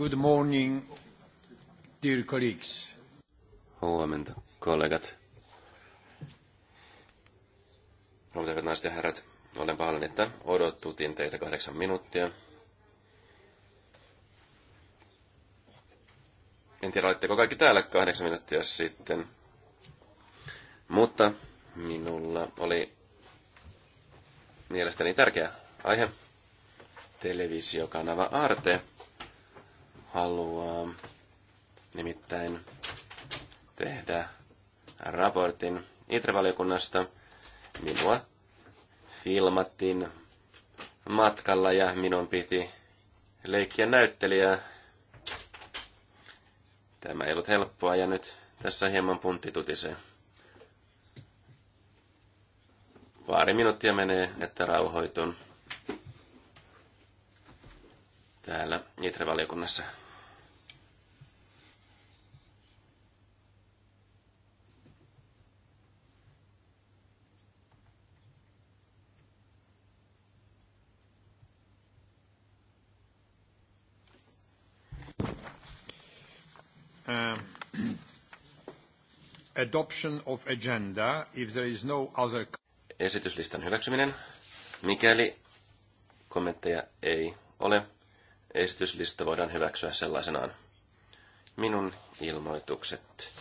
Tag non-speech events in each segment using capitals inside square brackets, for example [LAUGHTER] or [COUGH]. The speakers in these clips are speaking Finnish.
Good morning, dear colleagues. Huomenta, kollegat. Huomenta, naiset ja herrat. Olen pahoillani, että odotutin teitä kahdeksan minuuttia. En tiedä, olitteko kaikki täällä kahdeksan minuuttia sitten. Mutta minulla oli mielestäni tärkeä aihe. Televisiokanava Arte haluaa nimittäin tehdä raportin Itravaliokunnasta. Minua filmattiin matkalla ja minun piti leikkiä näyttelijää. Tämä ei ollut helppoa ja nyt tässä hieman punttitutisee. Pari minuuttia menee, että rauhoitun täällä Itre-valiokunnassa. Um, [CLEARS THROAT] adoption of agenda, if there is no other... Esityslistan hyväksyminen. Mikäli kommentteja ei ole, esityslista voidaan hyväksyä sellaisenaan. Minun ilmoitukset.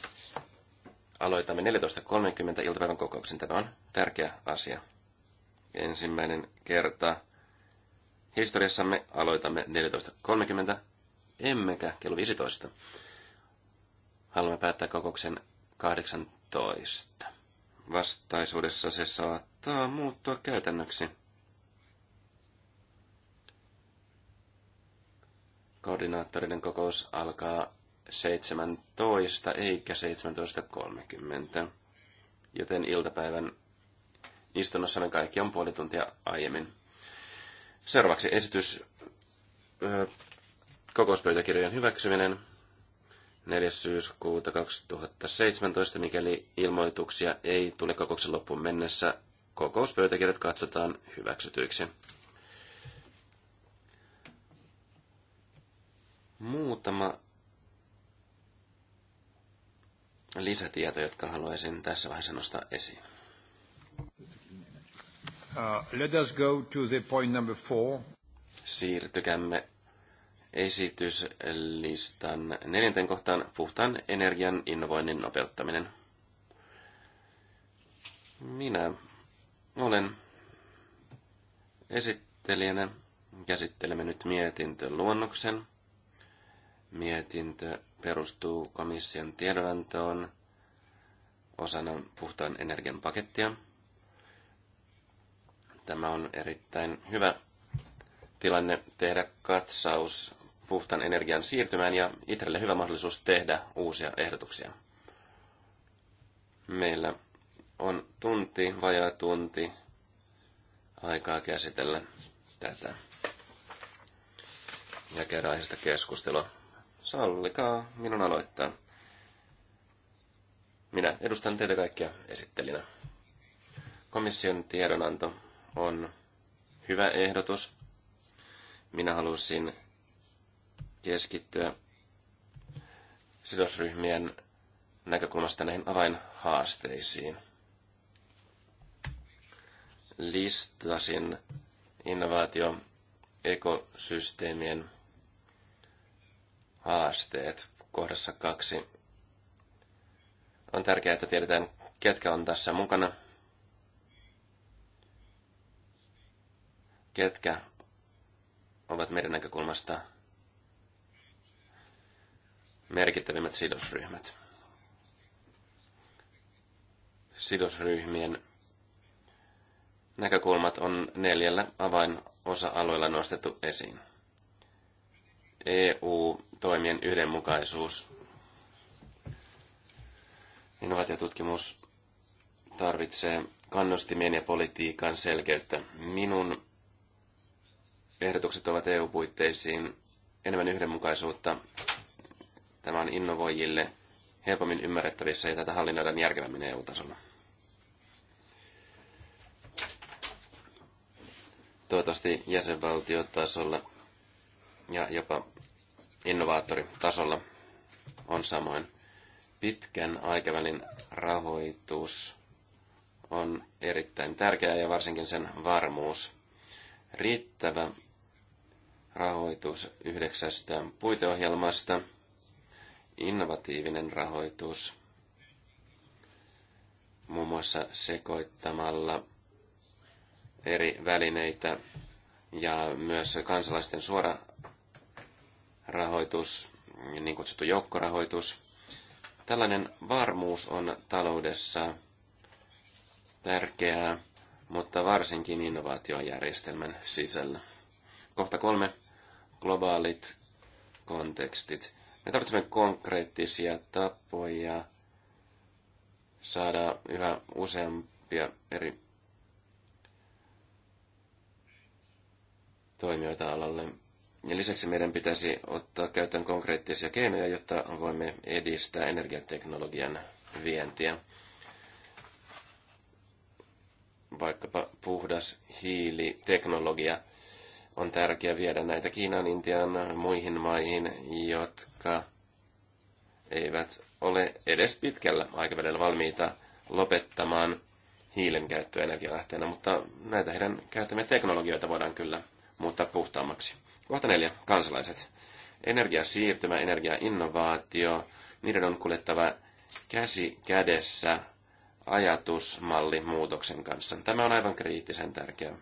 Aloitamme 14.30 iltapäivän kokouksen. Tämä on tärkeä asia. Ensimmäinen kerta historiassamme aloitamme 14.30 emmekä kello 15. Haluamme päättää kokouksen 18. Vastaisuudessa se saattaa muuttua käytännöksi. Koordinaattoriden kokous alkaa 17 eikä 17.30, joten iltapäivän istunnossa me kaikki on puoli tuntia aiemmin. Seuraavaksi esitys Kokouspöytäkirjojen hyväksyminen 4. syyskuuta 2017, mikäli ilmoituksia ei tule kokouksen loppuun mennessä, kokouspöytäkirjat katsotaan hyväksytyiksi. Muutama lisätieto, jotka haluaisin tässä vaiheessa nostaa esiin. Uh, let us go to the point number four. Siirtykämme esityslistan neljänteen kohtaan puhtaan energian innovoinnin nopeuttaminen. Minä olen esittelijänä. Käsittelemme nyt mietintöluonnoksen. Mietintö perustuu komission tiedonantoon osana puhtaan energian pakettia. Tämä on erittäin hyvä tilanne tehdä katsaus puhtaan energian siirtymään ja itselle hyvä mahdollisuus tehdä uusia ehdotuksia. Meillä on tunti, vajaa tunti aikaa käsitellä tätä ja käydä aiheesta keskustelua. Sallikaa minun aloittaa. Minä edustan teitä kaikkia esittelinä. Komission tiedonanto on hyvä ehdotus. Minä halusin keskittyä sidosryhmien näkökulmasta näihin avainhaasteisiin. Listasin innovaatio ekosysteemien haasteet kohdassa kaksi. On tärkeää, että tiedetään, ketkä on tässä mukana, ketkä ovat meidän näkökulmasta merkittävimmät sidosryhmät. Sidosryhmien näkökulmat on neljällä avainosa-alueella nostettu esiin. EU-toimien yhdenmukaisuus, innovaatiotutkimus tarvitsee kannustimien ja politiikan selkeyttä. Minun ehdotukset ovat EU-puitteisiin enemmän yhdenmukaisuutta Tämä on innovoijille helpommin ymmärrettävissä ja tätä hallinnoidaan järkevämmin EU-tasolla. Toivottavasti jäsenvaltiotasolla ja jopa innovaattoritasolla on samoin. Pitkän aikavälin rahoitus on erittäin tärkeää ja varsinkin sen varmuus. Riittävä rahoitus yhdeksästä puiteohjelmasta – innovatiivinen rahoitus muun muassa sekoittamalla eri välineitä ja myös kansalaisten suora rahoitus, niin kutsuttu joukkorahoitus. Tällainen varmuus on taloudessa tärkeää, mutta varsinkin innovaatiojärjestelmän sisällä. Kohta kolme globaalit kontekstit. Me tarvitsemme konkreettisia tapoja saada yhä useampia eri toimijoita alalle. Ja lisäksi meidän pitäisi ottaa käyttöön konkreettisia keinoja, jotta voimme edistää energiateknologian vientiä. Vaikkapa puhdas hiiliteknologia on tärkeää viedä näitä Kiinan, Intian, muihin maihin, jotka eivät ole edes pitkällä aikavälillä valmiita lopettamaan hiilen käyttöä energialähteenä, mutta näitä heidän käyttämiä teknologioita voidaan kyllä muuttaa puhtaammaksi. Kohta neljä. Kansalaiset. Energiasiirtymä, energiainnovaatio, niiden on kuljettava käsi kädessä ajatusmallimuutoksen kanssa. Tämä on aivan kriittisen tärkeää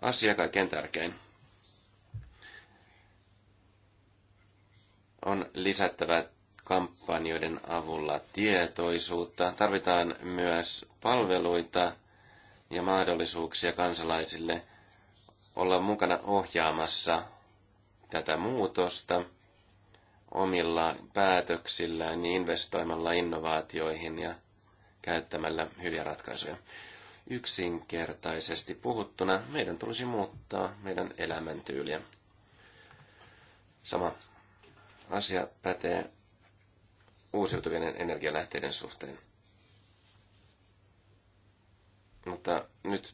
asia kaikkein tärkein. On lisättävä kampanjoiden avulla tietoisuutta. Tarvitaan myös palveluita ja mahdollisuuksia kansalaisille olla mukana ohjaamassa tätä muutosta omilla päätöksillään, niin investoimalla innovaatioihin ja käyttämällä hyviä ratkaisuja. Yksinkertaisesti puhuttuna meidän tulisi muuttaa meidän elämäntyyliä. Sama asia pätee uusiutuvien energialähteiden suhteen. Mutta nyt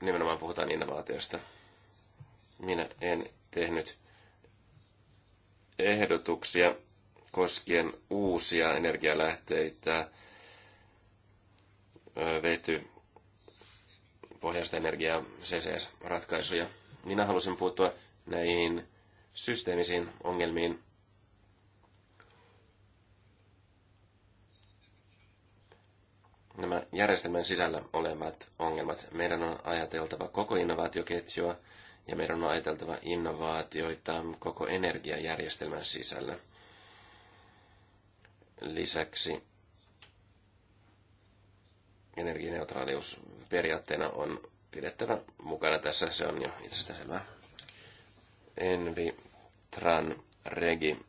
nimenomaan puhutaan innovaatiosta. Minä en tehnyt ehdotuksia koskien uusia energialähteitä, vety, pohjasta energiaa, CCS-ratkaisuja. Minä halusin puuttua näihin systeemisiin ongelmiin. Nämä järjestelmän sisällä olevat ongelmat. Meidän on ajateltava koko innovaatioketjua ja meidän on ajateltava innovaatioita koko energiajärjestelmän sisällä. Lisäksi energianeutraalius periaatteena on pidettävä mukana tässä, se on jo selvää. Envi, Tran, Regi,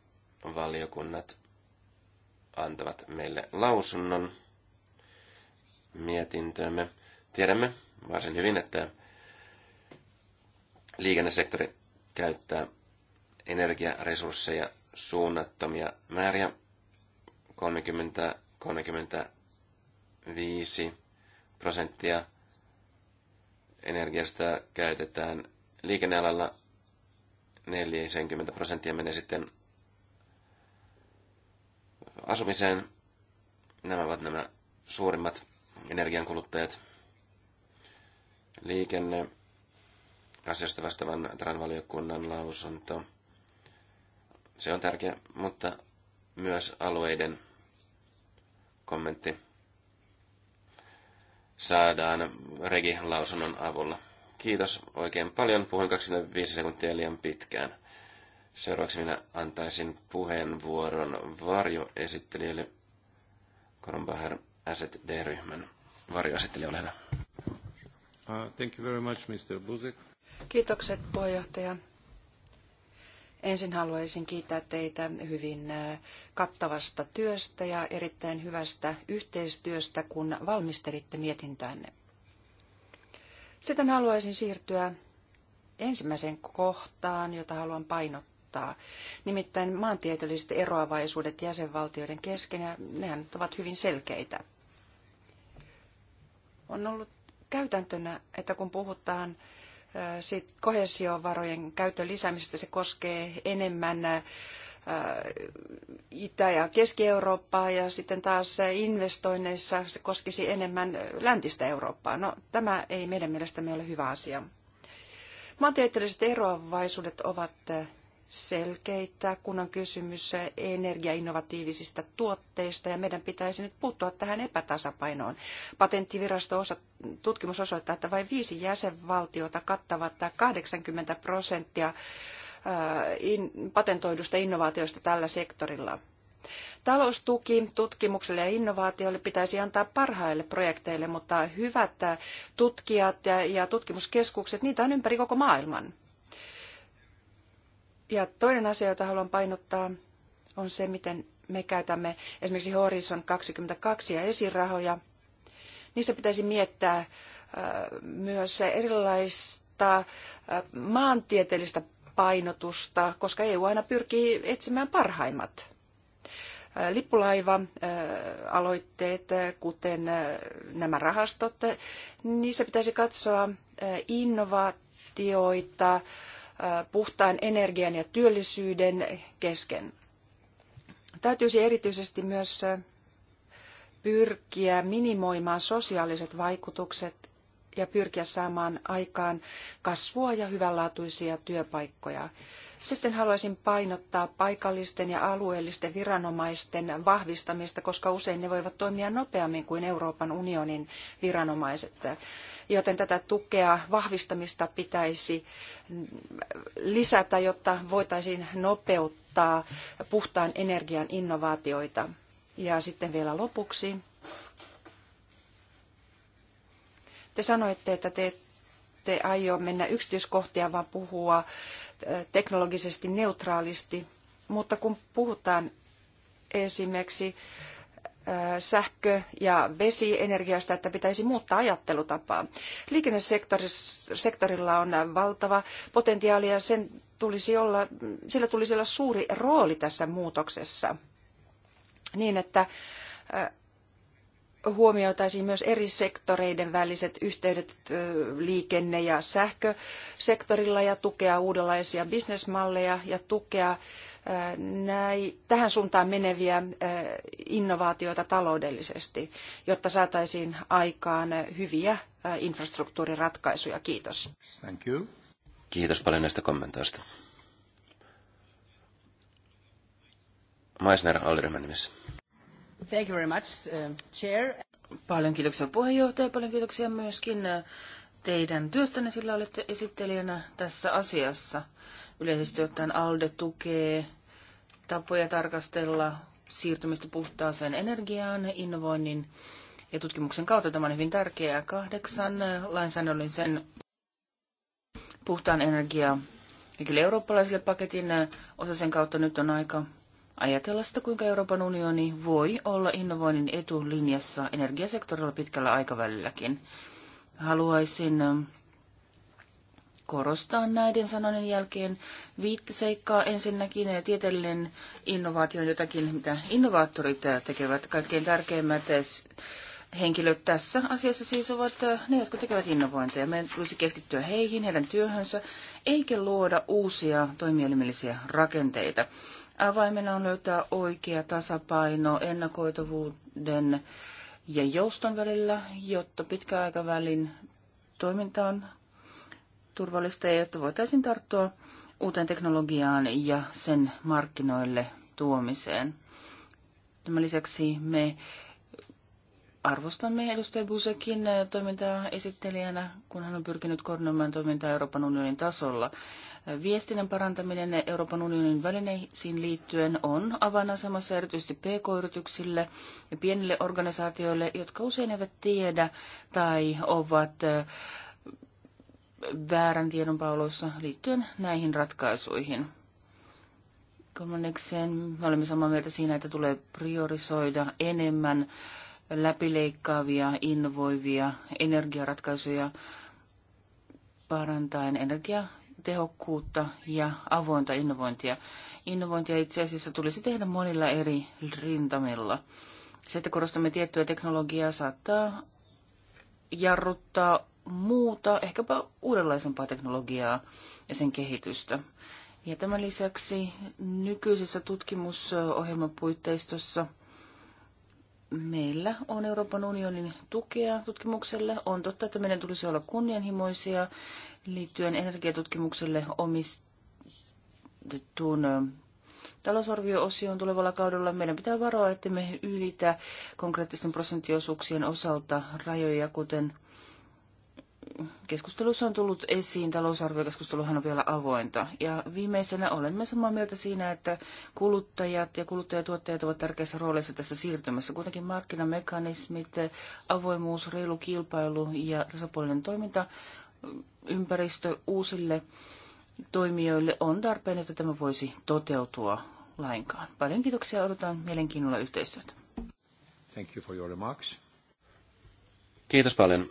valiokunnat antavat meille lausunnon mietintöömme. Tiedämme varsin hyvin, että liikennesektori käyttää energiaresursseja suunnattomia määriä 30-35 prosenttia energiasta käytetään liikennealalla 40 prosenttia menee sitten asumiseen. Nämä ovat nämä suurimmat energiankuluttajat. Liikenne, asiasta vastaavan TRAN-valiokunnan lausunto. Se on tärkeä, mutta myös alueiden kommentti saadaan Regi-lausunnon avulla. Kiitos oikein paljon. Puhuin 25 sekuntia liian pitkään. Seuraavaksi minä antaisin puheenvuoron varjoesittelijälle Kronbacher Asset D-ryhmän varjoesittelijä, ole hyvä. Uh, thank you very much, Mr. Buzek. Kiitokset puheenjohtaja. Ensin haluaisin kiittää teitä hyvin äh, kattavasta työstä ja erittäin hyvästä yhteistyöstä, kun valmistelitte mietintöänne. Sitten haluaisin siirtyä ensimmäiseen kohtaan, jota haluan painottaa. Nimittäin maantieteelliset eroavaisuudet jäsenvaltioiden kesken, ja nehän ovat hyvin selkeitä. On ollut käytäntönä, että kun puhutaan sit kohesiovarojen käytön lisäämisestä se koskee enemmän Itä- ja Keski-Eurooppaa ja sitten taas investoinneissa se koskisi enemmän läntistä Eurooppaa. No tämä ei meidän mielestämme ole hyvä asia. Maantieteelliset eroavaisuudet ovat selkeitä, kun on kysymys energiainnovatiivisista tuotteista, ja meidän pitäisi nyt puuttua tähän epätasapainoon. Patenttivirasto osa, tutkimus osoittaa, että vain viisi jäsenvaltiota kattavat 80 prosenttia äh, patentoidusta innovaatioista tällä sektorilla. Taloustuki tutkimukselle ja innovaatioille pitäisi antaa parhaille projekteille, mutta hyvät tutkijat ja tutkimuskeskukset, niitä on ympäri koko maailman. Ja toinen asia, jota haluan painottaa, on se, miten me käytämme esimerkiksi Horizon 22 ja esirahoja. Niissä pitäisi miettää äh, myös erilaista äh, maantieteellistä painotusta, koska EU aina pyrkii etsimään parhaimmat äh, lippulaiva-aloitteet, kuten nämä rahastot, niissä pitäisi katsoa innovaatioita, puhtaan energian ja työllisyyden kesken. Täytyisi erityisesti myös pyrkiä minimoimaan sosiaaliset vaikutukset ja pyrkiä saamaan aikaan kasvua ja hyvänlaatuisia työpaikkoja. Sitten haluaisin painottaa paikallisten ja alueellisten viranomaisten vahvistamista, koska usein ne voivat toimia nopeammin kuin Euroopan unionin viranomaiset. Joten tätä tukea vahvistamista pitäisi lisätä, jotta voitaisiin nopeuttaa puhtaan energian innovaatioita. Ja sitten vielä lopuksi. Te sanoitte, että te ette aio mennä yksityiskohtia, vaan puhua teknologisesti neutraalisti, mutta kun puhutaan esimerkiksi sähkö- ja vesienergiasta, että pitäisi muuttaa ajattelutapaa. Liikennesektorilla on valtava potentiaali ja sen tulisi olla, sillä tulisi olla suuri rooli tässä muutoksessa niin, että huomioitaisiin myös eri sektoreiden väliset yhteydet liikenne- ja sähkösektorilla ja tukea uudenlaisia bisnesmalleja ja tukea näin, tähän suuntaan meneviä innovaatioita taloudellisesti, jotta saataisiin aikaan hyviä infrastruktuuriratkaisuja. Kiitos. Thank you. Kiitos paljon näistä kommentoista. Maisner Alryhmän Thank you very much, uh, Chair. Paljon kiitoksia puheenjohtaja, paljon kiitoksia myöskin uh, teidän työstänne, sillä olette esittelijänä tässä asiassa. Yleisesti ottaen ALDE tukee tapoja tarkastella siirtymistä puhtaaseen energiaan, innovoinnin ja tutkimuksen kautta. Tämä on hyvin tärkeää. Kahdeksan uh, lainsäädännöllisen puhtaan energiaa ja kyllä paketin uh, osa sen kautta nyt on aika ajatella sitä, kuinka Euroopan unioni voi olla innovoinnin etulinjassa energiasektorilla pitkällä aikavälilläkin. Haluaisin ähm, korostaa näiden sanojen jälkeen viittä seikkaa. Ensinnäkin äh, tieteellinen innovaatio on jotakin, mitä innovaattorit äh, tekevät. Kaikkein tärkeimmät äh, henkilöt tässä asiassa siis ovat ne, jotka tekevät innovointeja. Meidän tulisi keskittyä heihin, heidän työhönsä, eikä luoda uusia toimielimellisiä rakenteita. Avaimena on löytää oikea tasapaino ennakoitavuuden ja jouston välillä, jotta pitkäaikavälin toiminta on turvallista ja jotta voitaisiin tarttua uuteen teknologiaan ja sen markkinoille tuomiseen. Tämän lisäksi me arvostamme edustaja Busekin toimintaa esittelijänä, kun hän on pyrkinyt koordinoimaan toimintaa Euroopan unionin tasolla. Viestinnän parantaminen Euroopan unionin välineisiin liittyen on avainasemassa erityisesti pk-yrityksille ja pienille organisaatioille, jotka usein eivät tiedä tai ovat väärän tiedon pauloissa liittyen näihin ratkaisuihin. Kolmannekseen olemme samaa mieltä siinä, että tulee priorisoida enemmän läpileikkaavia, innovoivia energiaratkaisuja parantaen energia tehokkuutta ja avointa innovointia. Innovointia itse asiassa tulisi tehdä monilla eri rintamilla. Se, että korostamme tiettyä teknologiaa, saattaa jarruttaa muuta, ehkäpä uudenlaisempaa teknologiaa ja sen kehitystä. Ja tämän lisäksi nykyisessä tutkimusohjelmapuitteistossa meillä on Euroopan unionin tukea tutkimukselle. On totta, että meidän tulisi olla kunnianhimoisia liittyen energiatutkimukselle omistetun talousarvioosioon tulevalla kaudella. Meidän pitää varoa, että me ylitä konkreettisten prosenttiosuuksien osalta rajoja, kuten keskustelussa on tullut esiin, talousarviokeskusteluhan on vielä avointa. Ja viimeisenä olemme samaa mieltä siinä, että kuluttajat ja kuluttajatuottajat ovat tärkeässä roolissa tässä siirtymässä. Kuitenkin markkinamekanismit, avoimuus, reilu kilpailu ja tasapuolinen toiminta ympäristö uusille toimijoille on tarpeen, että tämä voisi toteutua lainkaan. Paljon kiitoksia, odotan mielenkiinnolla yhteistyötä. Thank you for your remarks. Kiitos paljon,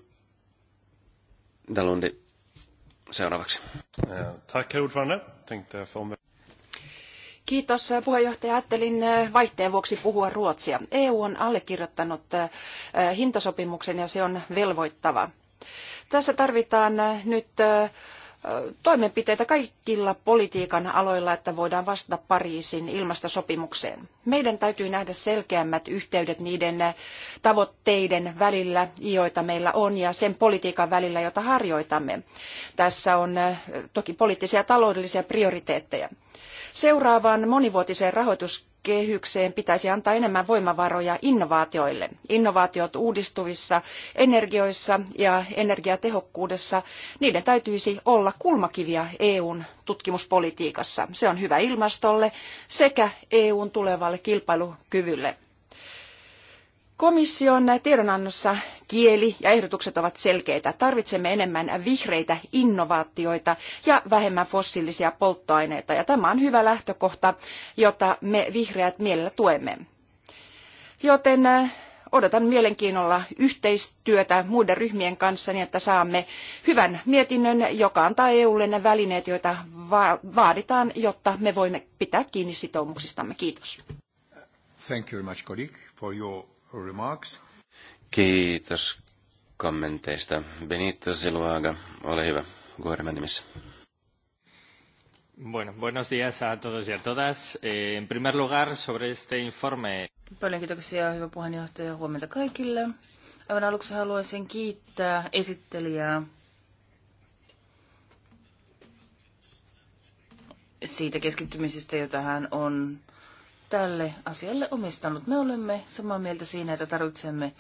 Dalundi. Seuraavaksi. Tack, herr ordförande. Tänkte få Kiitos puheenjohtaja. Ajattelin eh, vaihteen vuoksi puhua ruotsia. EU on allekirjoittanut eh, hintasopimuksen ja se on velvoittava. Tässä tarvitaan nyt toimenpiteitä kaikilla politiikan aloilla, että voidaan vastata Pariisin ilmastosopimukseen. Meidän täytyy nähdä selkeämmät yhteydet niiden tavoitteiden välillä, joita meillä on, ja sen politiikan välillä, jota harjoitamme. Tässä on toki poliittisia ja taloudellisia prioriteetteja. Seuraavaan monivuotiseen rahoitus kehykseen pitäisi antaa enemmän voimavaroja innovaatioille. Innovaatiot uudistuvissa energioissa ja energiatehokkuudessa, niiden täytyisi olla kulmakiviä EUn tutkimuspolitiikassa. Se on hyvä ilmastolle sekä EUn tulevalle kilpailukyvylle. Komission tiedonannossa kieli ja ehdotukset ovat selkeitä. Tarvitsemme enemmän vihreitä innovaatioita ja vähemmän fossiilisia polttoaineita. Ja tämä on hyvä lähtökohta, jota me vihreät mielellä tuemme. Joten eh, odotan mielenkiinnolla yhteistyötä muiden ryhmien kanssa niin, että saamme hyvän mietinnön, joka antaa EUlle ne välineet, joita vaaditaan, jotta me voimme pitää kiinni sitoumuksistamme. Kiitos. Thank you very much, colleague, for your remarks. Kiitos kommenteista. Benito Siluaga, ole hyvä, Guerman nimissä. Bueno, buenos días a todos y a todas. Eh, en primer lugar, sobre este informe. Paljon kiitoksia, hyvä puheenjohtaja. Huomenta kaikille. Aivan aluksi haluaisin kiittää esittelijää siitä keskittymisestä, jota hän on tälle asialle omistanut. Me olemme samaa mieltä siinä, että tarvitsemme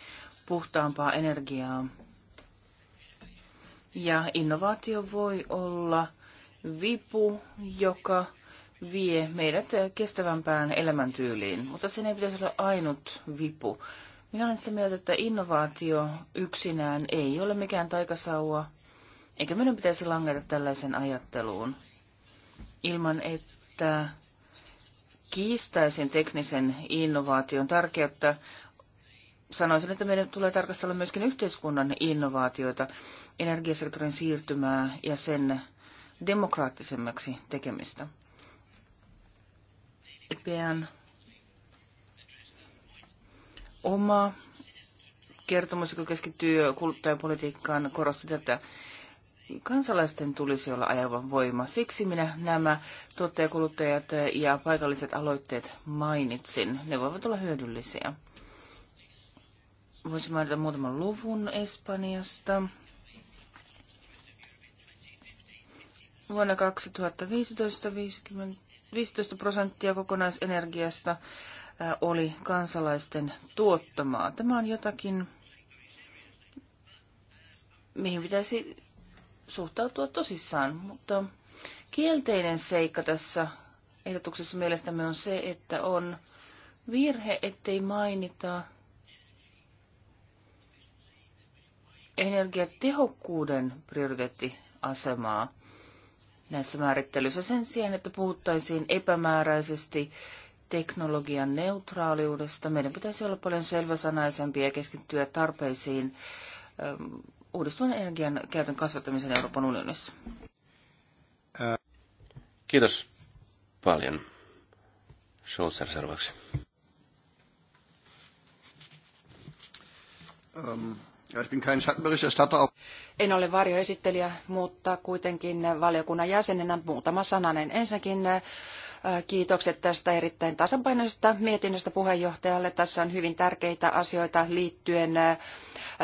puhtaampaa energiaa. Ja innovaatio voi olla vipu, joka vie meidät kestävämpään elämäntyyliin, mutta sen ei pitäisi olla ainut vipu. Minä olen sitä mieltä, että innovaatio yksinään ei ole mikään taikasaua, eikä meidän pitäisi langeta tällaisen ajatteluun ilman, että kiistäisin teknisen innovaation tärkeyttä. Sanoisin, että meidän tulee tarkastella myöskin yhteiskunnan innovaatioita, energiasektorin siirtymää ja sen demokraattisemmaksi tekemistä. Pian oma kertomus, joka keskittyy kuluttajapolitiikkaan, korosti tätä kansalaisten tulisi olla ajavan voima. Siksi minä nämä tuottajakuluttajat ja paikalliset aloitteet mainitsin. Ne voivat olla hyödyllisiä. Voisin mainita muutaman luvun Espanjasta. Vuonna 2015 50, 15 prosenttia kokonaisenergiasta äh, oli kansalaisten tuottamaa. Tämä on jotakin, mihin pitäisi suhtautua tosissaan, mutta kielteinen seikka tässä ehdotuksessa mielestämme on se, että on virhe, ettei mainita energiatehokkuuden prioriteettiasemaa näissä määrittelyissä sen sijaan, että puhuttaisiin epämääräisesti teknologian neutraaliudesta. Meidän pitäisi olla paljon selväsanaisempia ja keskittyä tarpeisiin uudistuvan energian käytön kasvattamisen Euroopan unionissa. Kiitos paljon. Scholzer seuraavaksi. Ähm, en ole varjoesittelijä, mutta kuitenkin valiokunnan jäsenenä muutama sananen. Ensinnäkin äh, Kiitokset tästä erittäin tasapainoisesta mietinnöstä puheenjohtajalle. Tässä on hyvin tärkeitä asioita liittyen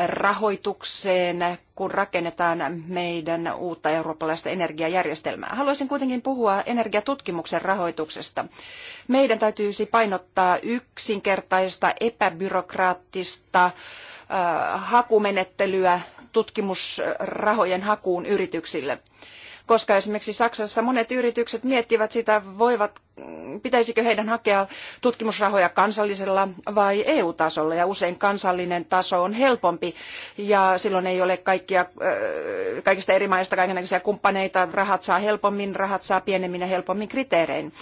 rahoitukseen, kun rakennetaan meidän uutta eurooppalaista energiajärjestelmää. Haluaisin kuitenkin puhua energiatutkimuksen rahoituksesta. Meidän täytyisi painottaa yksinkertaista, epäbyrokraattista hakumenettelyä tutkimusrahojen hakuun yrityksille koska esimerkiksi Saksassa monet yritykset miettivät sitä, voivat, pitäisikö heidän hakea tutkimusrahoja kansallisella vai EU-tasolla, ja usein kansallinen taso on helpompi, ja silloin ei ole kaikkia, kaikista eri maista kaikenlaisia kumppaneita, rahat saa helpommin, rahat saa pienemmin ja helpommin kriteerein.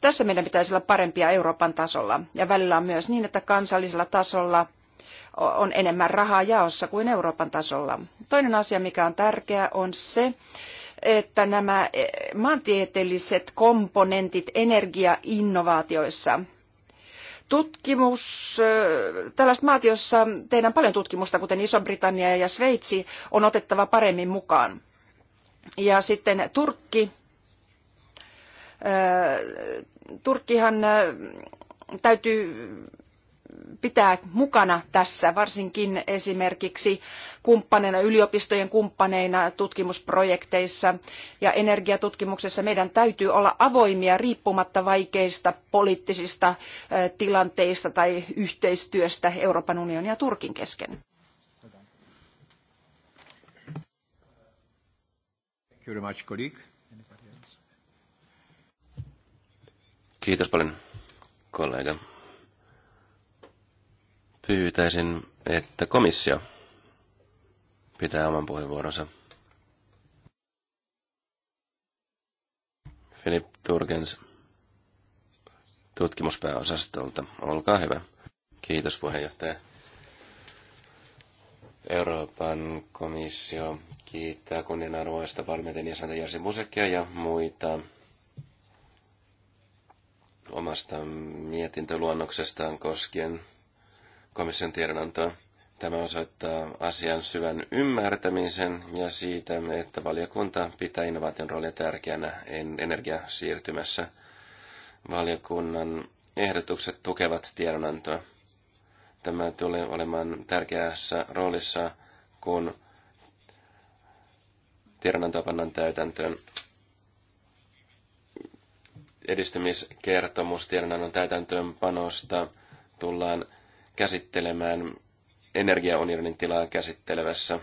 Tässä meidän pitäisi olla parempia Euroopan tasolla, ja välillä on myös niin, että kansallisella tasolla on enemmän rahaa jaossa kuin Euroopan tasolla. Toinen asia, mikä on tärkeä, on se, että nämä eh, maantieteelliset komponentit energiainnovaatioissa. Tutkimus, eh, tällaiset maat, joissa tehdään paljon tutkimusta, kuten Iso-Britannia ja Sveitsi, on otettava paremmin mukaan. Ja sitten Turkki. Eh, Turkkihan täytyy pitää mukana tässä, varsinkin esimerkiksi kumppaneina, yliopistojen kumppaneina tutkimusprojekteissa ja energiatutkimuksessa. Meidän täytyy olla avoimia riippumatta vaikeista poliittisista tilanteista tai yhteistyöstä Euroopan unionin ja Turkin kesken. Kiitos paljon, kollega. Pyytäisin, että komissio pitää oman puheenvuoronsa. Filip Turgens tutkimuspääosastolta. Olkaa hyvä. Kiitos puheenjohtaja. Euroopan komissio kiittää kunnianarvoista parlamentin jäsenten Jarsin Musekia ja muita omasta mietintöluonnoksestaan koskien komission tiedonantoa. Tämä osoittaa asian syvän ymmärtämisen ja siitä, että valiokunta pitää innovaation roolia tärkeänä energiasiirtymässä. Valiokunnan ehdotukset tukevat tiedonantoa. Tämä tulee olemaan tärkeässä roolissa, kun tiedonantoa pannaan täytäntöön. Edistymiskertomus tiedonannon täytäntöönpanosta tullaan käsittelemään energiaunionin tilaa käsittelevässä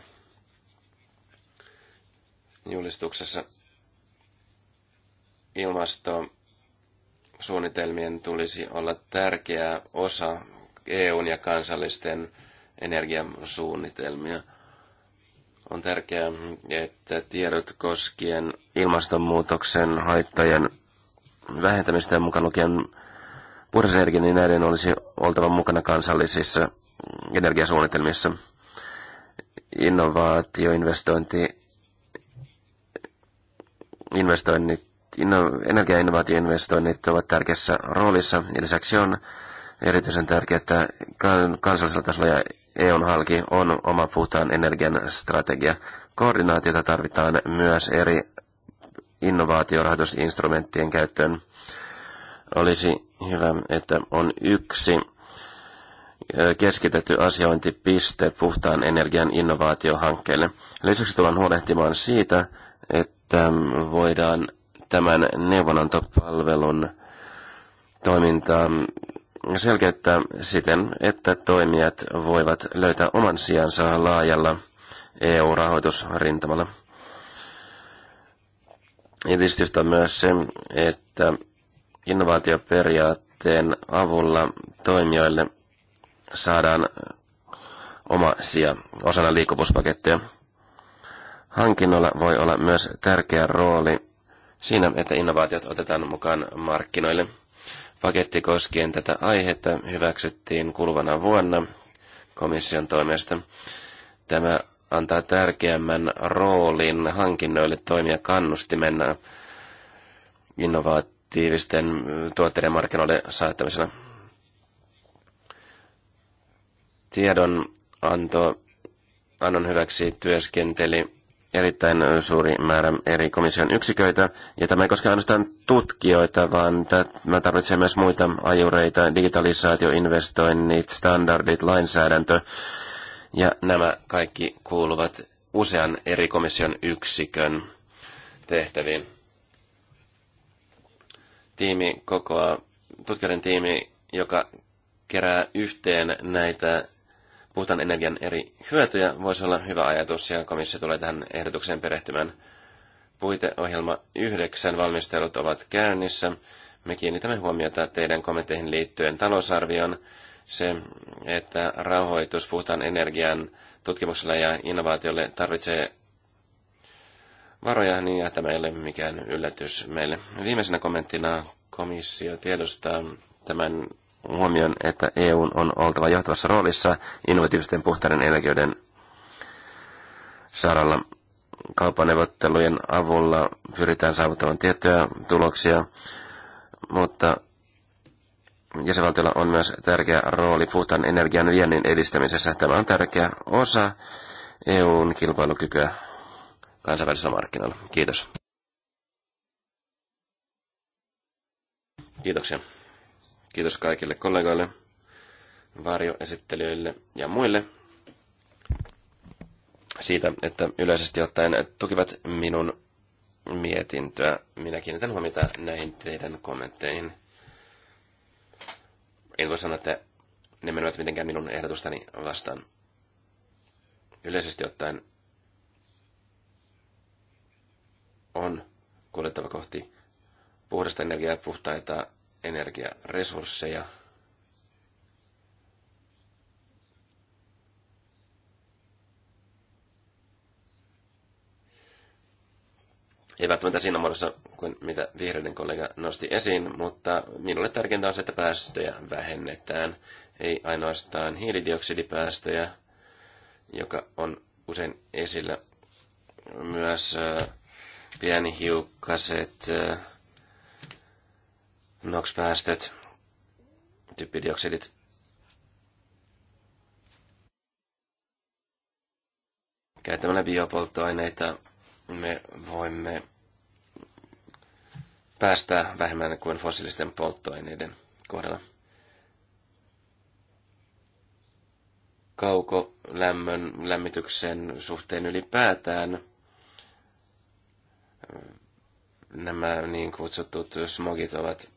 julistuksessa ilmastosuunnitelmien tulisi olla tärkeä osa EUn ja kansallisten energiasuunnitelmia. On tärkeää, että tiedot koskien ilmastonmuutoksen haittojen vähentämistä mukaan lukien puhdasenergia, niin näiden olisi oltava mukana kansallisissa energiasuunnitelmissa. Innovaatio, investointi, investoinnit, inno, innovaatioinvestoinnit ovat tärkeässä roolissa. Lisäksi on erityisen tärkeää, että kansallisella tasolla ja EUn halki on oma puhtaan energian strategia. Koordinaatiota tarvitaan myös eri innovaatiorahoitusinstrumenttien käyttöön. Olisi hyvä, että on yksi keskitetty asiointipiste puhtaan energian innovaatiohankkeelle. Lisäksi tullaan huolehtimaan siitä, että voidaan tämän neuvonantopalvelun toimintaa selkeyttää siten, että toimijat voivat löytää oman sijansa laajalla EU-rahoitusrintamalla. Edistystä on myös se, että innovaatioperiaatteen avulla toimijoille saadaan oma sija osana liikkuvuuspakettia. Hankinnolla voi olla myös tärkeä rooli siinä, että innovaatiot otetaan mukaan markkinoille. Paketti koskien tätä aihetta hyväksyttiin kuluvana vuonna komission toimesta. Tämä antaa tärkeämmän roolin hankinnoille toimia kannustimena innovaatioon innovatiivisten tuotteiden markkinoiden saattamisena. Tiedon anto, annon hyväksi työskenteli erittäin suuri määrä eri komission yksiköitä, ja tämä ei koske ainoastaan tutkijoita, vaan tämä tarvitsee myös muita ajureita, digitalisaatio, investoinnit, standardit, lainsäädäntö, ja nämä kaikki kuuluvat usean eri komission yksikön tehtäviin tiimi kokoaa, tutkijoiden tiimi, joka kerää yhteen näitä puhtaan energian eri hyötyjä, voisi olla hyvä ajatus, ja komissio tulee tähän ehdotukseen perehtymään. Puiteohjelma 9 valmistelut ovat käynnissä. Me kiinnitämme huomiota teidän kommentteihin liittyen talousarvioon. Se, että rahoitus puhtaan energian tutkimuksella ja innovaatiolle tarvitsee varoja, niin ja tämä ei ole mikään yllätys meille. Viimeisenä kommenttina komissio tiedostaa tämän huomion, että EU on oltava johtavassa roolissa innovatiivisten puhtaiden energioiden saralla. Kaupaneuvottelujen avulla pyritään saavuttamaan tiettyjä tuloksia, mutta jäsenvaltiolla on myös tärkeä rooli puhtaan energian viennin edistämisessä. Tämä on tärkeä osa EUn kilpailukykyä kansainvälisellä markkinoilla. Kiitos. Kiitoksia. Kiitos kaikille kollegoille, varjoesittelijöille ja muille siitä, että yleisesti ottaen tukivat minun mietintöä. Minä kiinnitän huomiota näihin teidän kommentteihin. En voi sanoa, että ne menevät mitenkään minun ehdotustani vastaan. Yleisesti ottaen on kuljettava kohti puhdasta energiaa, puhtaita energiaresursseja. Ei välttämättä siinä muodossa kuin mitä vihreiden kollega nosti esiin, mutta minulle tärkeintä on se, että päästöjä vähennetään. Ei ainoastaan hiilidioksidipäästöjä, joka on usein esillä myös äh, hiukkaset, äh, NOx-päästöt, typpidioksidit. Käyttämällä biopolttoaineita me voimme päästää vähemmän kuin fossiilisten polttoaineiden kohdalla. Kaukolämmön lämmityksen suhteen ylipäätään – nämä niin kutsutut smogit ovat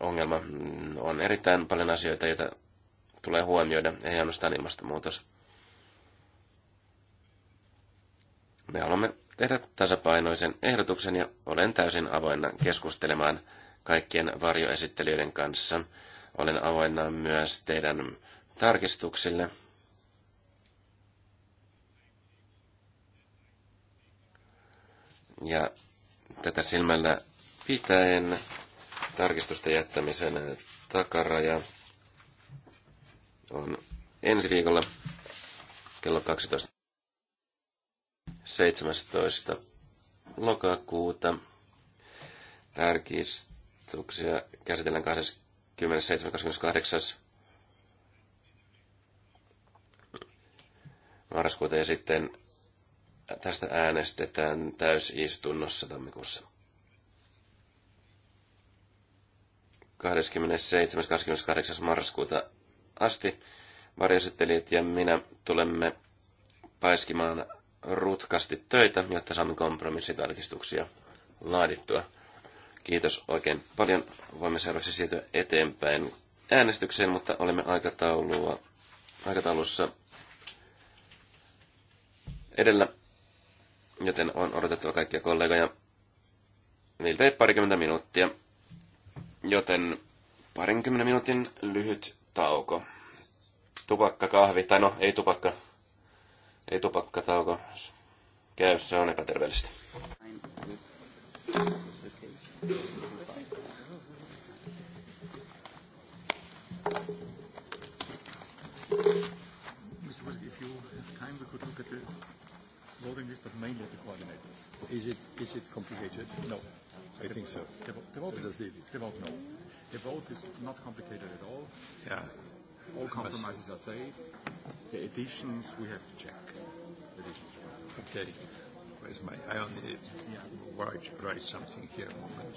ongelma. On erittäin paljon asioita, joita tulee huomioida, ei ainoastaan ilmastonmuutos. Me haluamme tehdä tasapainoisen ehdotuksen ja olen täysin avoinna keskustelemaan kaikkien varjoesittelijöiden kanssa. Olen avoinna myös teidän tarkistuksille. Ja Tätä silmällä pitäen tarkistusten jättämisen takaraja on ensi viikolla kello 12. 17. lokakuuta. Tarkistuksia käsitellään 27.28. marraskuuta ja sitten Tästä äänestetään täysistunnossa tammikuussa. 27. 28. marraskuuta asti varjoesittelijät ja minä tulemme paiskimaan rutkasti töitä, jotta saamme kompromissitarkistuksia laadittua. Kiitos oikein paljon. Voimme seuraavaksi siirtyä eteenpäin äänestykseen, mutta olemme aikataulua, aikataulussa edellä joten on odotettava kaikkia kollegoja miltei parikymmentä minuuttia. Joten parinkymmenen minuutin lyhyt tauko. Tupakka, kahvi, tai no ei tupakka, ei tupakka käy, se on epäterveellistä. If you have time, we could look at the voting list, but mainly at the coordinators. Is it, is it complicated? No. I the, think so. The, the vote is, the vote no. The vote is not complicated at all. Yeah. All compromises are safe. The additions we have to check. Additions. Okay. Where's my? I only yeah. write, write something here. A Moment.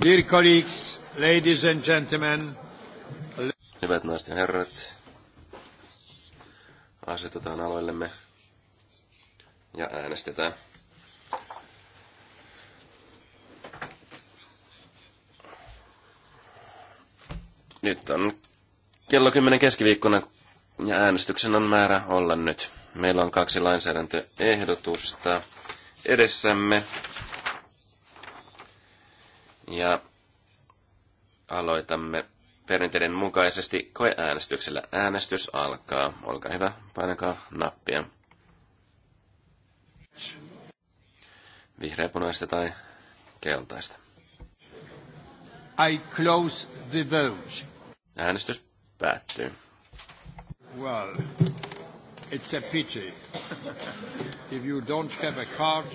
Dear colleagues, Ladies and gentlemen. Hyvät naiset ja herrat, asetetaan aloillemme ja äänestetään. Nyt on kello 10 keskiviikkona ja äänestyksen on määrä olla nyt. Meillä on kaksi lainsäädäntöehdotusta edessämme. Aloitamme perinteiden mukaisesti koeäänestyksellä. Äänestys alkaa. Olkaa hyvä, painakaa nappia. Vihreä, punaista tai keltaista. I close the vote. Äänestys päättyy. Well, it's a pity. If you don't have a card,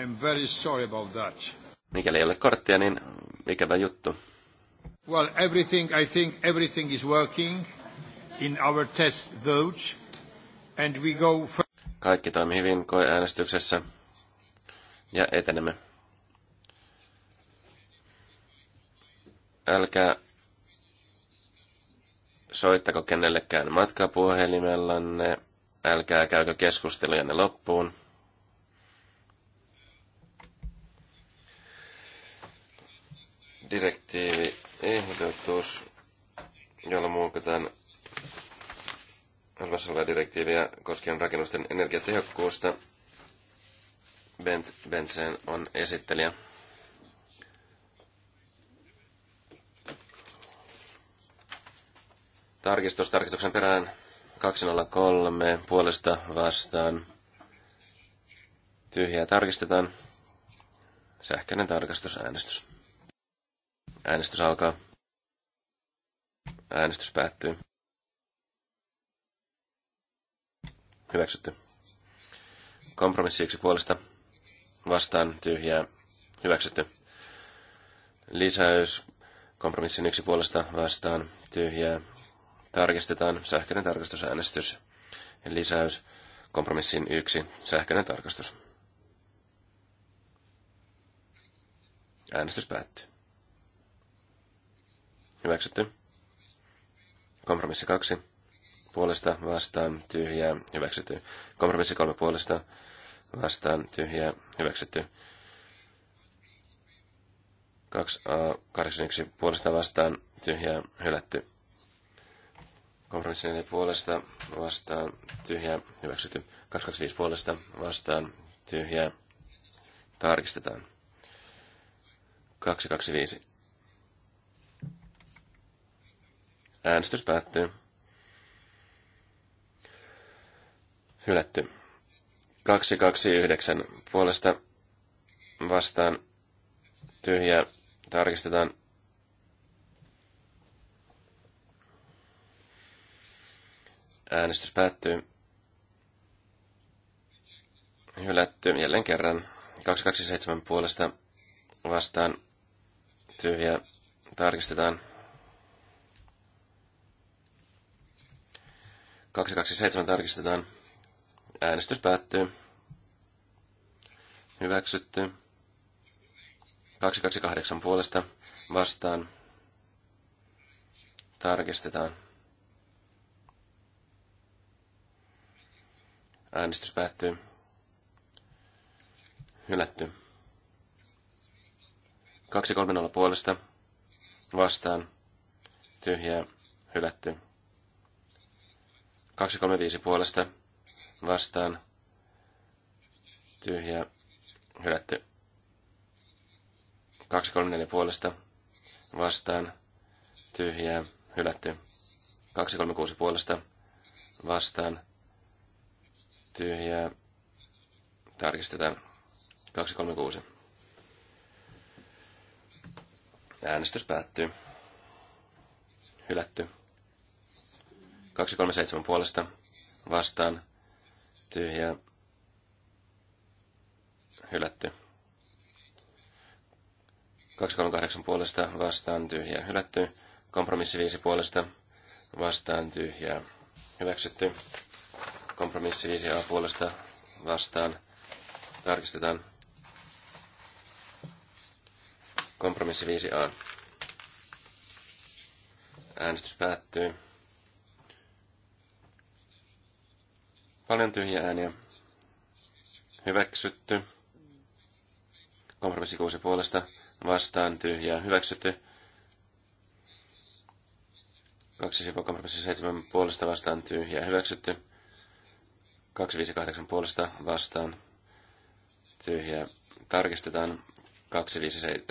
I am very sorry about that. Mikäli ei ole korttia, niin Ikävä juttu. Well, everything, I think everything is working in our test votes, and we go for... Kaikki toimii hyvin koeäänestyksessä ja etenemme. Älkää soittako kenellekään matkapuhelimellanne, älkää käykö keskustelujanne loppuun. direktiivi ehdotus, jolla muokataan olemassa olevaa direktiiviä koskien rakennusten energiatehokkuusta. Bent Bensen on esittelijä. Tarkistus tarkistuksen perään 203 puolesta vastaan. Tyhjää tarkistetaan. Sähköinen tarkastusäänestys. Äänestys alkaa. Äänestys päättyy. Hyväksytty. Kompromissi yksi puolesta. Vastaan tyhjää. Hyväksytty. Lisäys kompromissin yksi puolesta vastaan tyhjää. Tarkistetaan sähköinen tarkastusäänestys. Lisäys kompromissin yksi sähköinen tarkastus. Äänestys päättyy. Hyväksytty. Kompromissi kaksi Puolesta vastaan tyhjää. Hyväksytty. Kompromissi kolme Puolesta vastaan tyhjää. Hyväksytty. 2A81 puolesta vastaan tyhjää hylätty. Kompromissi 4 puolesta vastaan tyhjää hyväksytty. 225 puolesta vastaan tyhjää tarkistetaan. 225 Äänestys päättyy. Hylätty. 229 puolesta vastaan tyhjää. Tarkistetaan. Äänestys päättyy. Hylätty jälleen kerran. 227 puolesta vastaan tyhjää. Tarkistetaan. 227 tarkistetaan. Äänestys päättyy. Hyväksytty. 228 puolesta vastaan. Tarkistetaan. Äänestys päättyy. Hylätty. 230 puolesta vastaan. Tyhjää. Hylätty. 235 puolesta vastaan Tyhjä, hylätty. 234 puolesta vastaan Tyhjä, hylätty. 236 puolesta vastaan tyhjä tarkistetaan 236. Äänestys päättyy. Hylätty. 237 puolesta vastaan tyhjä hylätty. 238 puolesta vastaan tyhjä hylätty. Kompromissi 5 puolesta vastaan tyhjä hyväksytty. Kompromissi 5a puolesta vastaan tarkistetaan. Kompromissi 5a. Äänestys päättyy. Paljon tyhjiä ääniä. Hyväksytty. Kompromissi kuusi puolesta. Vastaan tyhjää. Hyväksytty. Kaksi sivua kompromissi seitsemän puolesta vastaan tyhjää. Hyväksytty. kahdeksan puolesta vastaan tyhjää. Tarkistetaan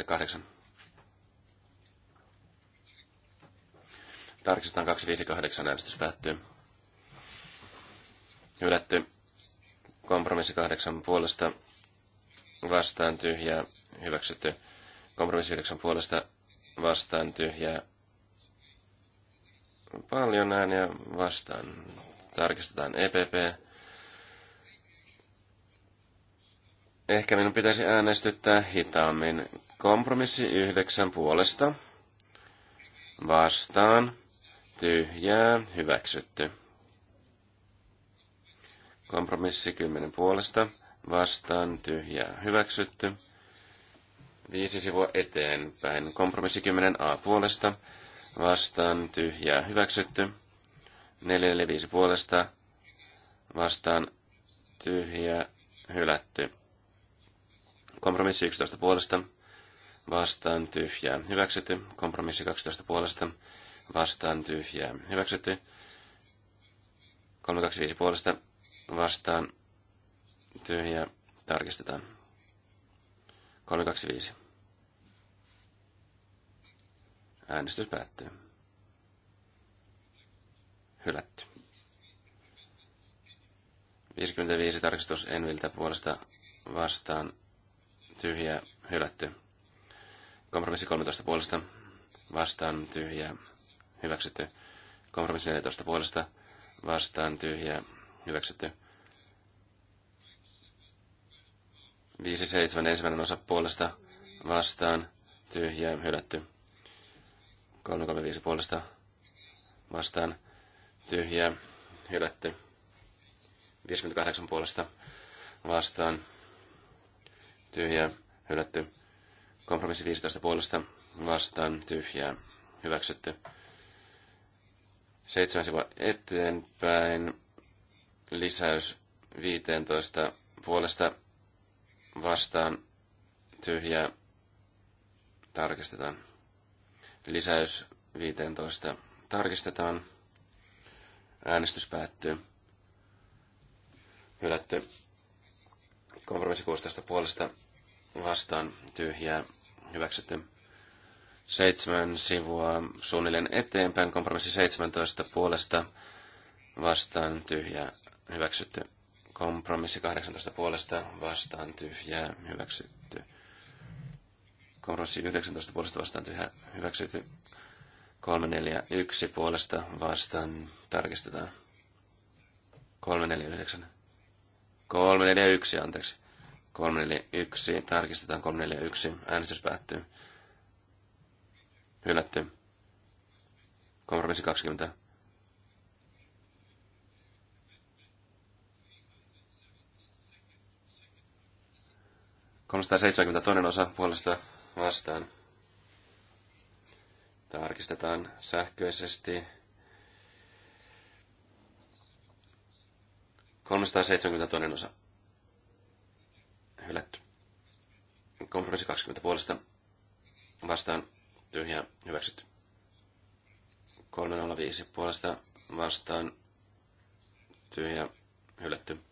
kahdeksan. Tarkistetaan 258 äänestys päättyy hylätty. Kompromissi kahdeksan puolesta vastaan tyhjää hyväksytty. Kompromissi yhdeksän puolesta vastaan tyhjää. Paljon ääniä vastaan. Tarkistetaan EPP. Ehkä minun pitäisi äänestyttää hitaammin. Kompromissi yhdeksän puolesta. Vastaan. Tyhjää. Hyväksytty. Kompromissi 10 puolesta. Vastaan tyhjää hyväksytty. Viisi sivua eteenpäin. Kompromissi 10a puolesta. Vastaan tyhjää hyväksytty. 445 puolesta. Vastaan tyhjää hylätty. Kompromissi 11 puolesta. Vastaan tyhjää hyväksytty. Kompromissi 12 puolesta. Vastaan tyhjää hyväksytty. 325 puolesta vastaan tyhjä tarkistetaan. 325. Äänestys päättyy. Hylätty. 55 tarkistus Enviltä puolesta vastaan tyhjä hylätty. Kompromissi 13 puolesta vastaan tyhjä hyväksytty. Kompromissi 14 puolesta vastaan tyhjä hyväksytty. 5.7. ensimmäinen osa puolesta vastaan, tyhjä, hylätty. 335 puolesta vastaan, tyhjä, hylätty. 58 puolesta vastaan, tyhjä hylätty. Kompromissi 15 puolesta vastaan, tyhjä hyväksytty. Seitsemän sivua eteenpäin lisäys 15 puolesta vastaan tyhjää tarkistetaan. Lisäys 15 tarkistetaan. Äänestys päättyy. Hylätty. Kompromissi 16 puolesta vastaan tyhjää hyväksytty. Seitsemän sivua suunnilleen eteenpäin. Kompromissi 17 puolesta vastaan tyhjää hyväksytty. Kompromissi 18 puolesta vastaan tyhjää, hyväksytty. Kompromissi 19 puolesta vastaan tyhjää, hyväksytty. 341 puolesta vastaan tarkistetaan. 349. 341, anteeksi. 341, tarkistetaan 341, äänestys päättyy. Hylätty. Kompromissi 20 370 toinen osa puolesta vastaan. Tarkistetaan sähköisesti. 370 toinen osa. Hylätty. Kompromissi 20 puolesta vastaan tyhjä hyväksytty. 305 puolesta vastaan tyhjä hylätty.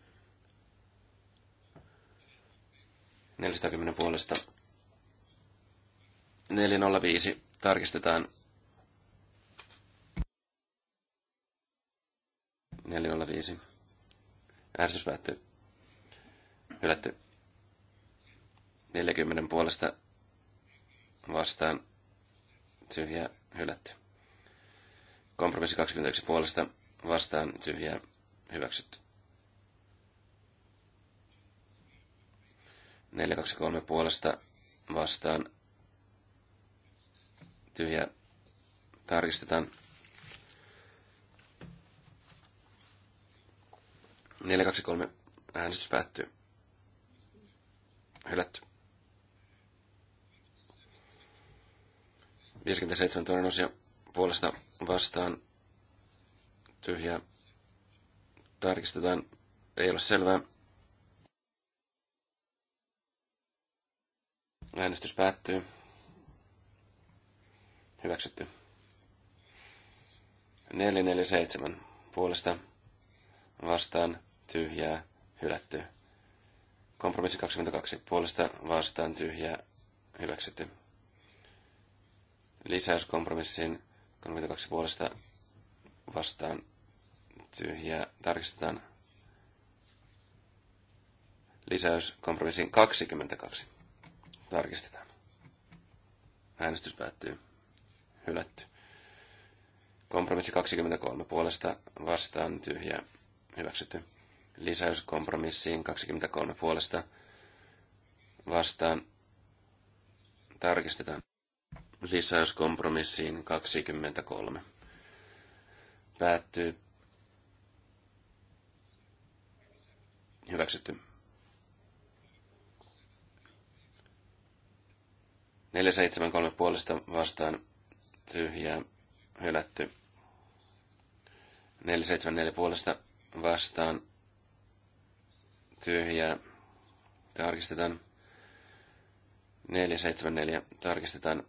410 puolesta. 405 tarkistetaan. 405. ärsys päättyy. Hylätty. 40 puolesta vastaan tyhjä hylätty. Kompromissi 21 puolesta vastaan tyhjä hyväksytty. 423 puolesta vastaan tyhjä tarkistetaan. 423 äänestys päättyy. Hylätty. 57 toinen osia puolesta vastaan tyhjä tarkistetaan. Ei ole selvää. Äänestys päättyy. Hyväksytty. 447 puolesta vastaan tyhjää hylätty. Kompromissi 22 puolesta vastaan tyhjää hyväksytty. Lisäys kompromissiin 32 puolesta vastaan tyhjää tarkistetaan. Lisäys kompromissiin 22. Tarkistetaan. Äänestys päättyy. Hylätty. Kompromissi 23 puolesta vastaan tyhjä hyväksytty. Lisäys kompromissiin 23 puolesta vastaan tarkistetaan. Lisäys kompromissiin 23 päättyy. Hyväksytty. 473 puolesta vastaan tyhjää hylätty. 474 puolesta vastaan tyhjää tarkistetaan. 474 tarkistetaan.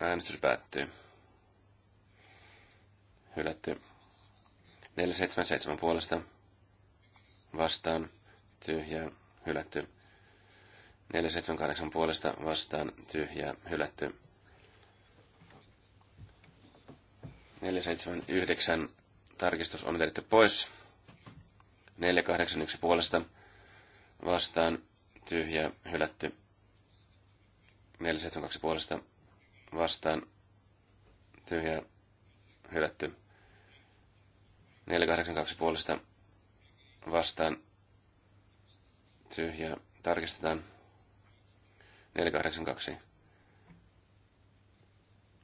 Äänestys päättyy. Hylätty. 477 puolesta vastaan tyhjää, hylätty. 478 puolesta vastaan, tyhjää, hylätty. 479 tarkistus on vedetty pois. 481 puolesta vastaan, tyhjää, hylätty. 472 puolesta vastaan, tyhjää, hylätty. 482 puolesta vastaan tyhjä tarkistetaan. 482.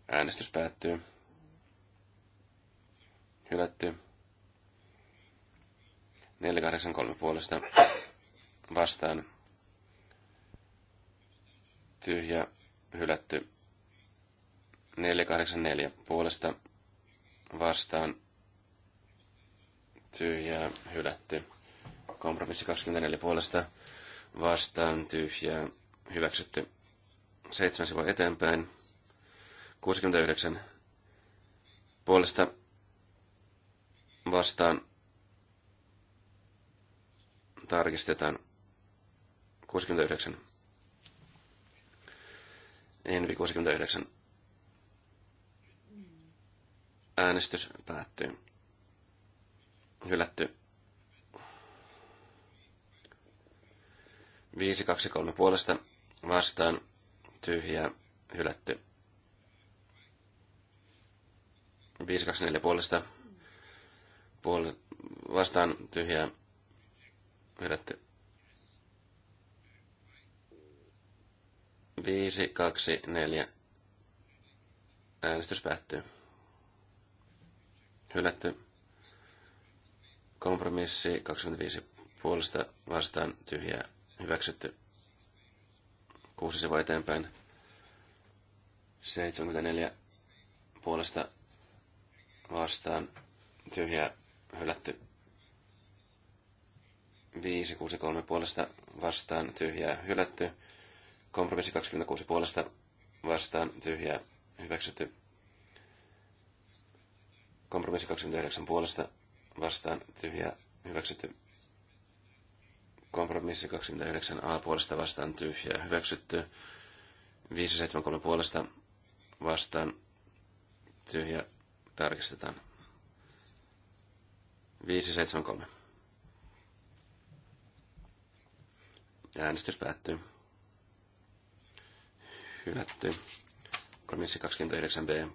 Äänestys päättyy. Hylätty. 483 puolesta vastaan. Tyhjä, hylätty. 484 puolesta vastaan. Tyhjä, hylätty. Kompromissi 24 puolesta vastaan tyhjää hyväksytty. Seitsemän sivua eteenpäin. 69 puolesta vastaan tarkistetaan 69. Envi 69. Äänestys päättyy. Hylätty 5, 2, 3 puolesta vastaan tyhjä hylätty. 5, 2, 4 puolesta puol- vastaan tyhjä hylätty. 5, 2, 4. Äänestys päättyy. Hylätty. Kompromissi 25 puolesta vastaan tyhjää hyväksytty kuusi sivua eteenpäin. 74 puolesta vastaan tyhjä hylätty. 563 puolesta vastaan tyhjää hylätty. Kompromissi 26 puolesta vastaan tyhjää hyväksytty. Kompromissi 29 puolesta vastaan tyhjää hyväksytty. Kompromissi 29a puolesta vastaan tyhjää hyväksytty. 573 puolesta vastaan tyhjä tarkistetaan. 573. Äänestys päättyy. Hylätty. Kompromissi 29b.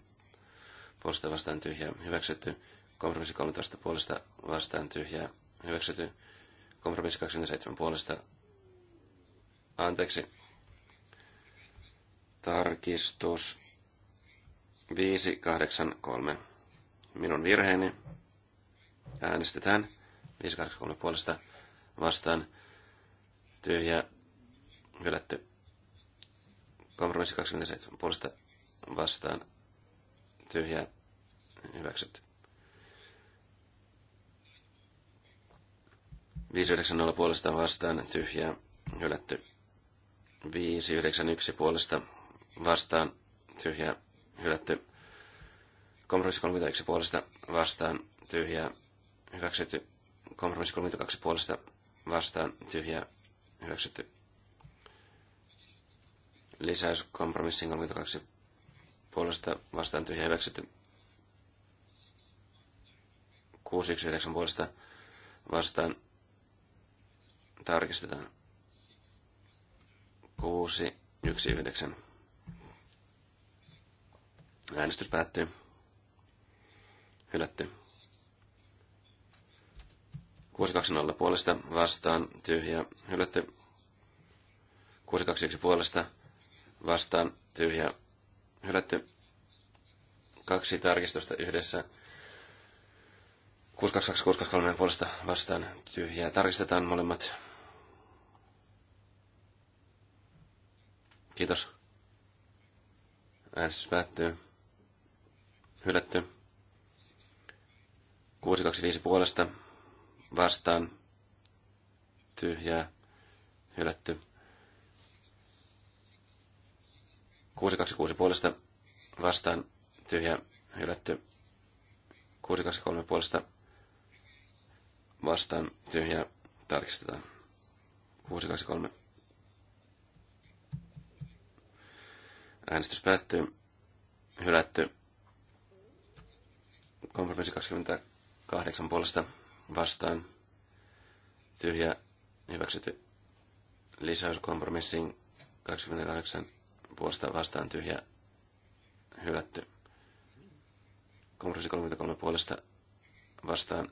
Puolesta vastaan tyhjää. Hyväksytty. Kompromissi 13 puolesta vastaan tyhjää. Hyväksytty. Kompromissi 27 puolesta. Anteeksi. Tarkistus 583. Minun virheeni. Äänestetään 583 puolesta vastaan. Tyhjä hylätty. Kompromissi 27 puolesta vastaan. Tyhjä hyväksytty. 590 puolesta vastaan tyhjää hylätty. 591 puolesta vastaan tyhjää hylätty. Kompromissi 31 puolesta vastaan tyhjää hyväksytty. Kompromissi 32 puolesta vastaan tyhjää hyväksytty. Lisäys kompromissin 32 puolesta vastaan tyhjää hyväksytty. 619 puolesta vastaan Tarkistetaan. 6, 1, 9. Äänestys päättyy. Hylätty. 6, 2, 0 puolesta vastaan tyhjä hylätty. 6, 2, 1 puolesta vastaan tyhjä hylätty. Kaksi tarkistusta yhdessä. 622 623 puolesta vastaan tyhjää. Tarkistetaan molemmat Kiitos. Äänestys päättyy. Hylätty. 625 puolesta. Vastaan. Tyhjää. Hylätty. 626 puolesta. Vastaan. Tyhjää. Hylätty. 623 puolesta. Vastaan. Tyhjää. Tarkistetaan. 623. Äänestys päättyy. Hylätty. Kompromissi 28 puolesta vastaan. Tyhjä. Hyväksytty. Lisäys kompromissiin 28 puolesta vastaan. Tyhjä. Hylätty. Kompromissi 33 puolesta vastaan.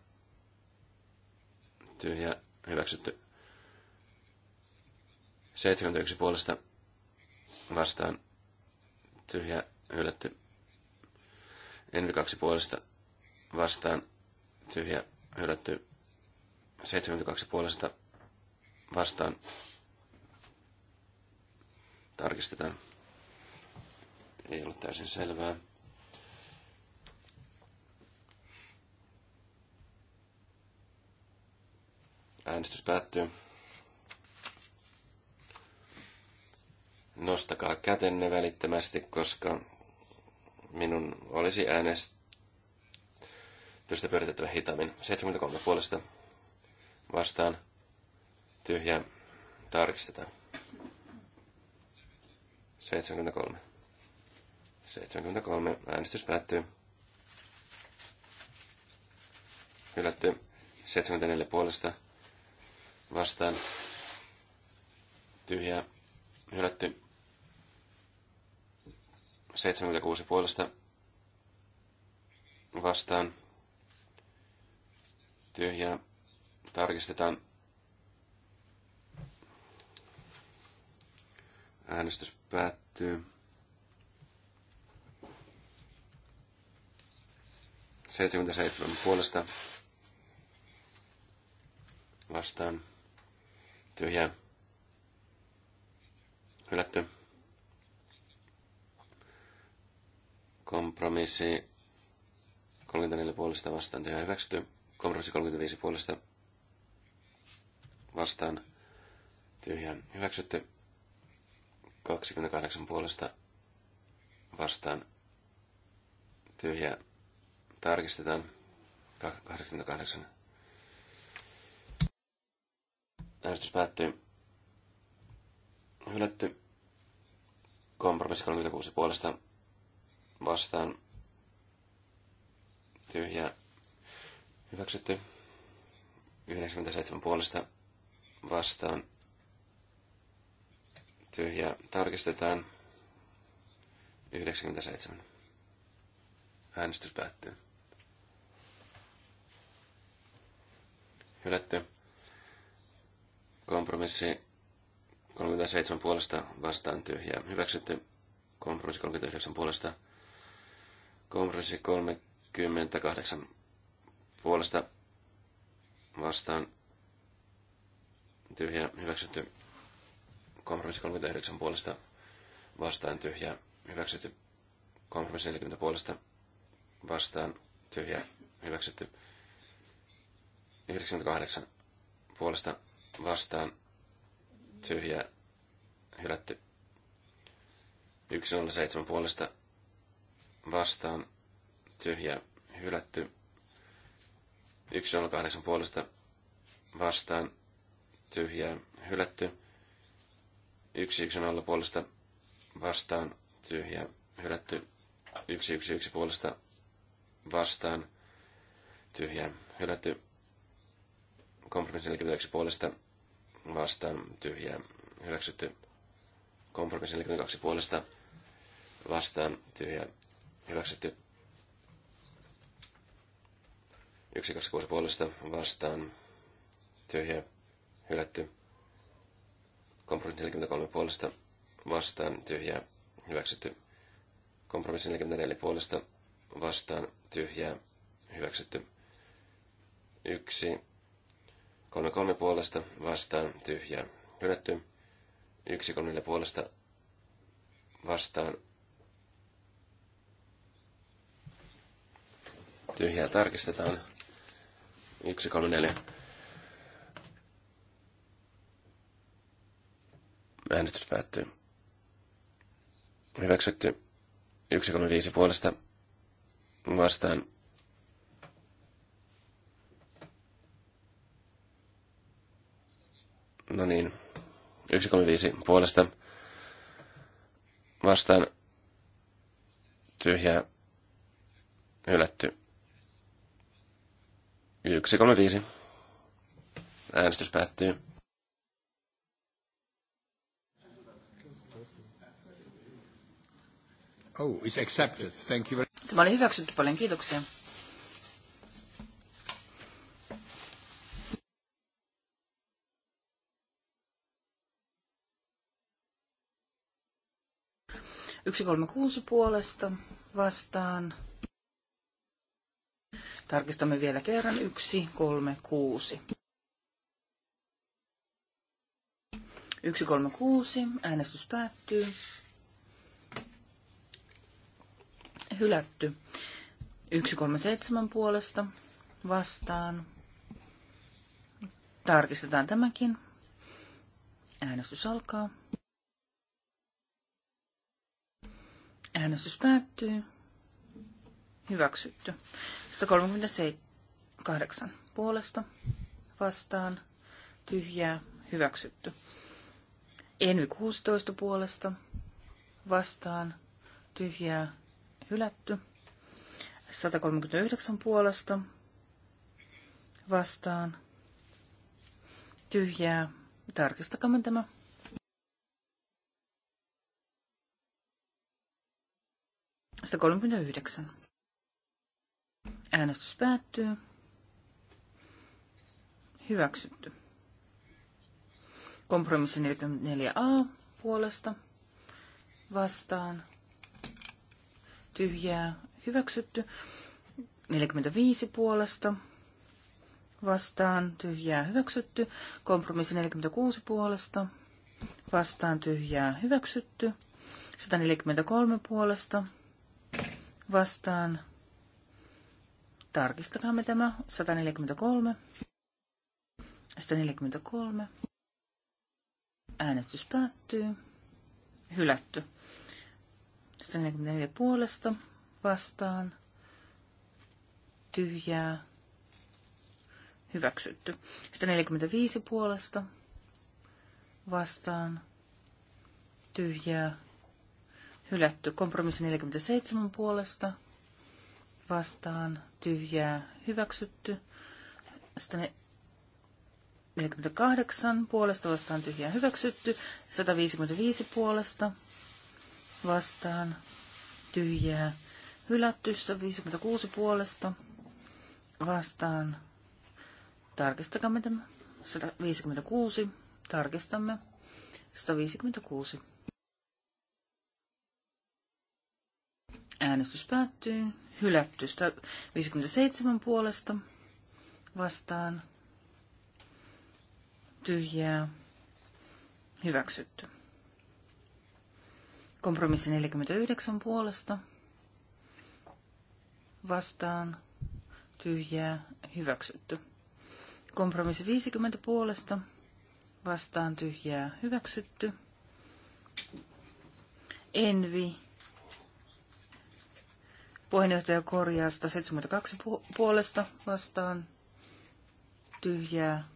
Tyhjä. Hyväksytty. 71 puolesta vastaan tyhjä hylätty. Envy 2 puolesta vastaan tyhjä hylätty. 72 puolesta vastaan tarkistetaan. Ei ollut täysin selvää. Äänestys päättyy. nostakaa kätenne välittömästi, koska minun olisi äänestystä pyöritettävä hitaammin. 73 puolesta vastaan tyhjä tarkistetaan. 73. 73. Äänestys päättyy. Hylätty. 74 puolesta vastaan. Tyhjää. Hylätty. 76 puolesta vastaan tyhjää tarkistetaan. Äänestys päättyy. 77 puolesta vastaan tyhjää hylätty. Kompromissi 34 puolesta vastaan tyhjää hyväksytty. Kompromissi 35 puolesta vastaan tyhjää hyväksytty. 28 puolesta vastaan tyhjä tarkistetaan. 88. Äänestys päättyy. Hylätty. Kompromissi 36 puolesta vastaan tyhjä hyväksytty. 97 puolesta vastaan tyhjä tarkistetaan. 97. Äänestys päättyy. Hylätty. Kompromissi 37 puolesta vastaan tyhjä. Hyväksytty. Kompromissi 39 puolesta Kompromissi 38 puolesta vastaan tyhjä hyväksytty. Kompromissi 39 puolesta vastaan tyhjä hyväksytty. Kompromissi 40 puolesta vastaan tyhjä hyväksytty. 98 puolesta vastaan tyhjä hylätty. 107 puolesta vastaan tyhjä hylätty. 108 puolesta vastaan tyhjää hylätty. 110 puolesta vastaan tyhjää hylätty. 111 puolesta vastaan tyhjää hylätty. Kompromissi 49 puolesta vastaan tyhjää hyväksytty. Kompromissi 42 puolesta vastaan tyhjää Hyväksytty. 126 puolesta vastaan. Tyhjä. Hylätty. Kompromissi 43 puolesta vastaan. Tyhjä. Hyväksytty. Kompromissi 44 puolesta vastaan. Tyhjä. Hyväksytty. 1. 33 puolesta vastaan. Tyhjä. Hylätty. 1 34 puolesta vastaan Tyhjää tarkistetaan. 4. Äänestys päättyy. Hyväksytty. 5 puolesta vastaan. No niin. 135 puolesta vastaan tyhjää hylätty. 135. Äänestys päättyy. Oh, it's accepted. Thank you very... Tämä oli hyväksytty paljon. Kiitoksia. Yksi kolme kuusi puolesta vastaan Tarkistamme vielä kerran. 1, 3, 6. kuusi. Äänestys päättyy. Hylätty. seitsemän puolesta vastaan. Tarkistetaan tämäkin. Äänestys alkaa. Äänestys päättyy. Hyväksytty. 138 puolesta vastaan tyhjää hyväksytty. Envy 16 puolesta vastaan tyhjää hylätty. 139 puolesta vastaan tyhjää. Tarkistakamme tämä. Sitä 39. Äänestys päättyy. Hyväksytty. Kompromissi 44a puolesta vastaan. Tyhjää hyväksytty. 45 puolesta vastaan tyhjää hyväksytty. Kompromissi 46 puolesta vastaan tyhjää hyväksytty. 143 puolesta vastaan Tarkistakaamme tämä. 143. 143. Äänestys päättyy. Hylätty. 144 puolesta vastaan. Tyhjää. Hyväksytty. 145 puolesta vastaan. Tyhjää. Hylätty. Kompromissi 47 puolesta vastaan tyhjää hyväksytty. Sitten 48 puolesta vastaan tyhjää hyväksytty. 155 puolesta vastaan tyhjää hylätty. 156 puolesta vastaan. Tarkistakaa tämä. 156. Tarkistamme. 156. Äänestys päättyy. Hylätty. 57 puolesta vastaan. Tyhjää. Hyväksytty. Kompromissi 49 puolesta vastaan. Tyhjää. Hyväksytty. Kompromissi 50 puolesta vastaan. Tyhjää. Hyväksytty. Envi Puheenjohtaja korjaa 172 puolesta vastaan. Tyhjää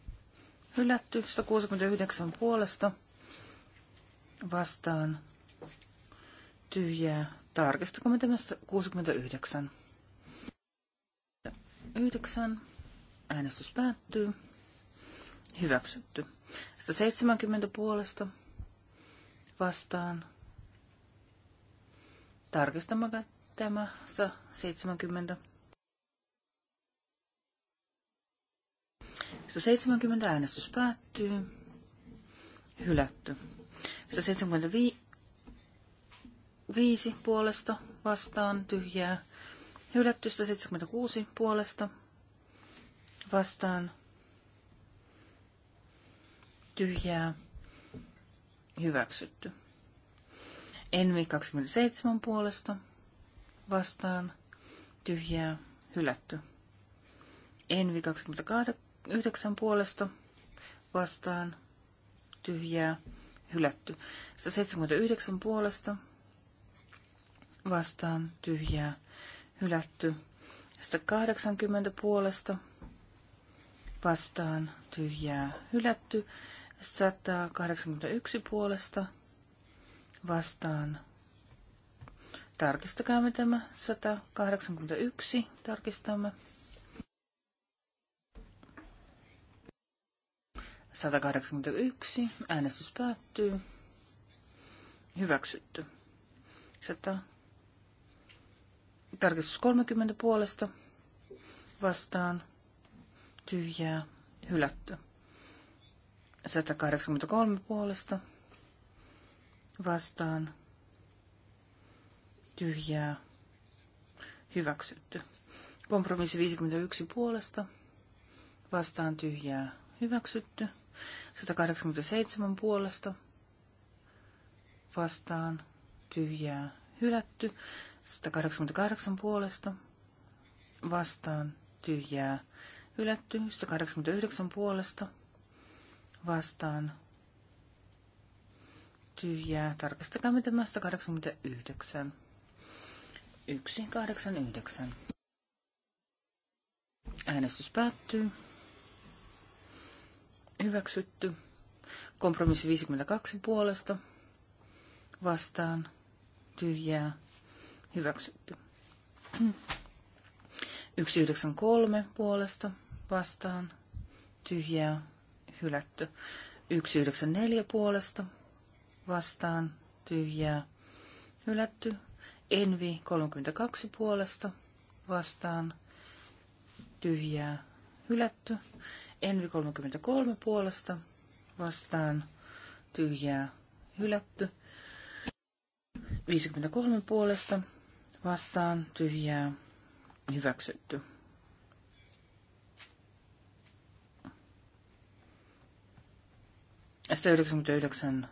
hylätty. 169 puolesta vastaan. Tyhjää. Tarkistako tämä 69? 9. Äänestys päättyy. Hyväksytty. 170 puolesta vastaan. Tarkistamme Tämä 170. 170 äänestys päättyy. Hylätty. 175 puolesta vastaan tyhjää. Hylätty 176 puolesta vastaan tyhjää. Hyväksytty. Envi 27 puolesta vastaan tyhjää hylätty. Envi 29 puolesta vastaan tyhjää hylätty. 179 puolesta vastaan tyhjää hylätty. 180 puolesta vastaan tyhjää hylätty. 181 puolesta vastaan Tarkistakaamme tämä 181. Tarkistamme. 181. Äänestys päättyy. Hyväksytty. 100. Tarkistus 30 puolesta. Vastaan. Tyhjää. Hylätty. 183 puolesta. Vastaan tyhjää hyväksytty. Kompromissi 51 puolesta vastaan tyhjää hyväksytty. 187 puolesta vastaan tyhjää hylätty. 188 puolesta vastaan tyhjää hylätty. 189 puolesta vastaan tyhjää. Tarkastakaa tämä 189. 189. Äänestys päättyy. Hyväksytty. Kompromissi 52 puolesta. Vastaan. Tyhjää. Hyväksytty. 193 puolesta. Vastaan. Tyhjää. Hylätty. 194 puolesta. Vastaan. Tyhjää. Hylätty. Envi 32 puolesta vastaan tyhjää hylätty. Envi 33 puolesta vastaan tyhjää hylätty. 53 puolesta vastaan tyhjää hyväksytty. Sitä 99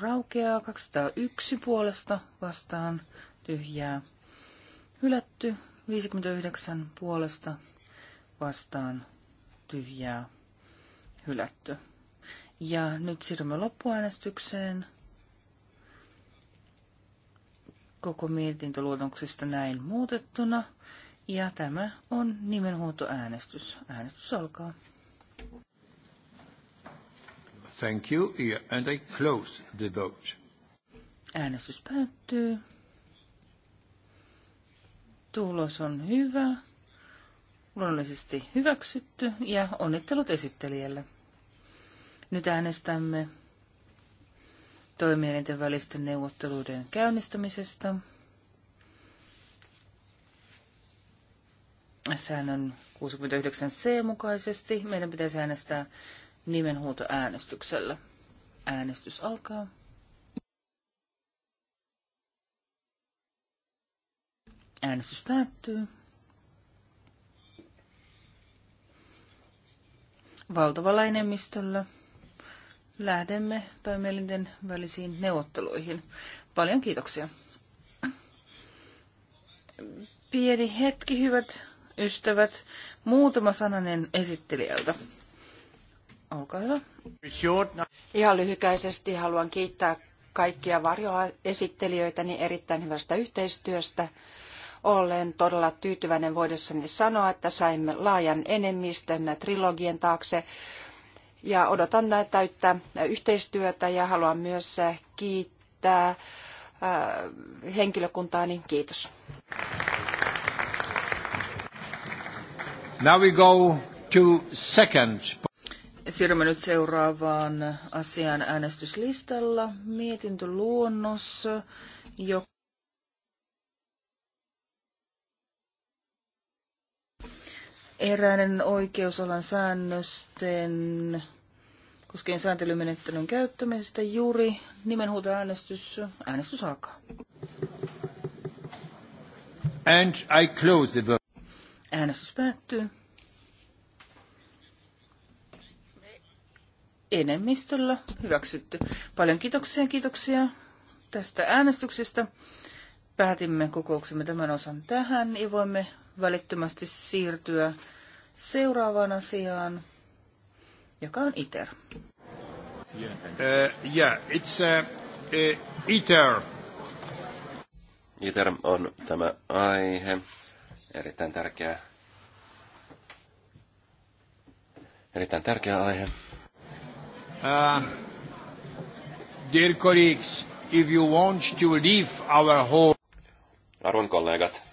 raukeaa 201 puolesta vastaan tyhjää hylätty 59 puolesta vastaan tyhjää hylätty. Ja nyt siirrymme loppuäänestykseen. Koko mietintöluotoksista näin muutettuna. Ja tämä on nimenhuoltoäänestys. Äänestys alkaa. Thank you. And I close the vote. Äänestys päättyy. Tulos on hyvä, luonnollisesti hyväksytty ja onnittelut esittelijälle. Nyt äänestämme toimielinten välisten neuvotteluiden käynnistämisestä. Säännön 69c mukaisesti meidän pitäisi äänestää nimenhuuto äänestyksellä. Äänestys alkaa. Äänestys päättyy. Valtavalla enemmistöllä lähdemme toimielinten välisiin neuvotteluihin. Paljon kiitoksia. Pieni hetki, hyvät ystävät. Muutama sananen esittelijältä. Olkaa hyvä. Ihan lyhykäisesti haluan kiittää kaikkia varjoesittelijöitäni erittäin hyvästä yhteistyöstä. Olen todella tyytyväinen voidessani sanoa, että saimme laajan enemmistön trilogien taakse ja odotan täyttä yhteistyötä ja haluan myös kiittää äh, henkilökuntaani. Kiitos. Now we go to second. Siirrymme nyt seuraavaan asiaan äänestyslistalla. Mietintöluonnos, joka eräiden oikeusalan säännösten koskien sääntelymenettelyn käyttämisestä juuri nimenhuutoäänestys. Äänestys alkaa. And I close the vote. Äänestys päättyy. enemmistöllä hyväksytty. Paljon kiitoksia, kiitoksia tästä äänestyksestä. Päätimme kokouksemme tämän osan tähän ja voimme välittömästi siirtyä seuraavaan asiaan, joka on ITER. Uh, yeah, it's uh, uh, ITER. ITER on tämä aihe, erittäin tärkeä, erittäin tärkeä aihe. Uh, dear colleagues, if you want to leave our home... Arvon kollegat,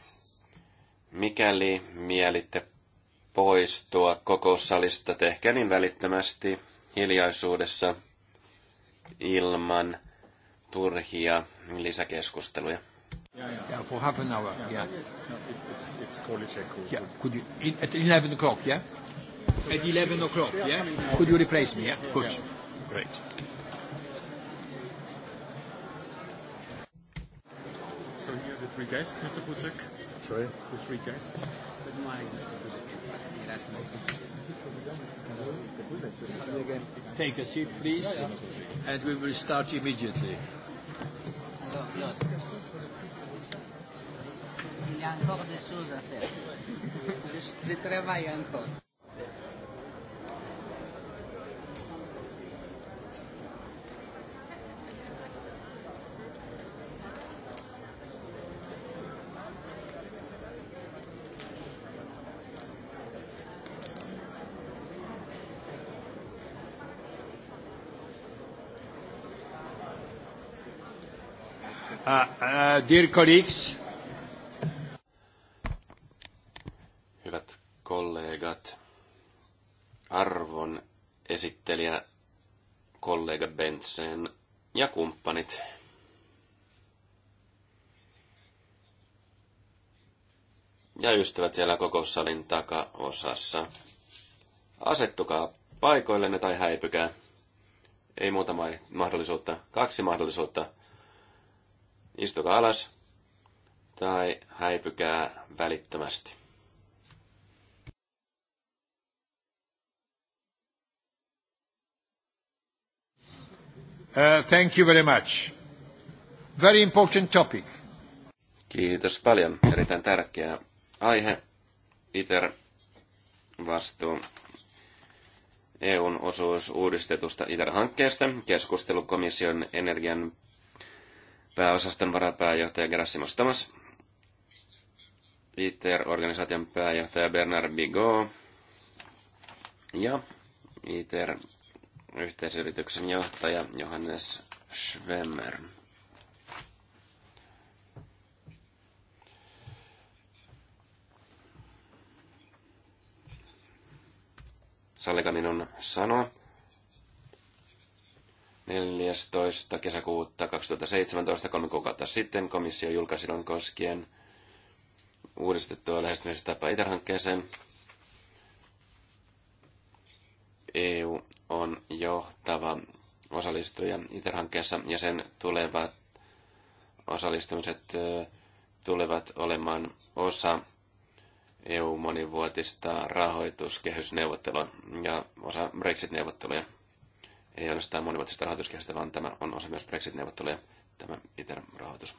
mikäli mielitte poistua kokoussalista, tehkää niin välittömästi hiljaisuudessa ilman turhia lisäkeskusteluja. Yeah, for half an hour. Yeah. it's it's, a check. Yeah. Could you, at 11 o'clock, yeah? At 11 o'clock, yeah? Could you replace me, yeah? Good. Yeah. Great. So here are the three guests, Mr. Busek. Sorry? The three guests. Good morning, Mr. Busek. Take a seat, please, and we will start immediately. Il y a encore des choses à faire. Je, je travaille encore. Uh, uh, dear colleagues. Hyvät kollegat, arvon esittelijä kollega Bentsen ja kumppanit. Ja ystävät siellä kokoussalin takaosassa. Asettukaa paikoillenne tai häipykää. Ei muuta mahdollisuutta. Kaksi mahdollisuutta Istukaa alas tai häipykää välittömästi. Uh, thank you very much. Very important topic. Kiitos paljon. Erittäin tärkeä aihe. ITER vastuu. EUn osuus uudistetusta ITER-hankkeesta, keskustelu komission energian pääosaston varapääjohtaja Gerassimos Tamas, ITER-organisaation pääjohtaja Bernard Bigot ja ITER-yhteisyrityksen johtaja Johannes Schwemmer. Sallika minun sanoa, 14. kesäkuuta 2017, kolme kuukautta sitten, komissio julkaisi silloin koskien uudistettua lähestymistapa ITER-hankkeeseen. EU on johtava osallistuja ITER-hankkeessa ja sen tulevat osallistumiset tulevat olemaan osa EU-monivuotista rahoituskehysneuvottelua ja osa Brexit-neuvotteluja ei ainoastaan monivuotisesta rahoituskehästä, vaan tämä on osa myös Brexit-neuvotteluja, tämä ITER-rahoitus.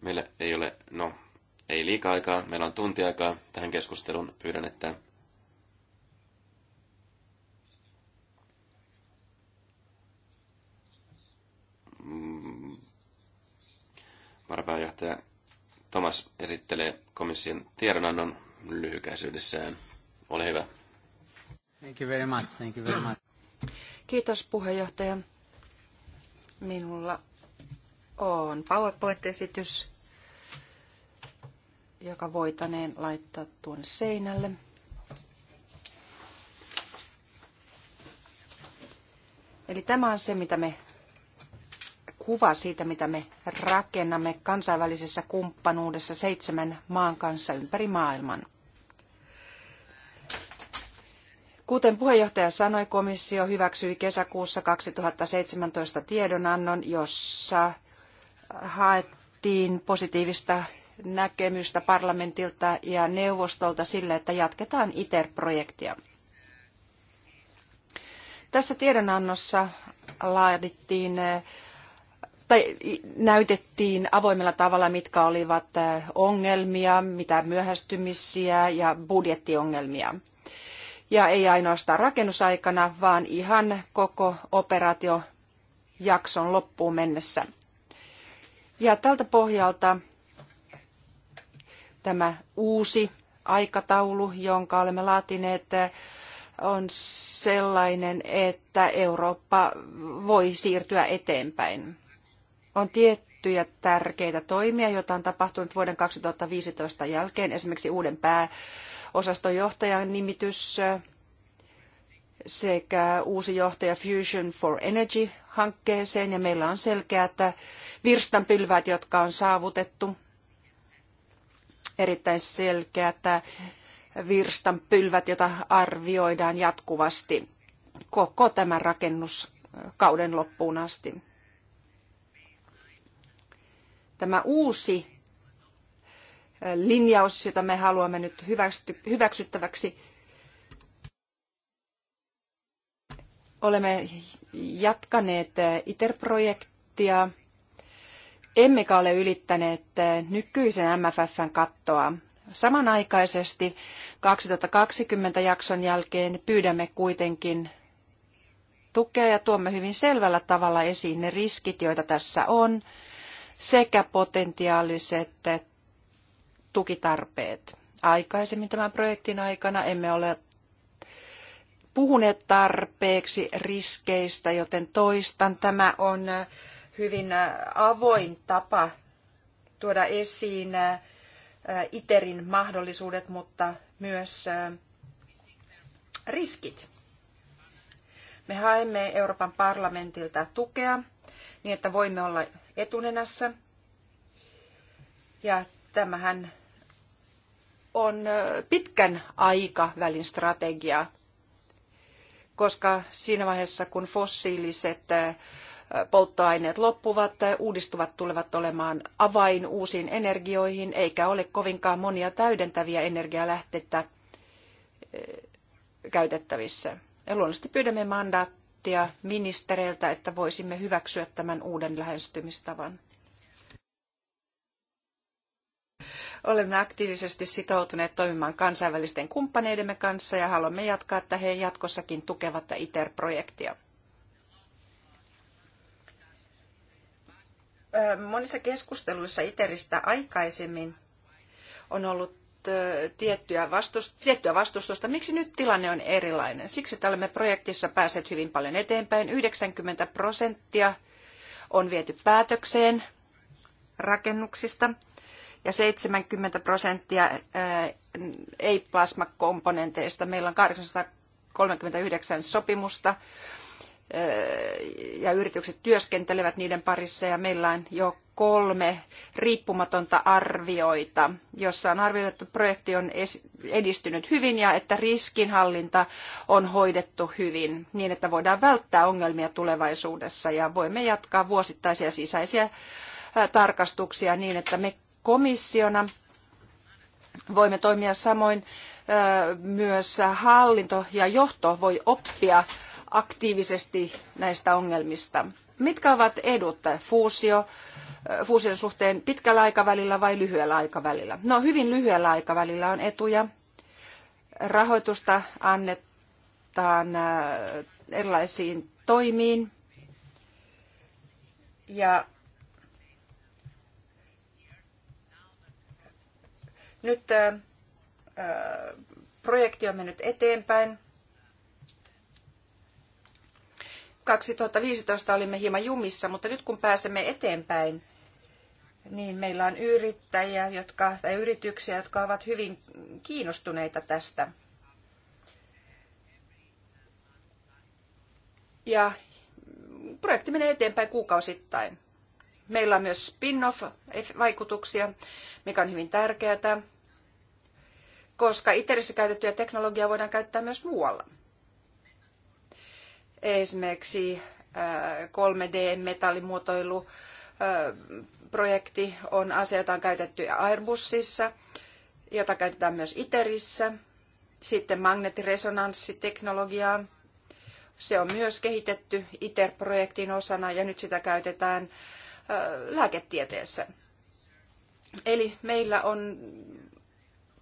Meillä ei ole, no, ei liikaa aikaa, meillä on tunti aikaa tähän keskusteluun. Pyydän, että varapääjohtaja Thomas esittelee komission tiedonannon lyhykäisyydessään. Ole hyvä. Thank you very much. Thank you very much. Kiitos puheenjohtaja. Minulla on PowerPoint-esitys, joka voitaneen laittaa tuonne seinälle. Eli tämä on se, mitä me kuva siitä, mitä me rakennamme kansainvälisessä kumppanuudessa seitsemän maan kanssa ympäri maailman. Kuten puheenjohtaja sanoi, komissio hyväksyi kesäkuussa 2017 tiedonannon, jossa haettiin positiivista näkemystä parlamentilta ja neuvostolta sille, että jatketaan ITER-projektia. Tässä tiedonannossa laadittiin tai näytettiin avoimella tavalla, mitkä olivat ongelmia, mitä myöhästymisiä ja budjettiongelmia ja ei ainoastaan rakennusaikana, vaan ihan koko operaatiojakson loppuun mennessä. Ja tältä pohjalta tämä uusi aikataulu, jonka olemme laatineet, on sellainen, että Eurooppa voi siirtyä eteenpäin. On tiettyjä tärkeitä toimia, joita on tapahtunut vuoden 2015 jälkeen, esimerkiksi uuden pää osastonjohtajan nimitys sekä uusi johtaja Fusion for Energy hankkeeseen ja meillä on selkeät virstanpylväät, jotka on saavutettu. Erittäin selkeät virstanpylvät, joita arvioidaan jatkuvasti koko tämän rakennuskauden loppuun asti. Tämä uusi linjaus, jota me haluamme nyt hyväksyttäväksi. Olemme jatkaneet ITER-projektia, emmekä ole ylittäneet nykyisen MFFn kattoa. Samanaikaisesti 2020 jakson jälkeen pyydämme kuitenkin tukea ja tuomme hyvin selvällä tavalla esiin ne riskit, joita tässä on, sekä potentiaaliset tukitarpeet. Aikaisemmin tämän projektin aikana emme ole puhuneet tarpeeksi riskeistä, joten toistan. Tämä on hyvin avoin tapa tuoda esiin ITERin mahdollisuudet, mutta myös riskit. Me haemme Euroopan parlamentilta tukea niin, että voimme olla etunenässä. Ja tämähän on pitkän aikavälin strategia, koska siinä vaiheessa, kun fossiiliset polttoaineet loppuvat, uudistuvat tulevat olemaan avain uusiin energioihin, eikä ole kovinkaan monia täydentäviä energialähteitä käytettävissä. Ja luonnollisesti pyydämme mandaattia ministereiltä, että voisimme hyväksyä tämän uuden lähestymistavan. Olemme aktiivisesti sitoutuneet toimimaan kansainvälisten kumppaneidemme kanssa ja haluamme jatkaa, että he jatkossakin tukevat ITER-projektia. Monissa keskusteluissa ITERistä aikaisemmin on ollut tiettyä, vastust, tiettyä vastustusta. Miksi nyt tilanne on erilainen? Siksi, että olemme projektissa päässeet hyvin paljon eteenpäin. 90 prosenttia on viety päätökseen rakennuksista ja 70 prosenttia ei-plasmakomponenteista. Meillä on 839 sopimusta ja yritykset työskentelevät niiden parissa ja meillä on jo kolme riippumatonta arvioita, jossa on arvioitu, että projekti on edistynyt hyvin ja että riskinhallinta on hoidettu hyvin niin, että voidaan välttää ongelmia tulevaisuudessa ja voimme jatkaa vuosittaisia sisäisiä tarkastuksia niin, että me komissiona voimme toimia samoin myös hallinto ja johto voi oppia aktiivisesti näistä ongelmista. Mitkä ovat edut fuusio, fuusion suhteen pitkällä aikavälillä vai lyhyellä aikavälillä? No hyvin lyhyellä aikavälillä on etuja. Rahoitusta annetaan erilaisiin toimiin ja Nyt projekti on mennyt eteenpäin. 2015 olimme hieman jumissa, mutta nyt kun pääsemme eteenpäin, niin meillä on yrittäjiä jotka, tai yrityksiä, jotka ovat hyvin kiinnostuneita tästä. Ja projekti menee eteenpäin kuukausittain. Meillä on myös spin-off-vaikutuksia, mikä on hyvin tärkeää koska ITERissä käytettyä teknologiaa voidaan käyttää myös muualla. Esimerkiksi 3 äh, d metallimuotoiluprojekti äh, on asia, jota on käytetty Airbusissa, jota käytetään myös ITERissä. Sitten magneettiresonanssiteknologiaa. Se on myös kehitetty ITER-projektin osana ja nyt sitä käytetään äh, lääketieteessä. Eli meillä on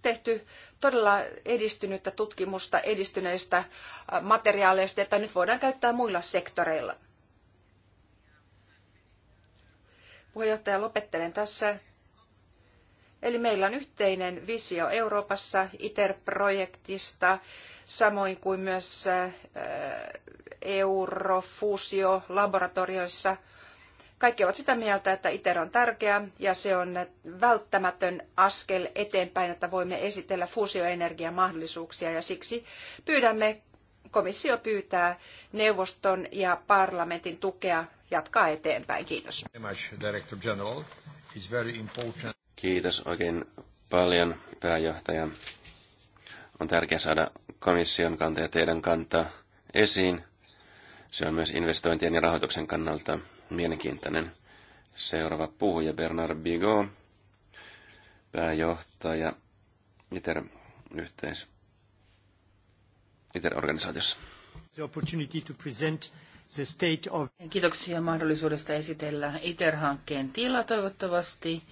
tehty todella edistynyttä tutkimusta edistyneistä äh, materiaaleista, että nyt voidaan käyttää muilla sektoreilla. Puheenjohtaja, lopettelen tässä. Eli meillä on yhteinen visio Euroopassa ITER-projektista, samoin kuin myös äh, eurofusio – kaikki ovat sitä mieltä, että ITER on tärkeä ja se on välttämätön askel eteenpäin, että voimme esitellä fuusioenergiamahdollisuuksia ja siksi pyydämme, komissio pyytää neuvoston ja parlamentin tukea jatkaa eteenpäin. Kiitos. Kiitos oikein paljon pääjohtaja. On tärkeää saada komission kanta ja teidän kantaa esiin. Se on myös investointien ja rahoituksen kannalta mielenkiintoinen. Seuraava puhuja Bernard Bigot, pääjohtaja ITER yhteis ITER-organisaatiossa. The opportunity to present the state of... Kiitoksia mahdollisuudesta esitellä ITER-hankkeen tila. Toivottavasti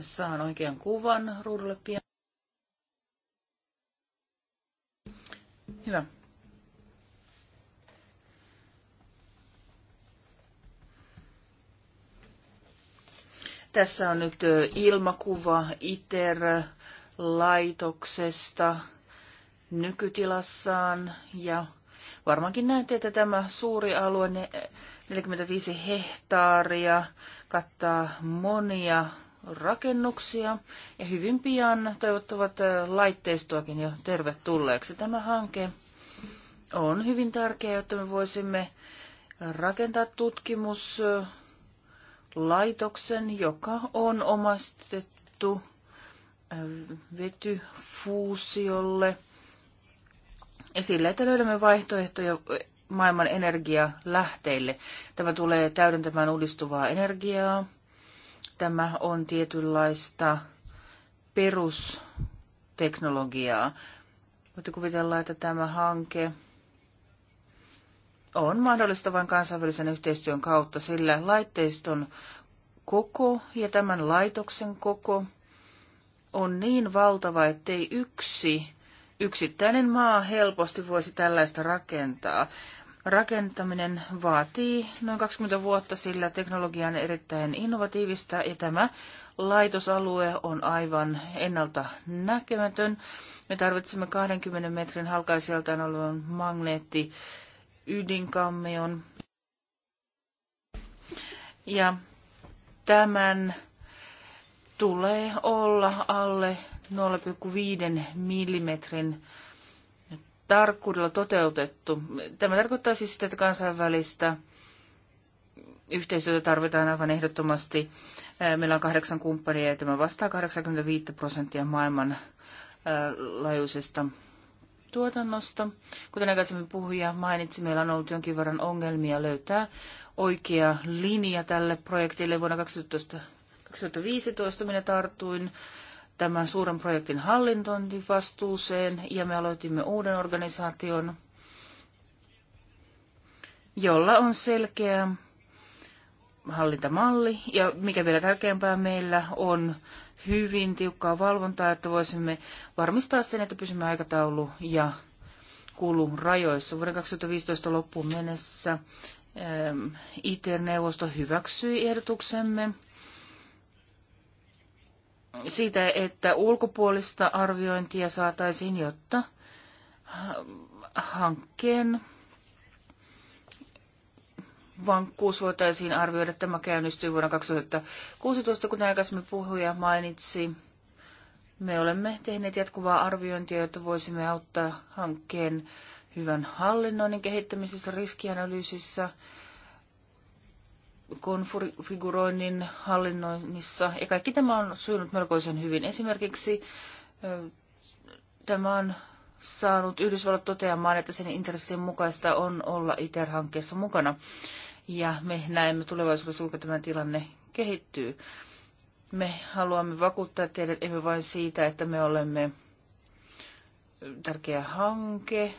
saan oikean kuvan ruudulle pian. Hyvä. Tässä on nyt ilmakuva ITER-laitoksesta nykytilassaan ja varmaankin näette, että tämä suuri alue, 45 hehtaaria, kattaa monia rakennuksia ja hyvin pian toivottavat laitteistoakin jo tervetulleeksi. Tämä hanke on hyvin tärkeä, että me voisimme rakentaa tutkimus- laitoksen, joka on omastettu vetyfuusiolle. Ja sillä, että löydämme vaihtoehtoja maailman energialähteille. Tämä tulee täydentämään uudistuvaa energiaa. Tämä on tietynlaista perusteknologiaa. Voitte kuvitella, että tämä hanke on mahdollista vain kansainvälisen yhteistyön kautta, sillä laitteiston koko ja tämän laitoksen koko on niin valtava, ettei yksi yksittäinen maa helposti voisi tällaista rakentaa. Rakentaminen vaatii noin 20 vuotta, sillä teknologia on erittäin innovatiivista ja tämä laitosalue on aivan ennalta näkemätön. Me tarvitsemme 20 metrin halkaisijaltaan olevan magneetti ydinkammion. Ja tämän tulee olla alle 0,5 mm tarkkuudella toteutettu. Tämä tarkoittaa siis sitä, että kansainvälistä yhteistyötä tarvitaan aivan ehdottomasti. Meillä on kahdeksan kumppania ja tämä vastaa 85 prosenttia maailman laajuisesta tuotannosta. Kuten aikaisemmin puhuja mainitsi, meillä on ollut jonkin verran ongelmia löytää oikea linja tälle projektille. Vuonna 2015 minä tartuin tämän suuren projektin hallintointivastuuseen ja me aloitimme uuden organisaation, jolla on selkeä hallintamalli ja mikä vielä tärkeämpää meillä on hyvin tiukkaa valvontaa, että voisimme varmistaa sen, että pysymme aikataulu ja kulun rajoissa. Vuoden 2015 loppuun mennessä ähm, ITER-neuvosto hyväksyi ehdotuksemme siitä, että ulkopuolista arviointia saataisiin, jotta äh, hankkeen vankkuus voitaisiin arvioida. Tämä käynnistyi vuonna 2016, kuten aikaisemmin puhuja mainitsi. Me olemme tehneet jatkuvaa arviointia, jotta voisimme auttaa hankkeen hyvän hallinnoinnin kehittämisessä, riskianalyysissä, konfiguroinnin hallinnoinnissa. Ja kaikki tämä on sujunut melkoisen hyvin. Esimerkiksi tämä on saanut Yhdysvallat toteamaan, että sen intressien mukaista on olla ITER-hankkeessa mukana ja me näemme tulevaisuudessa, kuinka tämä tilanne kehittyy. Me haluamme vakuuttaa teidät emme vain siitä, että me olemme tärkeä hanke,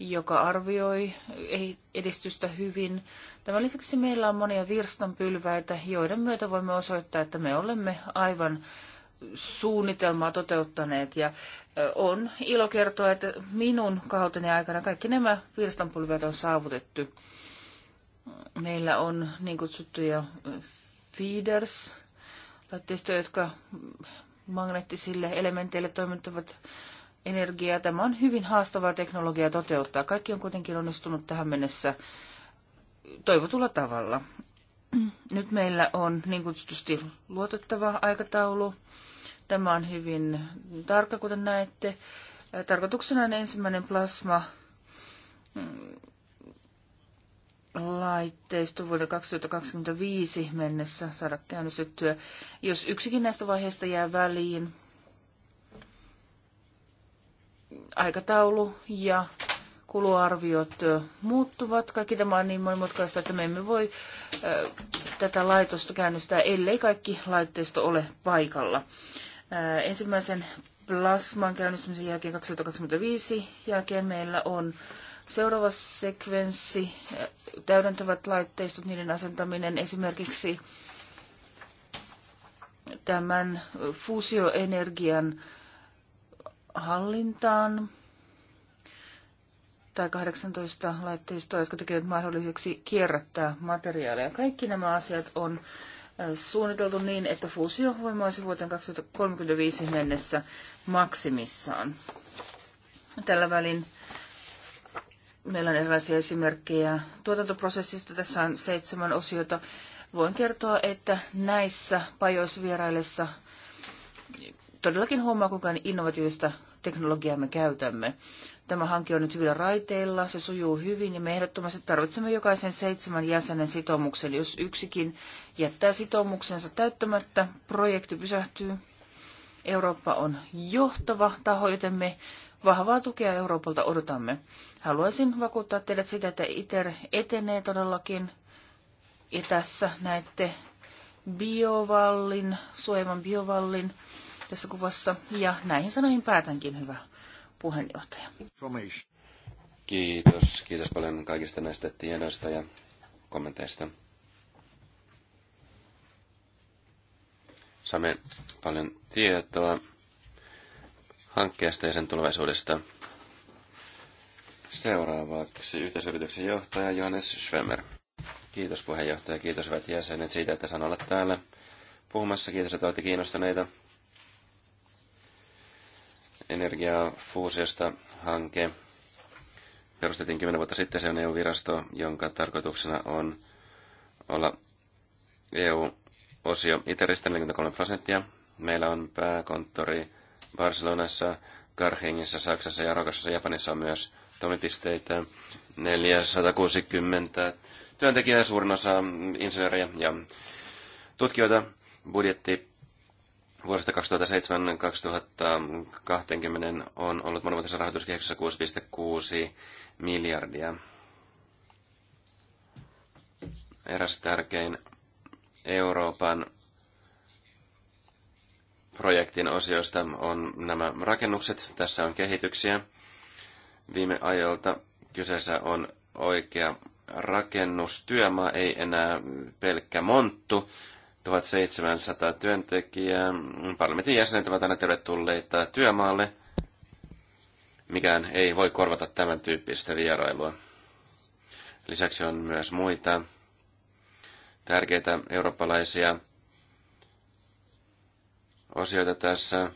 joka arvioi edistystä hyvin. Tämän lisäksi meillä on monia virstanpylväitä, joiden myötä voimme osoittaa, että me olemme aivan suunnitelmaa toteuttaneet. Ja on ilo kertoa, että minun kauteni aikana kaikki nämä virstanpylvät on saavutettu meillä on niin kutsuttuja feeders, laitteistoja, jotka magneettisille elementeille toimittavat energiaa. Tämä on hyvin haastavaa teknologiaa toteuttaa. Kaikki on kuitenkin onnistunut tähän mennessä toivotulla tavalla. [CLEARS THROAT] Nyt meillä on niin kutsutusti luotettava aikataulu. Tämä on hyvin tarkka, kuten näette. Tarkoituksena on ensimmäinen plasma mm, laitteisto vuoden 2025 mennessä saada käynnistettyä. Jos yksikin näistä vaiheista jää väliin, aikataulu ja kuluarviot muuttuvat. Kaikki tämä on niin monimutkaista, että me emme voi tätä laitosta käynnistää, ellei kaikki laitteisto ole paikalla. Ensimmäisen plasman käynnistymisen jälkeen 2025 jälkeen meillä on Seuraava sekvenssi, täydentävät laitteistot, niiden asentaminen esimerkiksi tämän fuusioenergian hallintaan tai 18 laitteistoa, jotka tekevät mahdolliseksi kierrättää materiaaleja. Kaikki nämä asiat on suunniteltu niin, että fuusio voimaisi vuoteen 2035 mennessä maksimissaan. Tällä välin Meillä on erilaisia esimerkkejä tuotantoprosessista. Tässä on seitsemän osiota. Voin kertoa, että näissä pajoisvieraillessa todellakin huomaa, kuinka innovatiivista teknologiaa me käytämme. Tämä hanke on nyt hyvillä raiteilla, se sujuu hyvin ja me ehdottomasti tarvitsemme jokaisen seitsemän jäsenen sitoumuksen. Jos yksikin jättää sitoumuksensa täyttämättä, projekti pysähtyy. Eurooppa on johtava taho, joten me vahvaa tukea Euroopalta odotamme. Haluaisin vakuuttaa teidät sitä, että ITER etenee todellakin. Ja tässä näette biovallin, suojelman biovallin tässä kuvassa. Ja näihin sanoihin päätänkin, hyvä puheenjohtaja. Kiitos. Kiitos paljon kaikista näistä tiedoista ja kommenteista. Saamme paljon tietoa hankkeesta ja sen tulevaisuudesta. Seuraavaksi yhteisyrityksen johtaja Johannes Schwemmer. Kiitos puheenjohtaja, kiitos hyvät jäsenet siitä, että saan olla täällä puhumassa. Kiitos, että olette kiinnostuneita energiafuusiosta hanke perustettiin 10 vuotta sitten. Se on EU-virasto, jonka tarkoituksena on olla EU-osio Iteristä 43 prosenttia. Meillä on pääkonttori Barcelonassa, Karhengissä, Saksassa ja Rokassa Japanissa on myös toimipisteitä. 460 työntekijää, suurin osa insinöörejä ja tutkijoita. Budjetti vuodesta 2007-2020 on ollut monivuotisessa rahoituskehyksessä 6,6 miljardia. Eräs tärkein Euroopan projektin osioista on nämä rakennukset. Tässä on kehityksiä viime ajoilta. Kyseessä on oikea rakennustyömaa, ei enää pelkkä monttu. 1700 työntekijää. Parlamentin jäsenet ovat aina tervetulleita työmaalle. Mikään ei voi korvata tämän tyyppistä vierailua. Lisäksi on myös muita tärkeitä eurooppalaisia osioita tässä.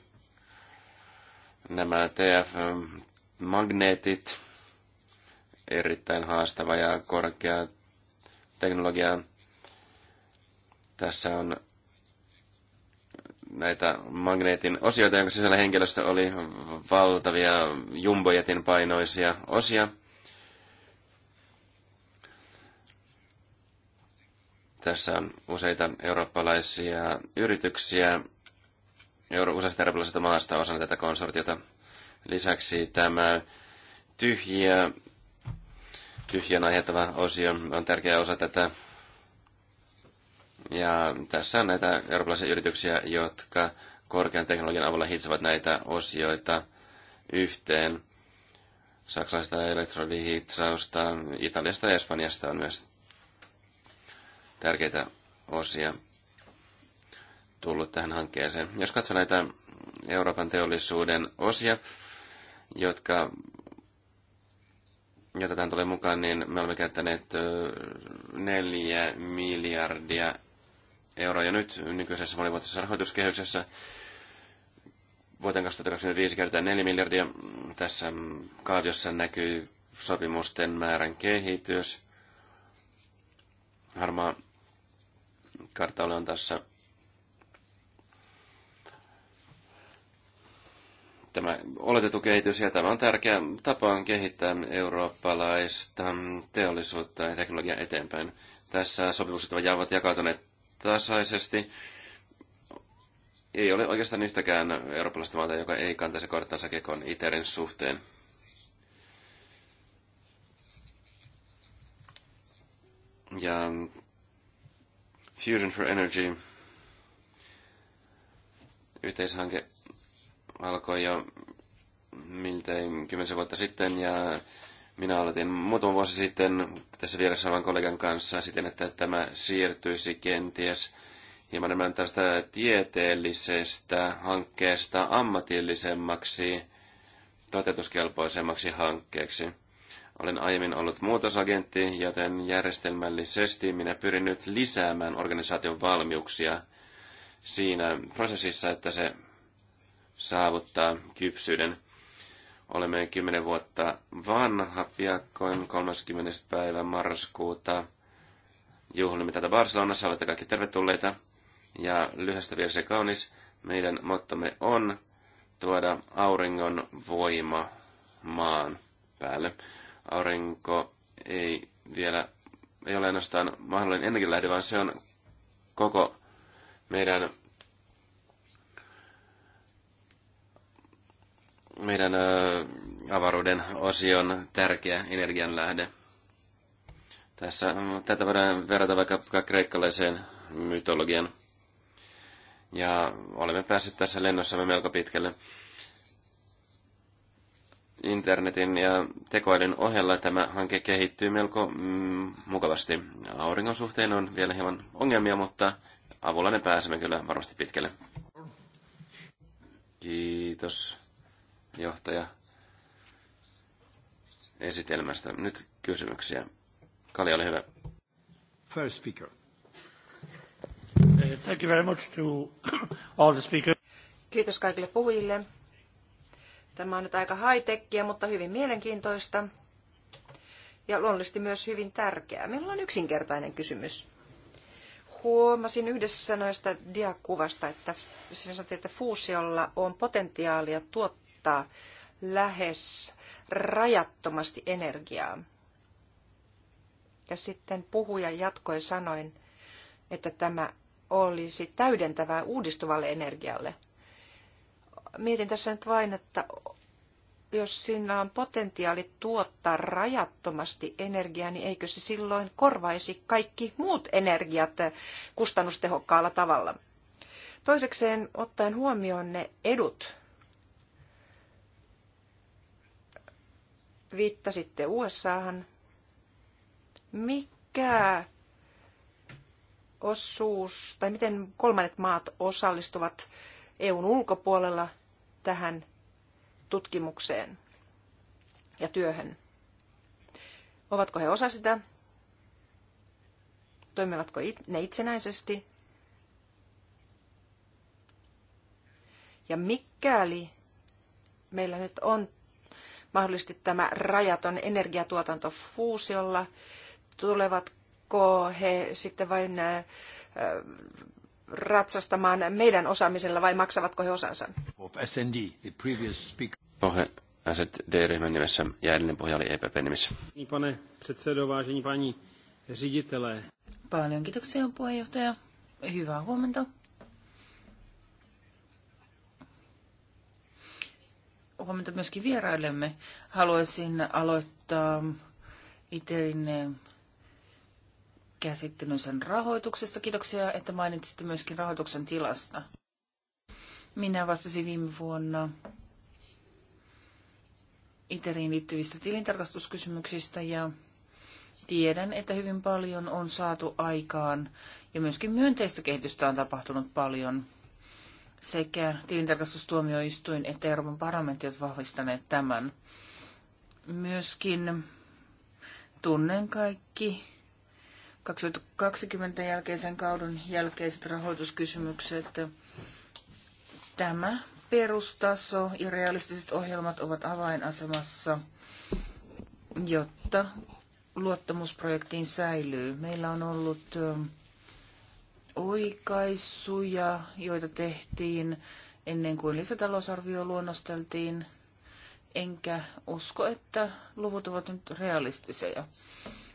Nämä TF-magneetit, erittäin haastava ja korkea teknologia. Tässä on näitä magneetin osioita, jonka sisällä henkilöstö oli valtavia jumbojetin painoisia osia. Tässä on useita eurooppalaisia yrityksiä, euro useasta erilaisesta maasta osana tätä konsortiota. Lisäksi tämä tyhjiä, tyhjän aiheuttava osio on tärkeä osa tätä. Ja tässä on näitä eurooppalaisia yrityksiä, jotka korkean teknologian avulla hitsevät näitä osioita yhteen. Saksalaista elektrodihitsausta, Italiasta ja Espanjasta on myös tärkeitä osia tullut tähän hankkeeseen. Jos katsoo näitä Euroopan teollisuuden osia, jotka, jota tähän tulee mukaan, niin me olemme käyttäneet neljä miljardia euroa jo nyt nykyisessä monivuotisessa rahoituskehyksessä vuoteen 2025 kertaa 4 miljardia. Tässä kaaviossa näkyy sopimusten määrän kehitys. Harmaa kartalle on tässä tämä oletettu kehitys, ja tämä on tärkeä tapa kehittää eurooppalaista teollisuutta ja teknologiaa eteenpäin. Tässä sopimukset ovat jakautuneet tasaisesti. Ei ole oikeastaan yhtäkään eurooppalaista maata, joka ei kantaisi korttansa kekon ITERin suhteen. Ja Fusion for Energy yhteishanke alkoi jo miltei kymmenisen vuotta sitten ja minä aloitin muutama vuosi sitten tässä vieressä olevan kollegan kanssa siten, että tämä siirtyisi kenties hieman enemmän tästä tieteellisestä hankkeesta ammatillisemmaksi, toteutuskelpoisemmaksi hankkeeksi. Olen aiemmin ollut muutosagentti, joten järjestelmällisesti minä pyrin nyt lisäämään organisaation valmiuksia siinä prosessissa, että se saavuttaa kypsyyden. Olemme 10 vuotta vanha piakkoin 30. päivä marraskuuta. Juhlimme tätä Barcelonassa, olette kaikki tervetulleita. Ja lyhyestä vielä se kaunis, meidän mottomme on tuoda auringon voima maan päälle. Aurinko ei vielä, ei ole ainoastaan mahdollinen energialähde, vaan se on koko meidän meidän avaruuden osion tärkeä energianlähde. Tässä, tätä voidaan verrata vaikka kreikkalaiseen mytologian. Ja olemme päässeet tässä lennossamme melko pitkälle. Internetin ja tekoälyn ohella tämä hanke kehittyy melko mm, mukavasti. Auringon suhteen on vielä hieman ongelmia, mutta avulla ne pääsemme kyllä varmasti pitkälle. Kiitos johtaja esitelmästä. Nyt kysymyksiä. Kali, ole hyvä. First speaker. Eh, thank you very much to all the speakers. Kiitos kaikille puhujille. Tämä on nyt aika high-techia, mutta hyvin mielenkiintoista ja luonnollisesti myös hyvin tärkeää. Minulla on yksinkertainen kysymys. Huomasin yhdessä noista diakuvasta, että sinä sanottiin, että fuusiolla on potentiaalia tuottaa tuottaa lähes rajattomasti energiaa. Ja sitten puhuja jatkoi sanoen, että tämä olisi täydentävää uudistuvalle energialle. Mietin tässä nyt vain, että jos sinulla on potentiaali tuottaa rajattomasti energiaa, niin eikö se silloin korvaisi kaikki muut energiat kustannustehokkaalla tavalla? Toisekseen ottaen huomioon ne edut, viittasitte USAhan. Mikä osuus, tai miten kolmannet maat osallistuvat EUn ulkopuolella tähän tutkimukseen ja työhön? Ovatko he osa sitä? Toimivatko ne itsenäisesti? Ja mikäli meillä nyt on mahdollisesti tämä rajaton energiatuotanto fuusiolla? Tulevatko he sitten vain äh, ratsastamaan meidän osaamisella vai maksavatko he osansa? SND, the previous speaker. Pohe, SD-ryhmän nimessä ja edellinen pohja oli EPP nimessä. Pane předsedo, vážení pani ředitele. Paljon kiitoksia puheenjohtaja. Hyvää huomenta. huomenta myöskin vierailemme. Haluaisin aloittaa ITERin käsittelyn sen rahoituksesta. Kiitoksia, että mainitsitte myöskin rahoituksen tilasta. Minä vastasin viime vuonna ITERiin liittyvistä tilintarkastuskysymyksistä ja tiedän, että hyvin paljon on saatu aikaan ja myöskin myönteistä kehitystä on tapahtunut paljon – sekä tilintarkastustuomioistuin että Euroopan parlamentti ovat vahvistaneet tämän. Myöskin tunnen kaikki 2020 jälkeisen kauden jälkeiset rahoituskysymykset. Tämä perustaso ja realistiset ohjelmat ovat avainasemassa, jotta luottamusprojektiin säilyy. Meillä on ollut oikaisuja, joita tehtiin ennen kuin lisätalousarvio luonnosteltiin. Enkä usko, että luvut ovat nyt realistisia.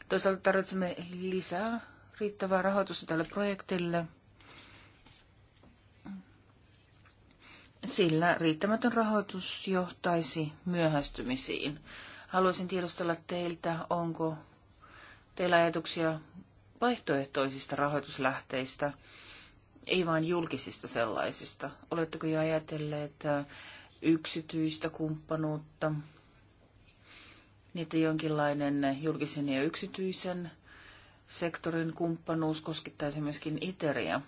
Toisaalta tarvitsemme lisää riittävää rahoitusta tälle projektille, sillä riittämätön rahoitus johtaisi myöhästymisiin. Haluaisin tiedustella teiltä, onko teillä ajatuksia vaihtoehtoisista rahoituslähteistä, ei vain julkisista sellaisista. Oletteko jo ajatelleet äh, yksityistä kumppanuutta, niitä jonkinlainen julkisen ja yksityisen sektorin kumppanuus koskittaisi myöskin Iteriä.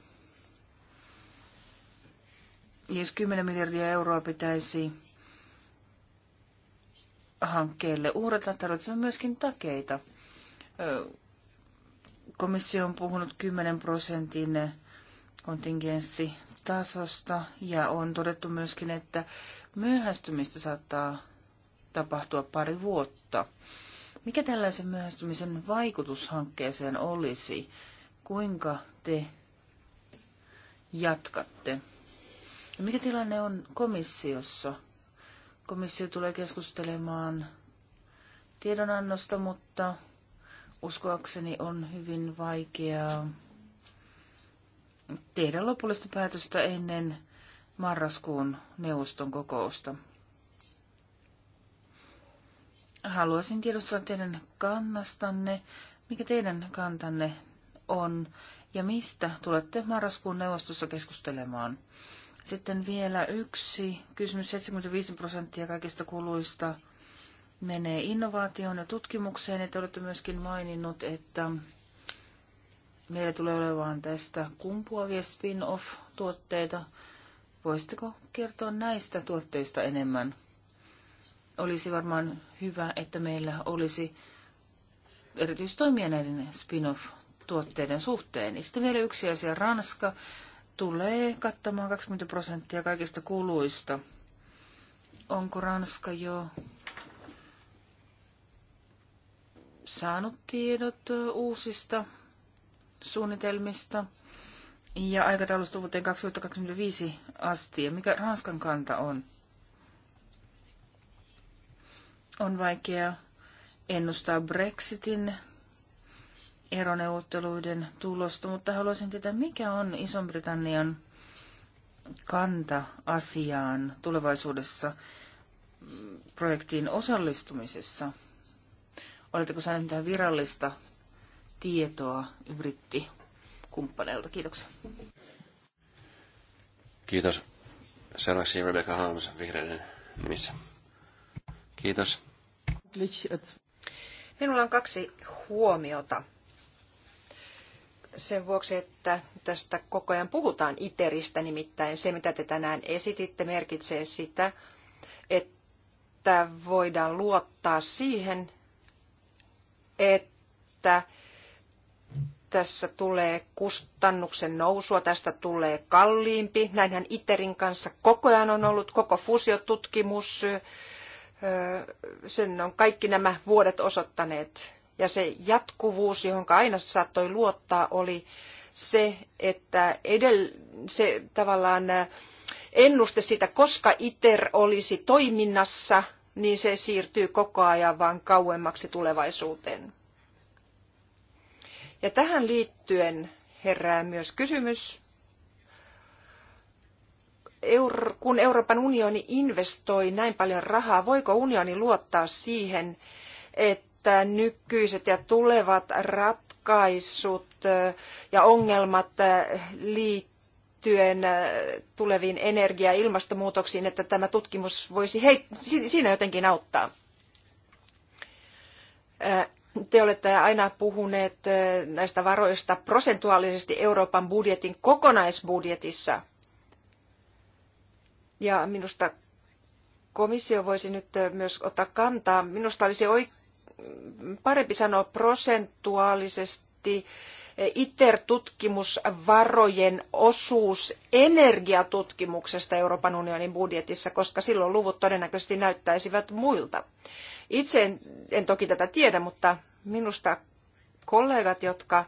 Jos 10 miljardia euroa pitäisi hankkeelle uhrata, tarvitsemme myöskin takeita. Komissio on puhunut 10 prosentin kontingenssitasosta ja on todettu myöskin, että myöhästymistä saattaa tapahtua pari vuotta. Mikä tällaisen myöhästymisen vaikutus hankkeeseen olisi? Kuinka te jatkatte? Ja mikä tilanne on komissiossa? Komissio tulee keskustelemaan tiedonannosta, mutta uskoakseni on hyvin vaikeaa tehdä lopullista päätöstä ennen marraskuun neuvoston kokousta. Haluaisin tiedustella teidän kannastanne, mikä teidän kantanne on ja mistä tulette marraskuun neuvostossa keskustelemaan. Sitten vielä yksi kysymys. 75 prosenttia kaikista kuluista menee innovaatioon ja tutkimukseen. Ja te olette myöskin maininnut, että meillä tulee olemaan tästä kumpuavia spin-off-tuotteita. Voisitteko kertoa näistä tuotteista enemmän? Olisi varmaan hyvä, että meillä olisi erityistoimia näiden spin-off-tuotteiden suhteen. Ja sitten vielä yksi asia. Ranska tulee kattamaan 20 prosenttia kaikista kuluista. Onko Ranska jo saanut tiedot uusista suunnitelmista ja aikataulusta vuoteen 2025 asti. Ja mikä Ranskan kanta on? On vaikea ennustaa Brexitin eroneuvotteluiden tulosta, mutta haluaisin tietää, mikä on iso britannian kanta asiaan tulevaisuudessa projektiin osallistumisessa – Oletteko saaneet mitään virallista tietoa brittikumppaneilta? Kiitoksia. Kiitos. Seuraavaksi Rebecca Holmes vihreiden nimissä. Kiitos. Minulla on kaksi huomiota. Sen vuoksi, että tästä koko ajan puhutaan ITERistä, nimittäin se, mitä te tänään esititte, merkitsee sitä, että voidaan luottaa siihen, että tässä tulee kustannuksen nousua, tästä tulee kalliimpi. Näinhän ITERin kanssa koko ajan on ollut koko fusiotutkimus, sen on kaikki nämä vuodet osoittaneet. Ja se jatkuvuus, johon aina saattoi luottaa, oli se, että edell- se tavallaan ennuste siitä, koska ITER olisi toiminnassa – niin se siirtyy koko ajan vaan kauemmaksi tulevaisuuteen. Ja tähän liittyen herää myös kysymys, kun Euroopan unioni investoi näin paljon rahaa, voiko unioni luottaa siihen, että nykyiset ja tulevat ratkaisut ja ongelmat liittyvät liittyen äh, tuleviin energia- ja ilmastonmuutoksiin, että tämä tutkimus voisi hei, siinä jotenkin auttaa. Äh, te olette aina puhuneet äh, näistä varoista prosentuaalisesti Euroopan budjetin kokonaisbudjetissa. Ja minusta komissio voisi nyt myös ottaa kantaa. Minusta olisi parempi sanoa prosentuaalisesti ITER-tutkimusvarojen osuus energiatutkimuksesta Euroopan unionin budjetissa, koska silloin luvut todennäköisesti näyttäisivät muilta. Itse en, en toki tätä tiedä, mutta minusta kollegat, jotka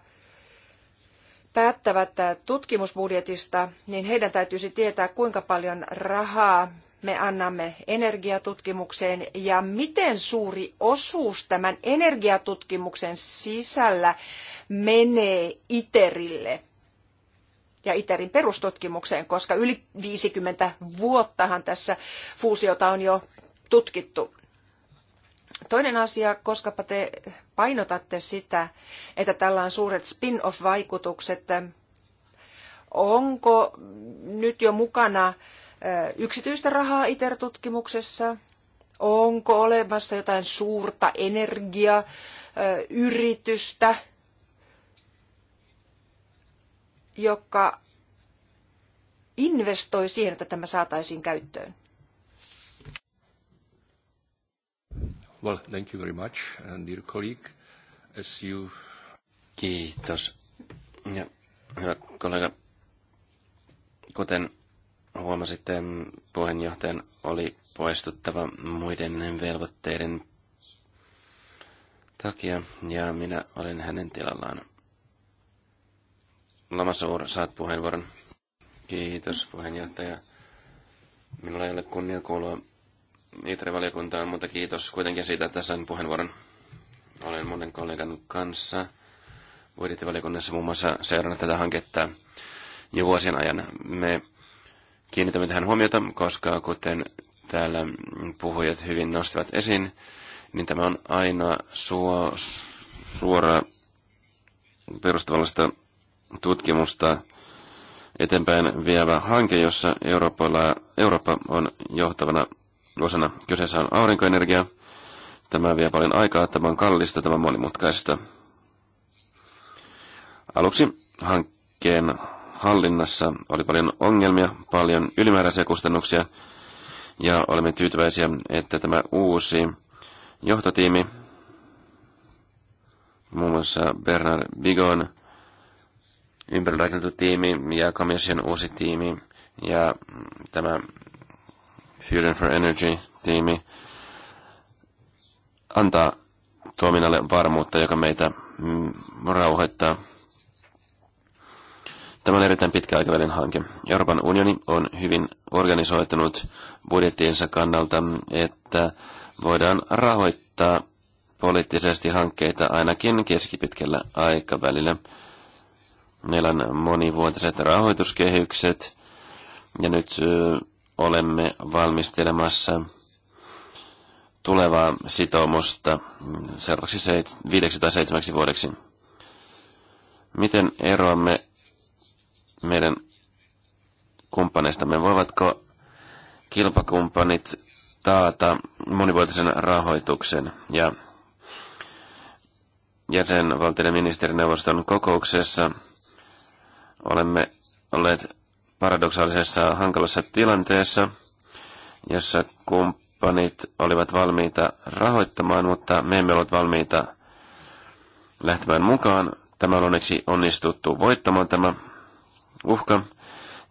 päättävät tutkimusbudjetista, niin heidän täytyisi tietää, kuinka paljon rahaa me annamme energiatutkimukseen ja miten suuri osuus tämän energiatutkimuksen sisällä menee ITERille ja ITERin perustutkimukseen, koska yli 50 vuottahan tässä fuusiota on jo tutkittu. Toinen asia, koska te painotatte sitä, että tällä on suuret spin-off-vaikutukset, onko nyt jo mukana yksityistä rahaa ITER-tutkimuksessa? Onko olemassa jotain suurta energiayritystä, joka investoi siihen, että tämä saataisiin käyttöön? Well, thank you very much, and uh, dear colleague. As you... Kiitos. Ja, hyvä kollega, kuten sitten puheenjohtajan oli poistuttava muiden velvoitteiden takia, ja minä olen hänen tilallaan. Lamasuur, saat puheenvuoron. Kiitos, puheenjohtaja. Minulla ei ole kunnia kuulua ITRE-valiokuntaan, mutta kiitos kuitenkin siitä, että sain puheenvuoron. Olen monen kollegan kanssa budjettivaliokunnassa muun muassa seurannut tätä hanketta jo vuosien ajan. Me Kiinnitämme tähän huomiota, koska kuten täällä puhujat hyvin nostivat esiin, niin tämä on aina suo, suora perustavallista tutkimusta eteenpäin vievä hanke, jossa Euroopalla, Eurooppa on johtavana osana. Kyseessä on aurinkoenergia. Tämä vie paljon aikaa, tämä on kallista, tämä on monimutkaista. Aluksi hankkeen hallinnassa oli paljon ongelmia, paljon ylimääräisiä kustannuksia, ja olemme tyytyväisiä, että tämä uusi johtotiimi, muun muassa Bernard Bigon ympärillä tiimi ja komission uusi tiimi ja tämä Fusion for Energy-tiimi antaa toiminnalle varmuutta, joka meitä mm, rauhoittaa. Tämä on erittäin pitkä aikavälin hanke. Euroopan unioni on hyvin organisoitunut budjettiinsa kannalta, että voidaan rahoittaa poliittisesti hankkeita ainakin keskipitkällä aikavälillä. Meillä on monivuotiset rahoituskehykset ja nyt olemme valmistelemassa tulevaa sitoumusta seuraavaksi 5 tai 7 vuodeksi. Miten eroamme meidän kumppaneistamme. Voivatko kilpakumppanit taata monivuotisen rahoituksen ja jäsenvaltioiden ministerineuvoston kokouksessa olemme olleet paradoksaalisessa hankalassa tilanteessa, jossa kumppanit olivat valmiita rahoittamaan, mutta me emme olleet valmiita lähtemään mukaan. Tämä on onneksi onnistuttu voittamaan tämä uhka.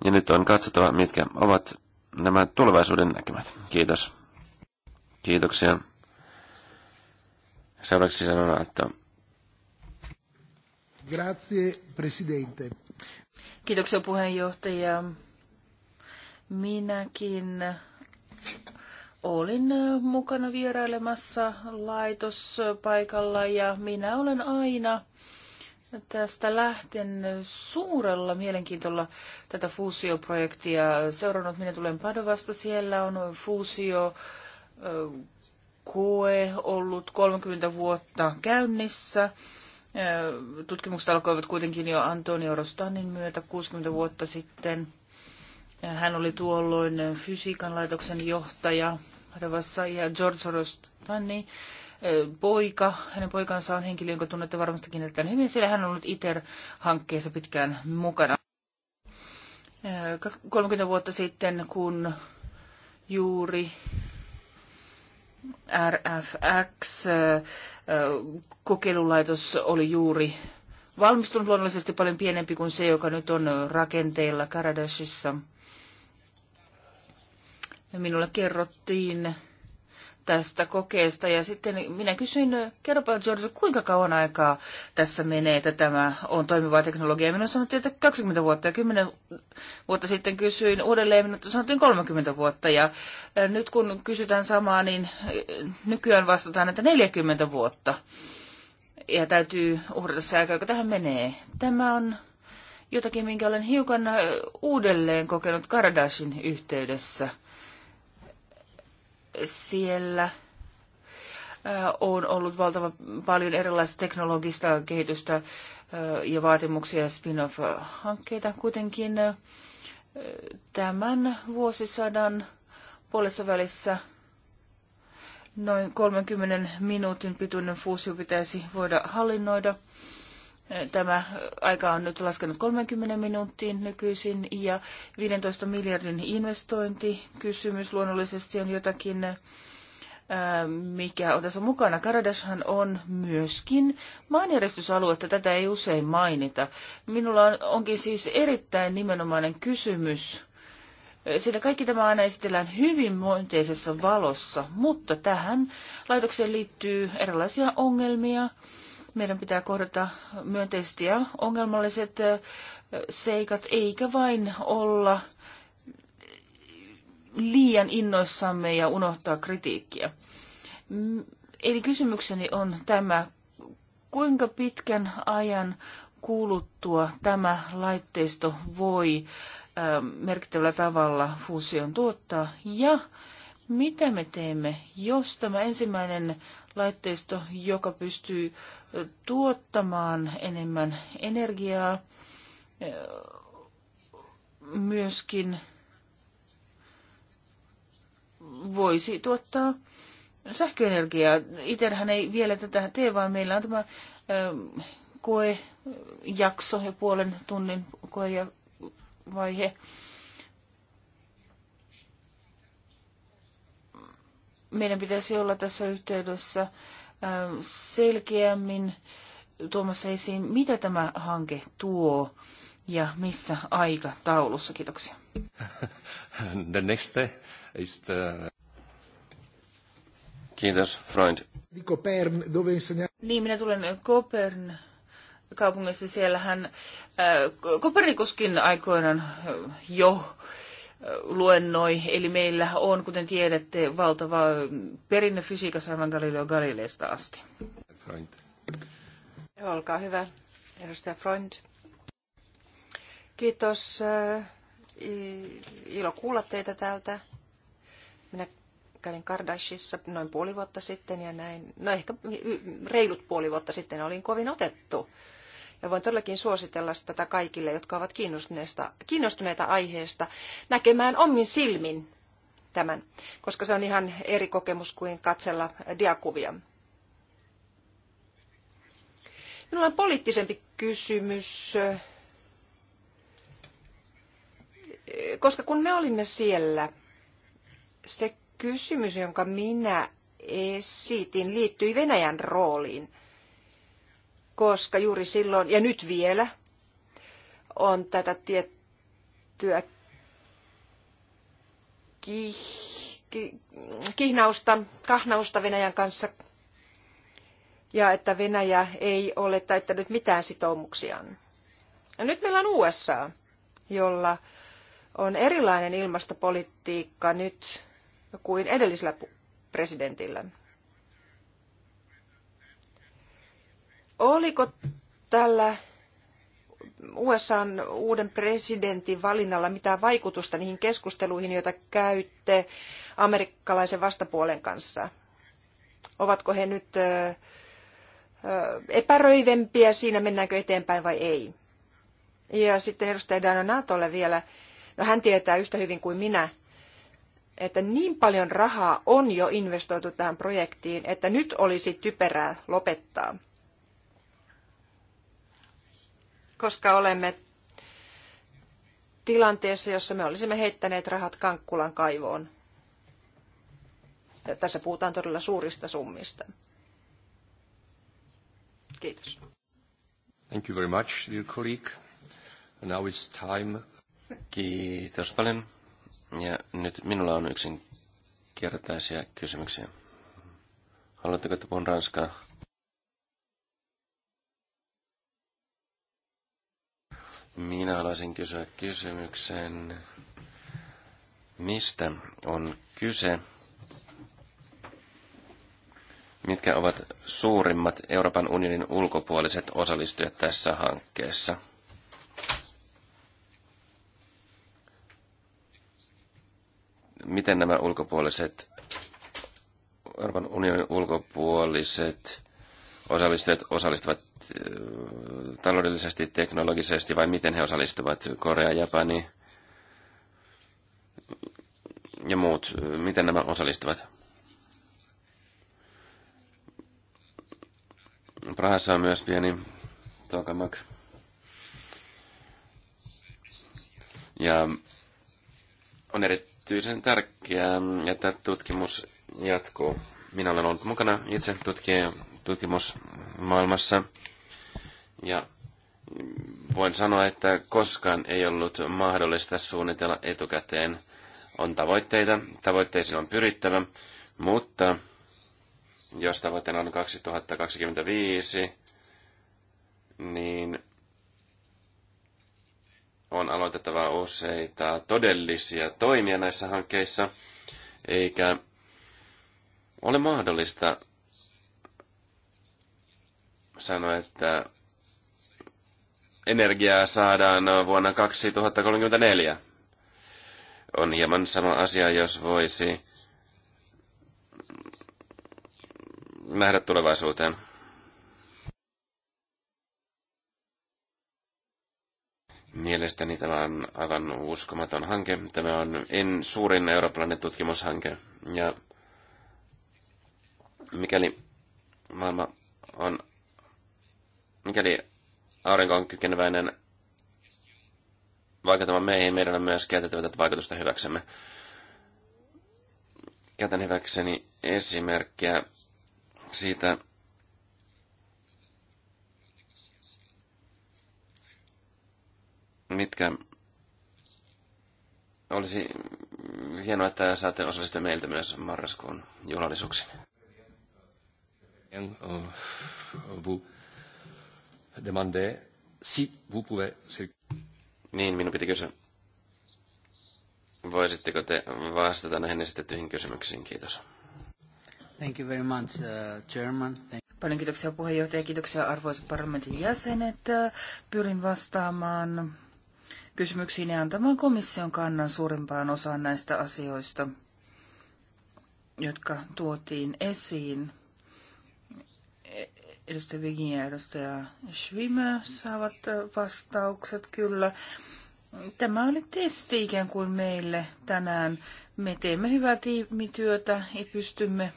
Ja nyt on katsottava, mitkä ovat nämä tulevaisuuden näkymät. Kiitos. Kiitoksia. Seuraavaksi sanon, että... Grazie, presidente. Kiitoksia puheenjohtaja. Minäkin olin mukana vierailemassa laitospaikalla ja minä olen aina tästä lähten suurella mielenkiintolla tätä fuusioprojektia seurannut. Minä tulen Padovasta. Siellä on fuusio koe ollut 30 vuotta käynnissä. Tutkimukset alkoivat kuitenkin jo Antonio Rostanin myötä 60 vuotta sitten. Hän oli tuolloin fysiikan laitoksen johtaja Padovassa ja George Rostani poika. Hänen poikansa on henkilö, jonka tunnette varmastikin erittäin hyvin, sillä hän on ollut ITER-hankkeessa pitkään mukana. 30 vuotta sitten, kun juuri RFX kokeilulaitos oli juuri valmistunut luonnollisesti paljon pienempi kuin se, joka nyt on rakenteilla Karadashissa. Minulle kerrottiin tästä kokeesta. Ja sitten minä kysyin, eh, kerropa George, kuinka kauan aikaa tässä menee, että tämä on toimivaa teknologiaa. Minä sanoin, että 20 vuotta ja 10 vuotta sitten kysyin uudelleen, minä sanottiin 30 vuotta. Ja eh, nyt kun kysytään samaa, niin eh, nykyään vastataan, että 40 vuotta. Ja täytyy uhrata se aika, joka tähän menee. Tämä on jotakin, minkä olen hiukan uudelleen kokenut Kardashin yhteydessä – siellä on ollut valtavan paljon erilaista teknologista kehitystä ja vaatimuksia ja spin-off-hankkeita. Kuitenkin tämän vuosisadan puolessa välissä noin 30 minuutin pituinen fuusio pitäisi voida hallinnoida. Tämä aika on nyt laskenut 30 minuuttiin nykyisin ja 15 miljardin investointikysymys luonnollisesti on jotakin, mikä on tässä mukana. Karadashan on myöskin maanjärjestysalue, että tätä ei usein mainita. Minulla on, onkin siis erittäin nimenomainen kysymys, sillä kaikki tämä aina esitellään hyvin monteisessa valossa, mutta tähän laitokseen liittyy erilaisia ongelmia meidän pitää kohdata myönteisesti ja ongelmalliset seikat, eikä vain olla liian innoissamme ja unohtaa kritiikkiä. Eli kysymykseni on tämä, kuinka pitkän ajan kuuluttua tämä laitteisto voi merkittävällä tavalla fuusion tuottaa ja mitä me teemme, jos tämä ensimmäinen laitteisto, joka pystyy tuottamaan enemmän energiaa. Myöskin voisi tuottaa sähköenergiaa. Itsehän ei vielä tätä tee, vaan meillä on tämä koejakso ja puolen tunnin koevaihe. Meidän pitäisi olla tässä yhteydessä Ähm, selkeämmin tuomassa esiin, mitä tämä hanke tuo ja missä aikataulussa. Kiitoksia. [LAUGHS] The next is the... Kiitos, Freund. Copern, dove insegna... Niin, minä tulen Kopern kaupungissa. Siellähän äh, Kopernikuskin aikoinaan jo luennoi. Eli meillä on, kuten tiedätte, valtava perinne fysiikassa aivan Galileo Galileista asti. Freund. Olkaa hyvä, edustaja Freund. Kiitos. Äh, ilo kuulla teitä täältä. Minä kävin Kardashissa noin puoli vuotta sitten ja näin, no ehkä reilut puoli vuotta sitten olin kovin otettu ja voin todellakin suositella tätä kaikille, jotka ovat kiinnostuneita, kiinnostuneita aiheesta, näkemään omin silmin tämän, koska se on ihan eri kokemus kuin katsella diakuvia. Minulla on poliittisempi kysymys, koska kun me olimme siellä, se kysymys, jonka minä esitin, liittyi Venäjän rooliin koska juuri silloin ja nyt vielä on tätä tiettyä ki, ki, kihnausta, kahnausta Venäjän kanssa ja että Venäjä ei ole täyttänyt mitään sitoumuksiaan. Ja nyt meillä on USA, jolla on erilainen ilmastopolitiikka nyt kuin edellisellä presidentillä. Oliko tällä USAn uuden presidentin valinnalla mitään vaikutusta niihin keskusteluihin, joita käytte amerikkalaisen vastapuolen kanssa? Ovatko he nyt epäröivempiä siinä, mennäänkö eteenpäin vai ei? Ja sitten edustaja Danonatolle vielä, no hän tietää yhtä hyvin kuin minä, että niin paljon rahaa on jo investoitu tähän projektiin, että nyt olisi typerää lopettaa – koska olemme tilanteessa, jossa me olisimme heittäneet rahat Kankkulan kaivoon. Ja tässä puhutaan todella suurista summista. Kiitos. Thank you very much, dear colleague. Now it's time. Kiitos paljon. Ja nyt minulla on yksinkertaisia kysymyksiä. Haluatteko, että puhun ranskaa? Minä haluaisin kysyä kysymyksen, mistä on kyse? Mitkä ovat suurimmat Euroopan unionin ulkopuoliset osallistujat tässä hankkeessa? Miten nämä ulkopuoliset, Euroopan unionin ulkopuoliset osallistujat osallistuvat äh, taloudellisesti, teknologisesti vai miten he osallistuvat, Korea, Japani ja muut, miten nämä osallistuvat? Prahassa on myös pieni tokamak. Ja on erityisen tärkeää, että tutkimus jatkuu. Minä olen ollut mukana itse tutkien tutkimusmaailmassa. Ja voin sanoa, että koskaan ei ollut mahdollista suunnitella etukäteen. On tavoitteita, tavoitteisiin on pyrittävä, mutta jos tavoitteena on 2025, niin on aloitettava useita todellisia toimia näissä hankkeissa, eikä ole mahdollista sanoi, että energiaa saadaan vuonna 2034. On hieman sama asia, jos voisi nähdä tulevaisuuteen. Mielestäni tämä on aivan uskomaton hanke. Tämä on en suurin eurooppalainen tutkimushanke. Ja mikäli maailma on Mikäli aurinko on kykeneväinen vaikuttamaan meihin, meidän on myös käytettävä tätä vaikutusta hyväksemme. Käytän hyväkseni esimerkkiä siitä, mitkä olisi hienoa, että saatte osallistua meiltä myös marraskuun juhlallisuuksiin si vous pouvez... Niin, minun piti kysyä. Voisitteko te vastata näihin esitettyihin kysymyksiin? Kiitos. Thank you very much, uh, Chairman. Thank Paljon kiitoksia puheenjohtaja, kiitoksia arvoisat parlamentin jäsenet. Pyrin vastaamaan kysymyksiin ja antamaan komission kannan suurimpaan osaan näistä asioista, jotka tuotiin esiin edustaja Vigin ja edustaja Schwimmer saavat vastaukset, kyllä. Tämä oli testi ikään kuin meille tänään. Me teemme hyvää tiimityötä ja pystymme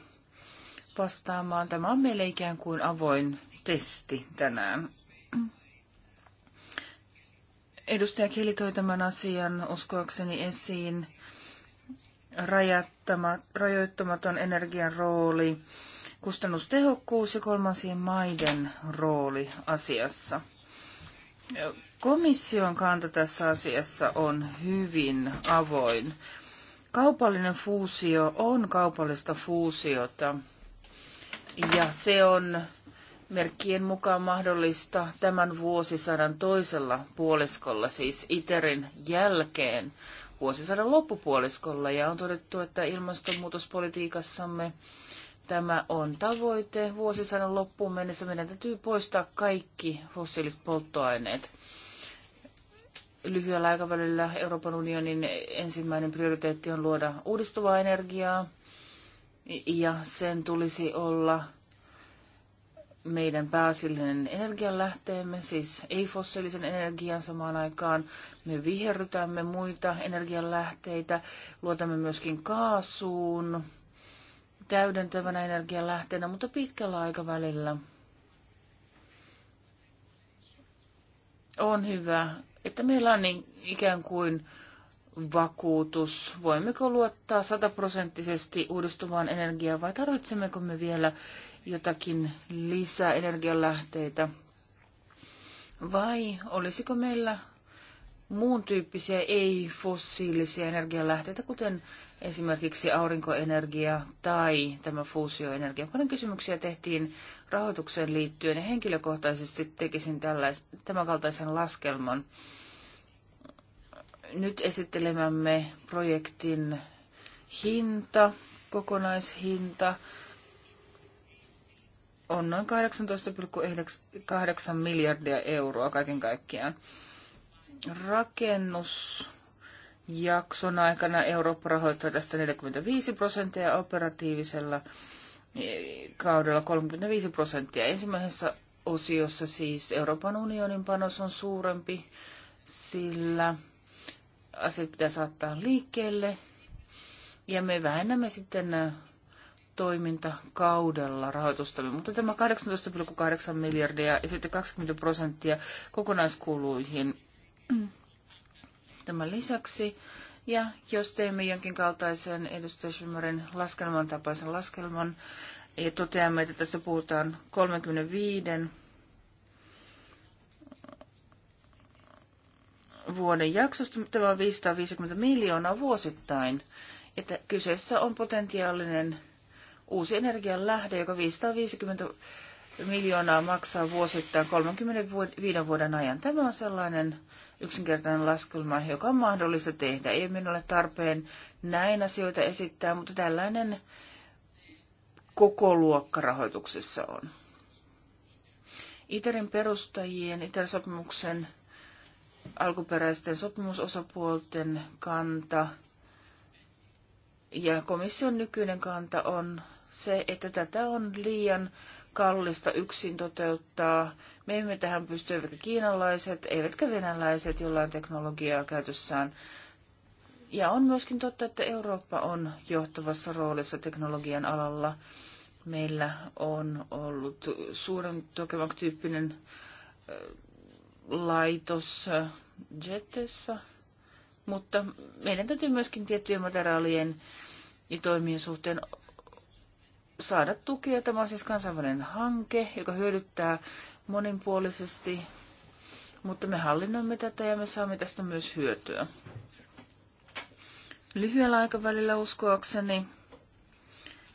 vastaamaan. Tämä on meille ikään kuin avoin testi tänään. Edustaja Keli toi tämän asian uskoakseni esiin. Rajoittamaton energian rooli kustannustehokkuus ja kolmansien maiden rooli asiassa. Komission kanta tässä asiassa on hyvin avoin. Kaupallinen fuusio on kaupallista fuusiota ja se on merkkien mukaan mahdollista tämän vuosisadan toisella puoliskolla, siis ITERin jälkeen vuosisadan loppupuoliskolla. Ja on todettu, että ilmastonmuutospolitiikassamme Tämä on tavoite. Vuosisadan loppuun mennessä meidän täytyy poistaa kaikki fossiiliset polttoaineet. Lyhyellä aikavälillä Euroopan unionin ensimmäinen prioriteetti on luoda uudistuvaa energiaa, ja sen tulisi olla meidän pääasiallinen energianlähteemme, siis ei-fossiilisen energian samaan aikaan. Me viherrytämme muita energianlähteitä, luotamme myöskin kaasuun, täydentävänä energianlähteenä, mutta pitkällä aikavälillä on hyvä, että meillä on niin ikään kuin vakuutus. Voimmeko luottaa sataprosenttisesti uudistuvaan energiaan vai tarvitsemmeko me vielä jotakin lisää energialähteitä? Vai olisiko meillä muun tyyppisiä ei-fossiilisia energialähteitä, kuten esimerkiksi aurinkoenergia tai tämä fuusioenergia. Paljon kysymyksiä tehtiin rahoitukseen liittyen ja henkilökohtaisesti tekisin tämän kaltaisen laskelman. Nyt esittelemämme projektin hinta, kokonaishinta on noin 18,8 miljardia euroa kaiken kaikkiaan rakennus jakson aikana Eurooppa rahoittaa tästä 45 prosenttia operatiivisella e, kaudella 35 prosenttia. Ensimmäisessä osiossa siis Euroopan unionin panos on suurempi, sillä asiat pitää saattaa liikkeelle ja me vähennämme sitten toimintakaudella rahoitustamme, mutta tämä 18,8 miljardia ja sitten 20 prosenttia kokonaiskuluihin tämän lisäksi. Ja jos teemme jonkin kaltaisen edustaja Schwimmerin laskelman tapaisen laskelman ja toteamme, että tässä puhutaan 35 vuoden jaksosta, tämä on 550 miljoonaa vuosittain, että kyseessä on potentiaalinen uusi energian lähde, joka 550 miljoonaa maksaa vuosittain 35 vuoden ajan. Tämä on sellainen yksinkertainen laskelma, joka on mahdollista tehdä. Ei minulle tarpeen näin asioita esittää, mutta tällainen koko luokka rahoituksessa on. ITERin perustajien, ITER-sopimuksen alkuperäisten sopimusosapuolten kanta ja komission nykyinen kanta on se, että tätä on liian kallista yksin toteuttaa me emme tähän pysty, eivätkä kiinalaiset, eivätkä venäläiset, joilla on teknologiaa käytössään. Ja on myöskin totta, että Eurooppa on johtavassa roolissa teknologian alalla. Meillä on ollut suuren tokevan tyyppinen laitos Jetessä, mutta meidän täytyy myöskin tiettyjen materiaalien ja toimien suhteen saada tukea. Tämä on siis kansainvälinen hanke, joka hyödyttää monipuolisesti, mutta me hallinnoimme tätä ja me saamme tästä myös hyötyä. Lyhyellä aikavälillä uskoakseni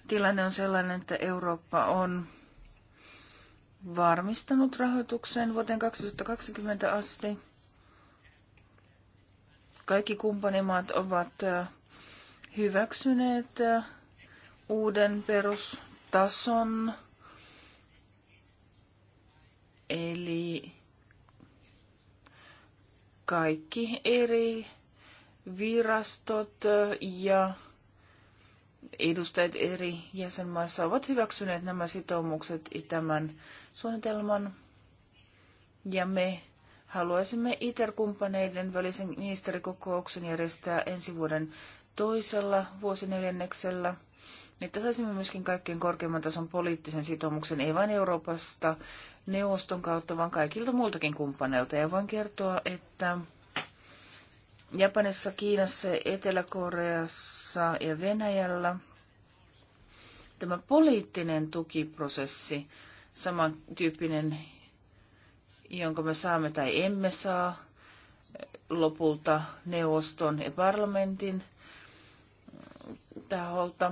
tilanne on sellainen, että Eurooppa on varmistanut rahoituksen vuoteen 2020 asti. Kaikki kumppanimaat ovat hyväksyneet uuden perustason Eli kaikki eri virastot ja edustajat eri jäsenmaissa ovat hyväksyneet nämä sitoumukset tämän suunnitelman. Ja me haluaisimme ITER-kumppaneiden välisen ministerikokouksen järjestää ensi vuoden toisella vuosineljänneksellä – niin että saisimme myöskin kaikkein korkeimman tason poliittisen sitoumuksen, ei vain Euroopasta neuvoston kautta, vaan kaikilta muiltakin kumppaneilta. Ja voin kertoa, että Japanissa, Kiinassa, Etelä-Koreassa ja Venäjällä tämä poliittinen tukiprosessi, samantyyppinen, jonka me saamme tai emme saa, lopulta neuvoston ja parlamentin taholta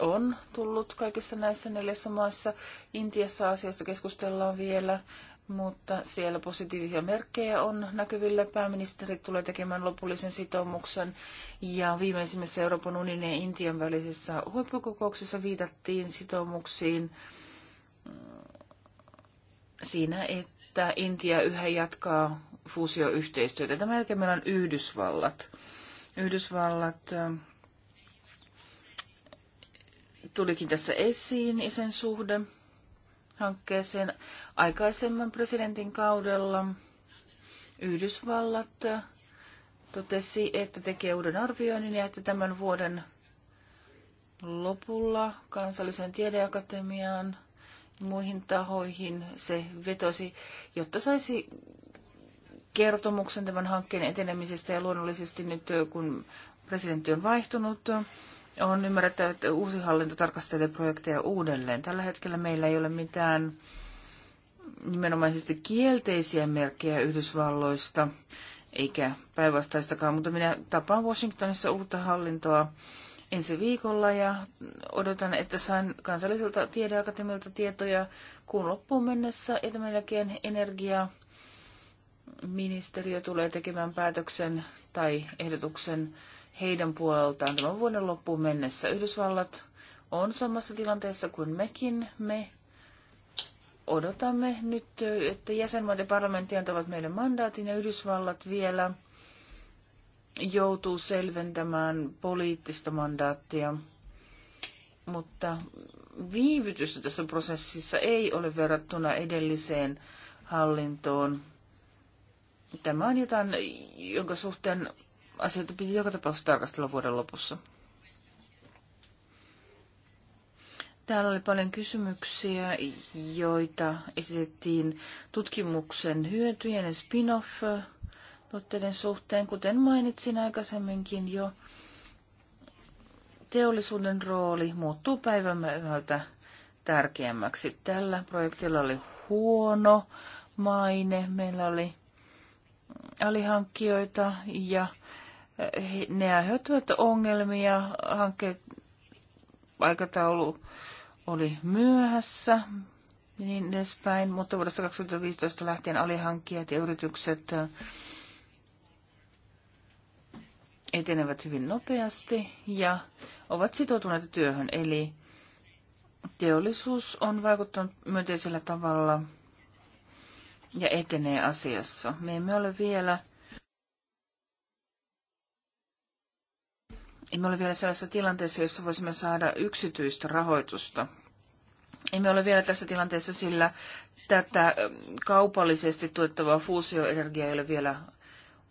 on tullut kaikissa näissä neljässä maassa. Intiassa asiasta keskustellaan vielä, mutta siellä positiivisia merkkejä on näkyvillä. Pääministeri tulee tekemään lopullisen sitoumuksen ja viimeisimmässä Euroopan unionin ja Intian välisessä huippukokouksessa viitattiin sitoumuksiin siinä, että Intia yhä jatkaa fuusioyhteistyötä. Tämän jälkeen meillä on Yhdysvallat. Yhdysvallat tulikin tässä esiin ja sen suhde hankkeeseen aikaisemman presidentin kaudella. Yhdysvallat totesi, että tekee uuden arvioinnin ja että tämän vuoden lopulla kansallisen tiedeakatemiaan ja muihin tahoihin se vetosi, jotta saisi kertomuksen tämän hankkeen etenemisestä ja luonnollisesti nyt kun presidentti on vaihtunut, on ymmärrettävä, että uusi hallinto tarkastelee projekteja uudelleen. Tällä hetkellä meillä ei ole mitään nimenomaisesti kielteisiä merkkejä Yhdysvalloista, eikä päinvastaistakaan, mutta minä tapaan Washingtonissa uutta hallintoa ensi viikolla ja odotan, että sain kansalliselta tiedeakatemialta tietoja kuun loppuun mennessä ja tämän jälkeen energia ministeriö tulee tekemään päätöksen tai ehdotuksen heidän puoleltaan tämän vuoden loppuun mennessä. Yhdysvallat on samassa tilanteessa kuin mekin. Me odotamme nyt, että jäsenmaiden parlamentti antavat meille mandaatin ja Yhdysvallat vielä joutuu selventämään poliittista mandaattia. Mutta viivytystä tässä prosessissa ei ole verrattuna edelliseen hallintoon. Tämä on jotain, jonka suhteen asioita piti joka tapauksessa tarkastella vuoden lopussa. Täällä oli paljon kysymyksiä, joita esitettiin tutkimuksen hyötyjen ja spin-off-tuotteiden suhteen. Kuten mainitsin aikaisemminkin jo, teollisuuden rooli muuttuu päivämäärältä tärkeämmäksi. Tällä projektilla oli huono maine. Meillä oli alihankkijoita ja ne aiheuttavat ongelmia. Hankkeen aikataulu oli myöhässä ja niin edespäin, mutta vuodesta 2015 lähtien alihankkijat ja yritykset äh, etenevät hyvin nopeasti ja ovat sitoutuneita työhön. Eli teollisuus on vaikuttanut myönteisellä tavalla ja etenee asiassa. Me emme ole vielä Emme ole vielä sellaisessa tilanteessa, jossa voisimme saada yksityistä rahoitusta. Emme ole vielä tässä tilanteessa, sillä tätä kaupallisesti tuettavaa fuusioenergiaa ei ole vielä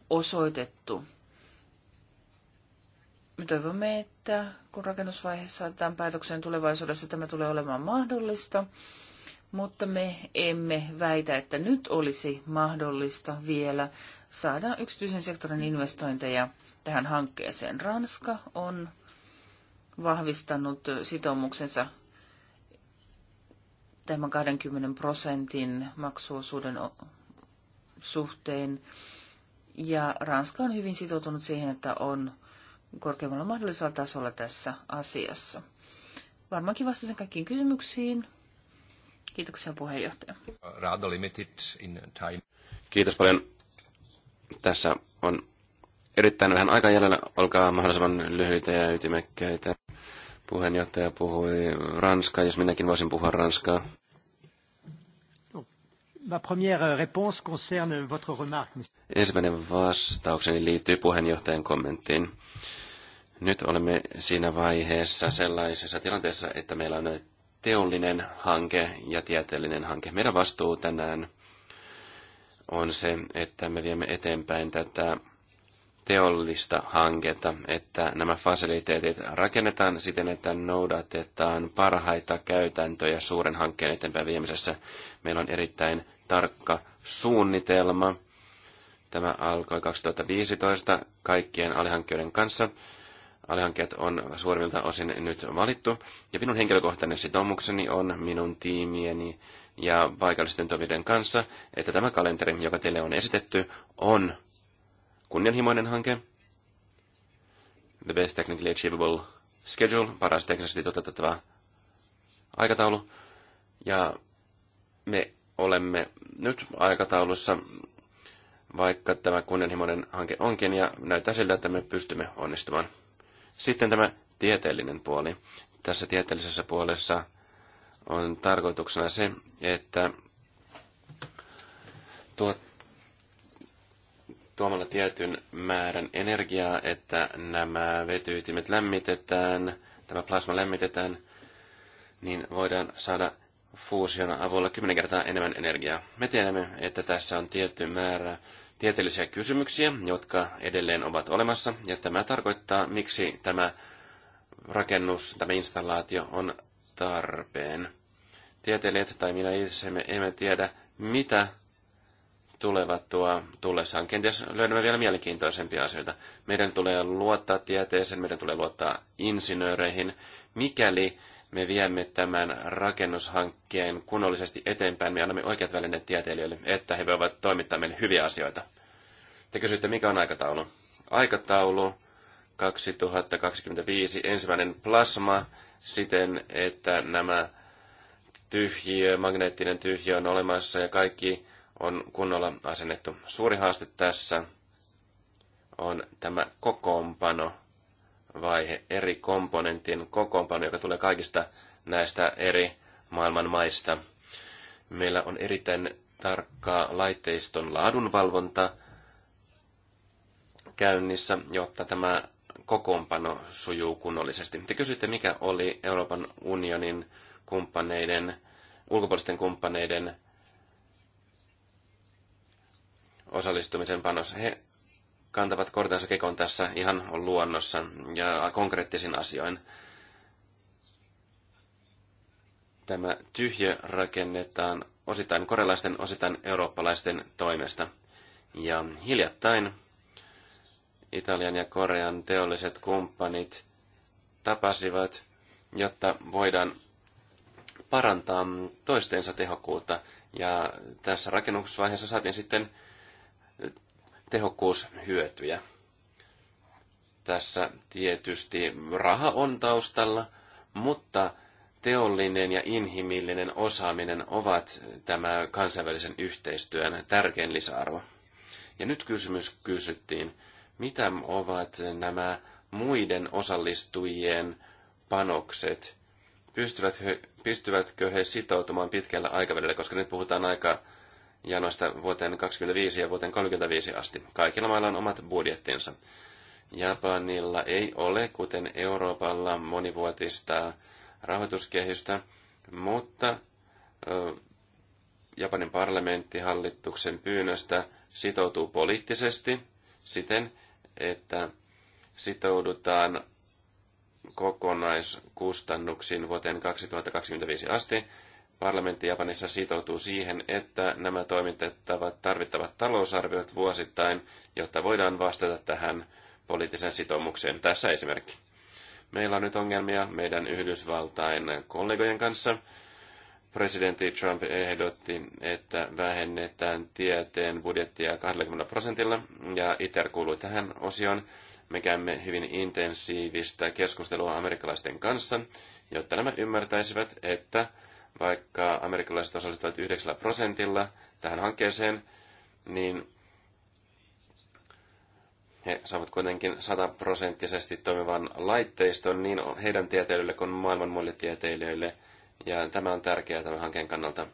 osoitettu. Me toivomme, että kun rakennusvaiheessa tämän päätökseen tulevaisuudessa, tämä tulee olemaan mahdollista, mutta me emme väitä, että nyt olisi mahdollista vielä saada yksityisen sektorin investointeja tähän hankkeeseen. Ranska on vahvistanut sitoumuksensa tämän 20 prosentin maksuosuuden suhteen. Ja Ranska on hyvin sitoutunut siihen, että on korkeammalla mahdollisella tasolla tässä asiassa. Varmaankin vastasin kaikkiin kysymyksiin. Kiitoksia puheenjohtaja. Kiitos paljon. Tässä on erittäin vähän aikaa jäljellä. Olkaa mahdollisimman lyhyitä ja ytimekkäitä. Puheenjohtaja puhui ranskaa, jos minäkin voisin puhua ranskaa. No, ma première réponse concerne votre remarque. Ensimmäinen vastaukseni liittyy puheenjohtajan kommenttiin. Nyt olemme siinä vaiheessa sellaisessa tilanteessa, että meillä on teollinen hanke ja tieteellinen hanke. Meidän vastuu tänään on se, että me viemme eteenpäin tätä teollista hanketta, että nämä fasiliteetit rakennetaan siten, että noudatetaan parhaita käytäntöjä suuren hankkeen eteenpäin viemisessä. Meillä on erittäin tarkka suunnitelma. Tämä alkoi 2015 kaikkien alihankkijoiden kanssa. Alihankkeet on suurimmilta osin nyt valittu. Ja minun henkilökohtainen sitoumukseni on minun tiimieni ja paikallisten toimijoiden kanssa, että tämä kalenteri, joka teille on esitetty, on kunnianhimoinen hanke. The best technically achievable schedule, paras teknisesti toteutettava aikataulu. Ja me olemme nyt aikataulussa, vaikka tämä kunnianhimoinen hanke onkin, ja näyttää siltä, että me pystymme onnistumaan. Sitten tämä tieteellinen puoli. Tässä tieteellisessä puolessa on tarkoituksena se, että tuottaa tuomalla tietyn määrän energiaa, että nämä vetyytimet lämmitetään, tämä plasma lämmitetään, niin voidaan saada fuusion avulla kymmenen kertaa enemmän energiaa. Me tiedämme, että tässä on tietty määrä tieteellisiä kysymyksiä, jotka edelleen ovat olemassa, ja tämä tarkoittaa, miksi tämä rakennus, tämä installaatio on tarpeen. Tieteilijät tai minä itse emme tiedä, mitä tulevat tuo tullessaan. Kenties löydämme vielä mielenkiintoisempia asioita. Meidän tulee luottaa tieteeseen, meidän tulee luottaa insinööreihin. Mikäli me viemme tämän rakennushankkeen kunnollisesti eteenpäin, me annamme oikeat välineet tieteilijöille, että he voivat toimittaa meille hyviä asioita. Te kysytte, mikä on aikataulu? Aikataulu 2025, ensimmäinen plasma siten, että nämä tyhjiö, magneettinen tyhjiö on olemassa ja kaikki on kunnolla asennettu. Suuri haaste tässä on tämä kokoonpano vaihe, eri komponentin kokoonpano, joka tulee kaikista näistä eri maailman maista. Meillä on erittäin tarkkaa laitteiston laadunvalvonta käynnissä, jotta tämä kokoonpano sujuu kunnollisesti. Te kysytte, mikä oli Euroopan unionin kumppaneiden, ulkopuolisten kumppaneiden osallistumisen panos. He kantavat kortensa kekon tässä ihan luonnossa ja konkreettisin asioin. Tämä tyhjö rakennetaan osittain korealaisten, osittain eurooppalaisten toimesta. Ja hiljattain Italian ja Korean teolliset kumppanit tapasivat, jotta voidaan parantaa toistensa tehokkuutta. Ja tässä rakennusvaiheessa saatiin sitten tehokkuushyötyjä. Tässä tietysti raha on taustalla, mutta teollinen ja inhimillinen osaaminen ovat tämä kansainvälisen yhteistyön tärkein lisäarvo. Ja nyt kysymys kysyttiin, mitä ovat nämä muiden osallistujien panokset? pystyvätkö he sitoutumaan pitkällä aikavälillä, koska nyt puhutaan aika janoista vuoteen 25 ja vuoteen 35 asti. Kaikilla mailla on omat budjettinsa. Japanilla ei ole, kuten Euroopalla, monivuotista rahoituskehystä, mutta Japanin parlamentti hallituksen pyynnöstä sitoutuu poliittisesti siten, että sitoudutaan kokonaiskustannuksiin vuoteen 2025 asti Parlamentti Japanissa sitoutuu siihen, että nämä toimitettavat tarvittavat talousarviot vuosittain, jotta voidaan vastata tähän poliittiseen sitoumukseen. Tässä esimerkki. Meillä on nyt ongelmia meidän Yhdysvaltain kollegojen kanssa. Presidentti Trump ehdotti, että vähennetään tieteen budjettia 20 prosentilla, ja ITER kuului tähän osioon. Me käymme hyvin intensiivistä keskustelua amerikkalaisten kanssa, jotta nämä ymmärtäisivät, että vaikka amerikkalaiset osallistuvat 9 prosentilla tähän hankkeeseen, niin he saavat kuitenkin sataprosenttisesti toimivan laitteiston niin heidän tieteilijöille kuin maailman muille tieteilijöille. Ja tämä on tärkeää tämän hankkeen kannalta.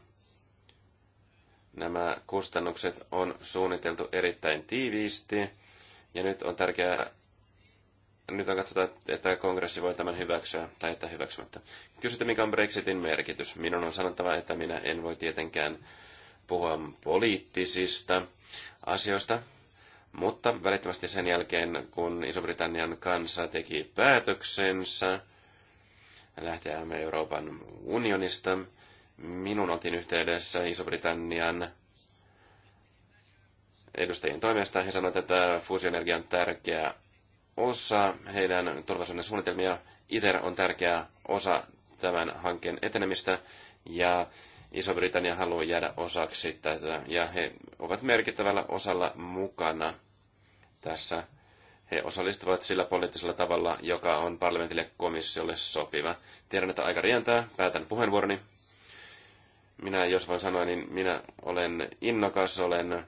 Nämä kustannukset on suunniteltu erittäin tiiviisti. Ja nyt on tärkeää nyt on katsota, että kongressi voi tämän hyväksyä tai että hyväksymättä. Kysytte, mikä on Brexitin merkitys. Minun on sanottava, että minä en voi tietenkään puhua poliittisista asioista, mutta välittömästi sen jälkeen, kun Iso-Britannian kansa teki päätöksensä lähteä Euroopan unionista, minun oltiin yhteydessä Iso-Britannian edustajien toimesta. He sanoivat, että fuusioenergia on tärkeä osa heidän turvallisuuden suunnitelmia. ITER on tärkeä osa tämän hankkeen etenemistä ja Iso-Britannia haluaa jäädä osaksi tätä ja he ovat merkittävällä osalla mukana tässä. He osallistuvat sillä poliittisella tavalla, joka on parlamentille komissiolle sopiva. Tiedän, että aika rientää. Päätän puheenvuoroni. Minä, jos voin sanoa, niin minä olen innokas, olen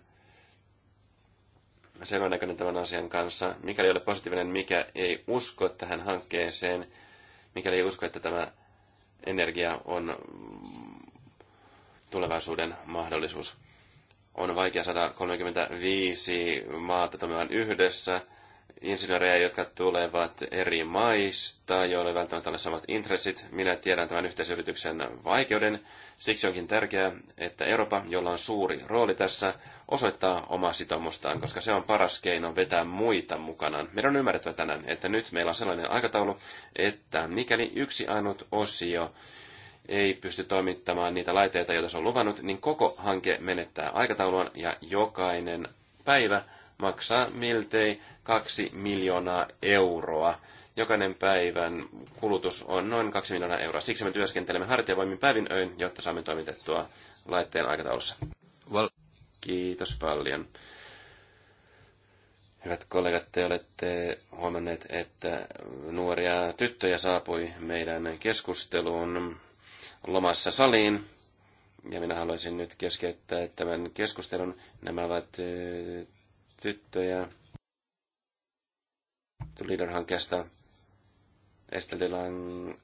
sellainen näköinen tämän asian kanssa. Mikäli ei ole positiivinen, mikä ei usko tähän hankkeeseen, mikäli ei usko, että tämä energia on tulevaisuuden mahdollisuus. On vaikea saada 35 maata toimimaan yhdessä insinöörejä, jotka tulevat eri maista, joilla ei välttämättä ole samat intressit. Minä tiedän tämän yhteisyrityksen vaikeuden. Siksi onkin tärkeää, että Eurooppa, jolla on suuri rooli tässä, osoittaa omaa sitoumustaan, koska se on paras keino vetää muita mukanaan. Meidän on ymmärrettävä tänään, että nyt meillä on sellainen aikataulu, että mikäli yksi ainut osio ei pysty toimittamaan niitä laitteita, joita se on luvannut, niin koko hanke menettää aikataulun ja jokainen päivä maksaa miltei 2 miljoonaa euroa. Jokainen päivän kulutus on noin 2 miljoonaa euroa. Siksi me työskentelemme hartiavoimin päivin öin, jotta saamme toimitettua laitteen aikataulussa. Well. Kiitos paljon. Hyvät kollegat, te olette huomanneet, että nuoria tyttöjä saapui meidän keskusteluun lomassa saliin. Ja minä haluaisin nyt keskeyttää tämän keskustelun. Nämä ovat tyttöjä, Leader-hankkeesta. Estelilan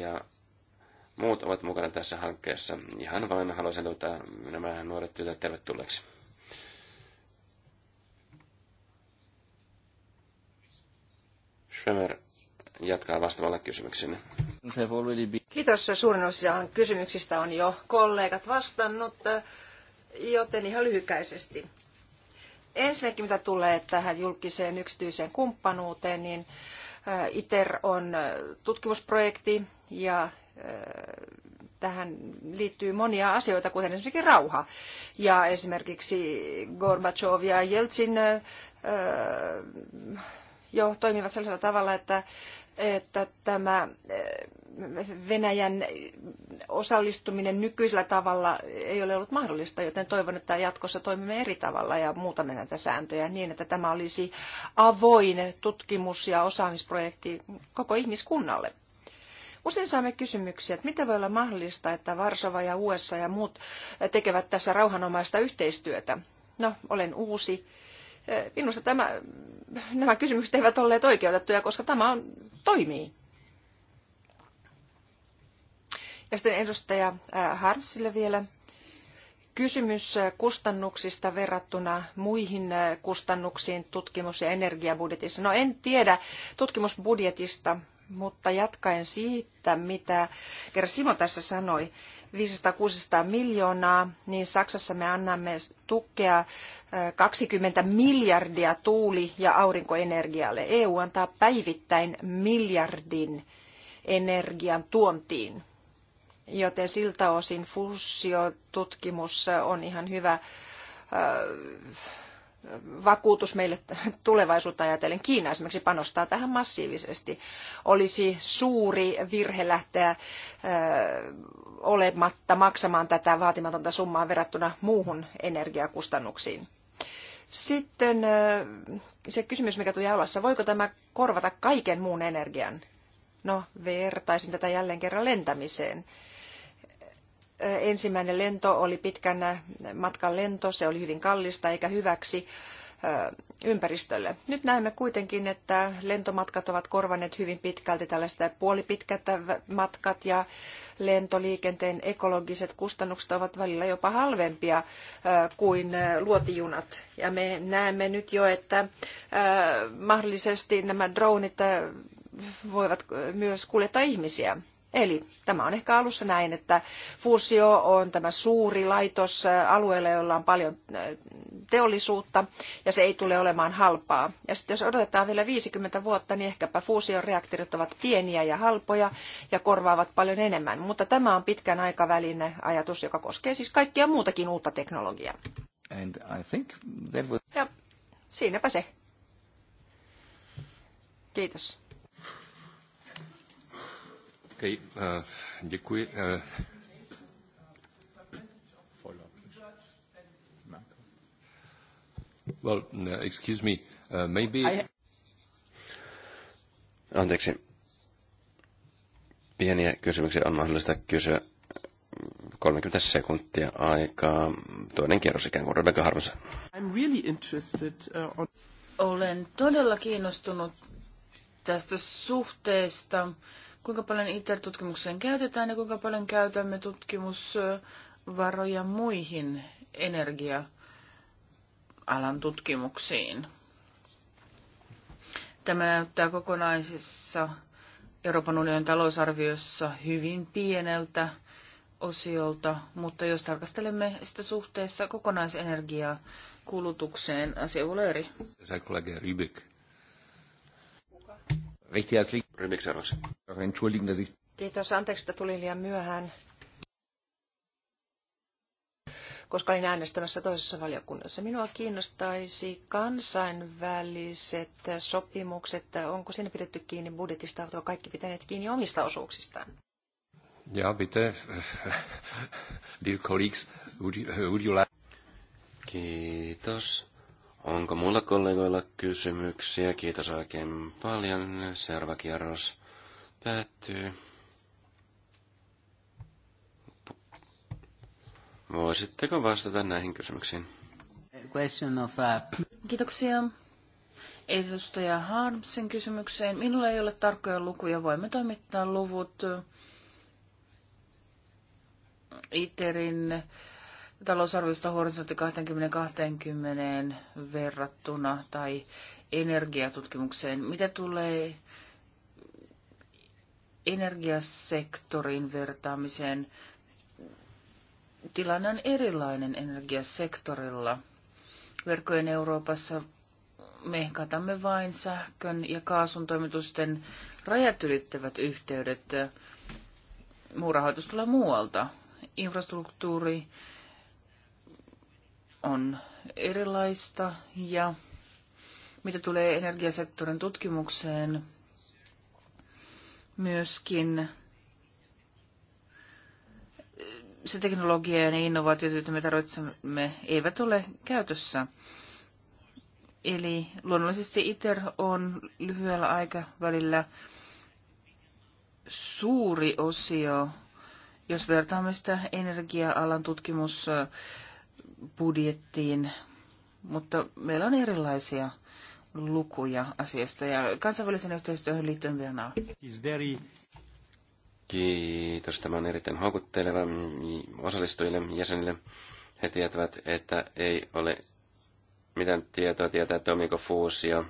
ja muut ovat mukana tässä hankkeessa. Ihan vain haluaisin tuota, nämä nuoret tytöt tervetulleeksi. Schwemer jatkaa vastaavalle kysymyksiin. Kiitos. Suurin osa kysymyksistä on jo kollegat vastannut, joten ihan lyhykäisesti. Ensinnäkin mitä tulee tähän julkiseen yksityiseen kumppanuuteen, niin äh, ITER on äh, tutkimusprojekti ja äh, tähän liittyy monia asioita, kuten esimerkiksi rauha. Ja esimerkiksi Gorbachev ja Jeltsin jo toimivat sellaisella tavalla, että että tämä eh, Venäjän osallistuminen nykyisellä tavalla ei ole ollut mahdollista, joten toivon, että jatkossa toimimme eri tavalla ja muutamme näitä sääntöjä niin, että tämä olisi avoin tutkimus- ja osaamisprojekti koko ihmiskunnalle. Usein saamme kysymyksiä, että miten voi olla mahdollista, että Varsova ja USA ja muut tekevät tässä rauhanomaista yhteistyötä. No, olen uusi. Eh, Minusta tämä nämä kysymykset eivät olleet oikeutettuja, koska tämä on, toimii. Ja sitten edustaja äh, Harmsille vielä kysymys äh, kustannuksista verrattuna muihin äh, kustannuksiin tutkimus- ja energiabudjetissa. No en tiedä tutkimusbudjetista, mutta jatkaen siitä, mitä Kerr Simo tässä sanoi, 500-600 miljoonaa, niin Saksassa me annamme tukea 20 miljardia tuuli- ja aurinkoenergialle. EU antaa päivittäin miljardin energian tuontiin. Joten siltä osin fuusiotutkimus on ihan hyvä vakuutus meille tulevaisuutta ajatellen. Kiina esimerkiksi panostaa tähän massiivisesti. Olisi suuri virhe lähteä olematta maksamaan tätä vaatimatonta summaa verrattuna muuhun energiakustannuksiin. Sitten se kysymys, mikä tuli aulassa, voiko tämä korvata kaiken muun energian? No, vertaisin tätä jälleen kerran lentämiseen. Ensimmäinen lento oli pitkän matkan lento, se oli hyvin kallista eikä hyväksi ympäristölle. Nyt näemme kuitenkin, että lentomatkat ovat korvanneet hyvin pitkälti tällaiset puolipitkät matkat ja lentoliikenteen ekologiset kustannukset ovat välillä jopa halvempia kuin luotijunat. Ja me näemme nyt jo, että mahdollisesti nämä dronit voivat myös kuljettaa ihmisiä. Eli tämä on ehkä alussa näin, että Fuusio on tämä suuri laitos alueella, jolla on paljon teollisuutta ja se ei tule olemaan halpaa. Ja sitten jos odotetaan vielä 50 vuotta, niin ehkäpä Fuusion reaktorit ovat pieniä ja halpoja ja korvaavat paljon enemmän. Mutta tämä on pitkän aikavälin ajatus, joka koskee siis kaikkia muutakin uutta teknologiaa. And I think that was... Ja siinäpä se. Kiitos. Okay, eh, děkuji. Eh, well, eh, excuse me, maybe... Anteeksi. Pieniä kysymyksiä on mahdollista kysyä 30 sekuntia aikaa. Toinen kierros ikään kuin Rebecca Harms. I'm really interested on... Olen todella kiinnostunut tästä suhteesta kuinka paljon ITER-tutkimukseen käytetään ja kuinka paljon käytämme tutkimusvaroja muihin energia-alan tutkimuksiin. Tämä näyttää kokonaisessa Euroopan unionin talousarviossa hyvin pieneltä osiolta, mutta jos tarkastelemme sitä suhteessa kokonaisenergiaa kulutukseen, asia voi eri. Entschuldigen, dass ich... Kiitos, anteeksi, että tulin liian myöhään, koska olin äänestämässä toisessa valiokunnassa. Minua kiinnostaisi kansainväliset sopimukset. Onko sinne pidetty kiinni budjetista, ovatko kaikki pitäneet kiinni omista osuuksistaan? Ja, bitte. Dear colleagues, would you, would you like... Kiitos. Onko mulla kollegoilla kysymyksiä? Kiitos oikein paljon. Seuraava kierros päättyy. Voisitteko vastata näihin kysymyksiin? Uh, Kiitoksia. Edustaja Harmsin kysymykseen. Minulla ei ole tarkkoja lukuja. Voimme toimittaa luvut ITERin talousarviosta horisontti 2020 verrattuna tai energiatutkimukseen. Mitä tulee energiasektorin vertaamiseen? Tilanne on erilainen energiasektorilla. Verkkojen Euroopassa me katamme vain sähkön ja kaasun toimitusten rajat ylittävät yhteydet. Muu rahoitus tulee muualta. Infrastruktuuri, on erilaista ja mitä tulee energiasektorin tutkimukseen, myöskin se teknologia ja ne innovaatiot, joita me tarvitsemme, eivät ole käytössä. Eli luonnollisesti ITER on lyhyellä aikavälillä suuri osio, jos vertaamme sitä energia-alan tutkimus- budjettiin, mutta meillä on erilaisia lukuja asiasta ja kansainvälisen yhteistyöhön liittyen vielä Kiitos, tämä on erittäin houkutteleva mm, osallistujille, jäsenille. He tietävät, että ei ole mitään tietoa tietää, toimiiko fuusio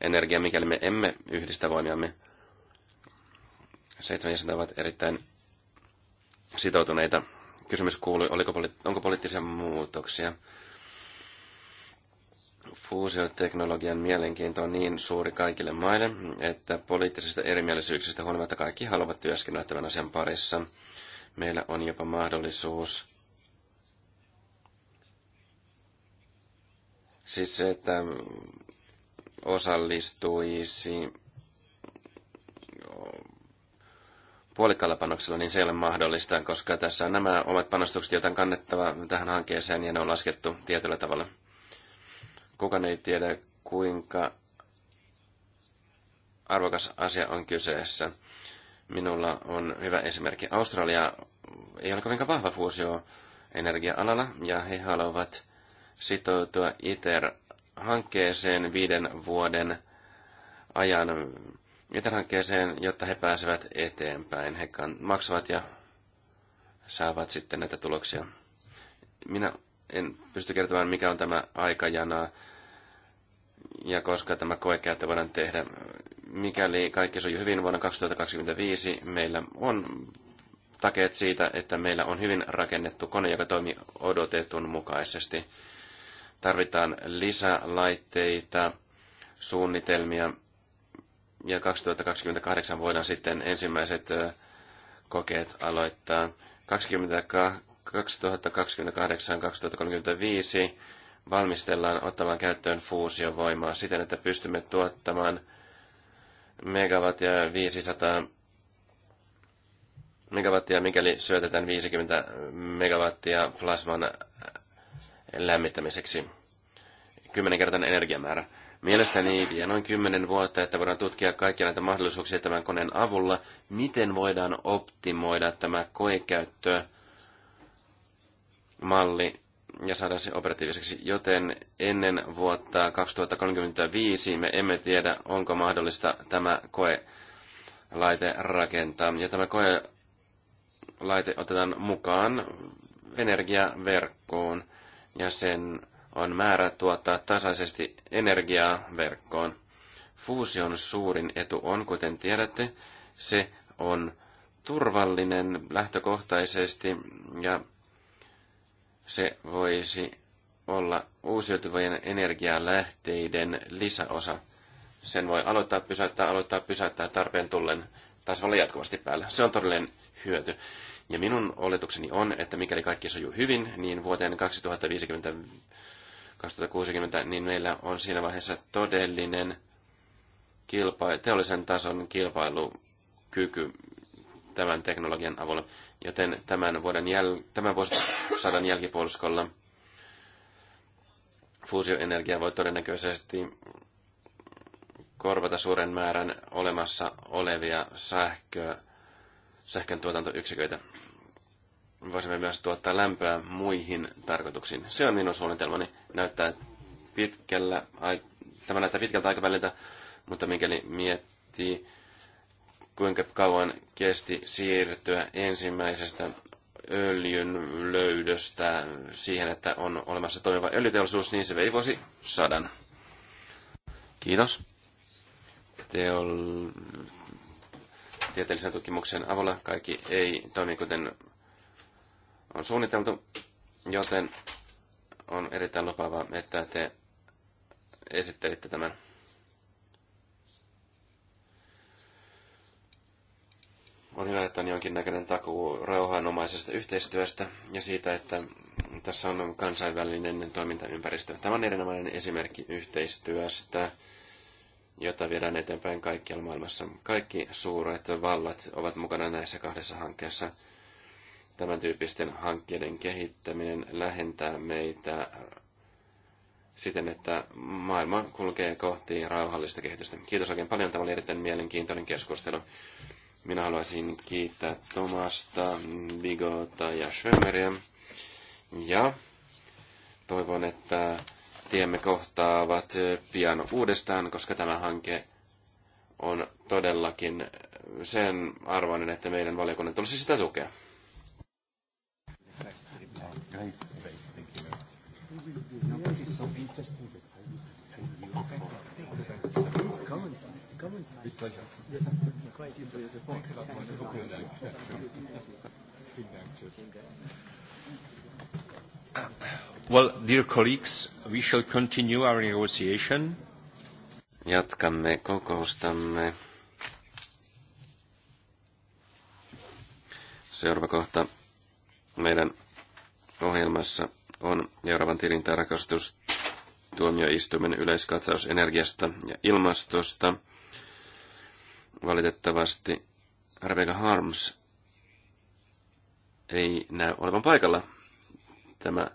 energia, mikäli me emme yhdistä voimiamme. Seitsemän jäsentä ovat erittäin sitoutuneita kysymys kuului, oliko poli- onko poliittisia muutoksia. Fuusioteknologian mielenkiinto on niin suuri kaikille maille, että poliittisista erimielisyyksistä huolimatta kaikki haluavat työskennellä tämän asian parissa. Meillä on jopa mahdollisuus siis se, että osallistuisi puolikkaalla panoksella, niin se ei ole mahdollista, koska tässä on nämä omat panostukset, joita on kannettava tähän hankkeeseen, ja ne on laskettu tietyllä tavalla. Kukaan ei tiedä, kuinka arvokas asia on kyseessä. Minulla on hyvä esimerkki. Australia ei ole kovinkaan vahva fuusio energia-alalla, ja he haluavat sitoutua ITER-hankkeeseen viiden vuoden ajan etelhankkeeseen, jotta he pääsevät eteenpäin. He maksavat ja saavat sitten näitä tuloksia. Minä en pysty kertomaan, mikä on tämä aikajana ja koska tämä koekäyttö voidaan tehdä. Mikäli kaikki sujuu hyvin vuonna 2025, meillä on takeet siitä, että meillä on hyvin rakennettu kone, joka toimii odotetun mukaisesti. Tarvitaan lisälaitteita, suunnitelmia, ja 2028 voidaan sitten ensimmäiset kokeet aloittaa. 2028-2035 valmistellaan ottamaan käyttöön fuusiovoimaa siten, että pystymme tuottamaan megawattia 500 megawattia, mikäli syötetään 50 megawattia plasman lämmittämiseksi. kymmenen kertaa energiamäärä. Mielestäni vie noin kymmenen vuotta, että voidaan tutkia kaikkia näitä mahdollisuuksia tämän koneen avulla, miten voidaan optimoida tämä koekäyttömalli ja saada se operatiiviseksi. Joten ennen vuotta 2035 me emme tiedä, onko mahdollista tämä laite rakentaa. Ja tämä laite otetaan mukaan energiaverkkoon ja sen on määrä tuottaa tasaisesti energiaa verkkoon. Fuusion suurin etu on, kuten tiedätte, se on turvallinen lähtökohtaisesti ja se voisi olla uusiutuvien energialähteiden lisäosa. Sen voi aloittaa, pysäyttää, aloittaa, pysäyttää tarpeen tullen taas olla jatkuvasti päällä. Se on todellinen hyöty. Ja minun oletukseni on, että mikäli kaikki sujuu hyvin, niin vuoteen 2050 2060, niin meillä on siinä vaiheessa todellinen kilpa- teollisen tason kilpailukyky tämän teknologian avulla. Joten tämän, vuoden jäl- tämän vuosisadan jälkipuoliskolla fuusioenergia voi todennäköisesti korvata suuren määrän olemassa olevia sähkö, sähkön tuotantoyksiköitä voisimme myös tuottaa lämpöä muihin tarkoituksiin. Se on minun suunnitelmani. Näyttää pitkällä, tämä näyttää pitkältä aikaväliltä, mutta mikäli miettii, kuinka kauan kesti siirtyä ensimmäisestä öljyn löydöstä siihen, että on olemassa toimiva öljyteollisuus, niin se vei vuosi sadan. Kiitos. Teol... Tieteellisen tutkimuksen avulla kaikki ei toimi kuten on suunniteltu, joten on erittäin lupaavaa, että te esittelitte tämän. On hyvä, että on jonkinnäköinen takuu rauhanomaisesta yhteistyöstä ja siitä, että tässä on kansainvälinen toimintaympäristö. Tämä on erinomainen esimerkki yhteistyöstä, jota viedään eteenpäin kaikkialla maailmassa. Kaikki suuret vallat ovat mukana näissä kahdessa hankkeessa – Tämän tyyppisten hankkeiden kehittäminen lähentää meitä siten, että maailma kulkee kohti rauhallista kehitystä. Kiitos oikein paljon. Tämä oli erittäin mielenkiintoinen keskustelu. Minä haluaisin kiittää Tomasta, Bigota ja Schömeriä. Ja toivon, että tiemme kohtaavat pian uudestaan, koska tämä hanke on todellakin sen arvoinen, että meidän valiokunnan tulisi sitä tukea. Thanks. Thank you. this no, is so interesting that I you. Please come and come and Thanks a lot. Thanks a lot. Well, dear colleagues, we shall continue our negotiation. Jatkamme kokoustamme. Seuraava kohta meidän ohjelmassa on Euroopan tarkastus tuomioistuimen yleiskatsaus energiasta ja ilmastosta. Valitettavasti Rebecca Harms ei näy olevan paikalla. Tämä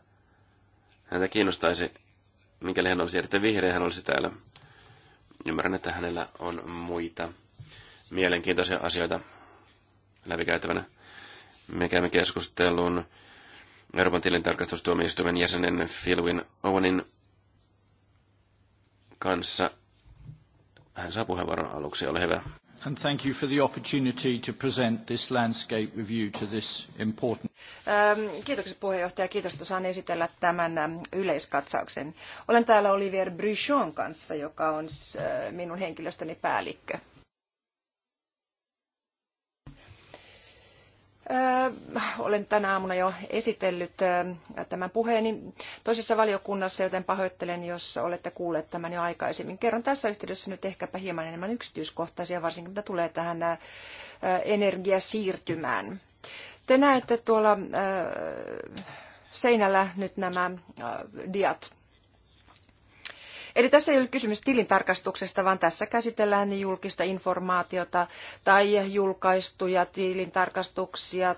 häntä kiinnostaisi, mikäli hän olisi erittäin vihreä, hän olisi täällä. Ymmärrän, että hänellä on muita mielenkiintoisia asioita läpikäytävänä. Me käymme keskustelun Euroopan tilintarkastustuomioistuimen jäsenen Philwin Owenin kanssa. Hän saa puheenvuoron aluksi, ole hyvä. And thank you for the opportunity to present this landscape review to this important. Ähm, Kiitoksia puheenjohtaja, kiitos, että saan esitellä tämän ähm, yleiskatsauksen. Olen täällä Olivier Bruchon kanssa, joka on äh, minun henkilöstöni päällikkö. Äh, olen tänä aamuna jo esitellyt äh, tämän puheeni toisessa valiokunnassa, joten pahoittelen, jos olette kuulleet tämän jo aikaisemmin. Kerron tässä yhteydessä nyt ehkäpä hieman enemmän yksityiskohtaisia, varsinkin mitä tulee tähän äh, energiasiirtymään. Te näette tuolla seinällä nyt nämä diat. Eli tässä ei ole kysymys tilintarkastuksesta, vaan tässä käsitellään julkista informaatiota tai julkaistuja tilintarkastuksia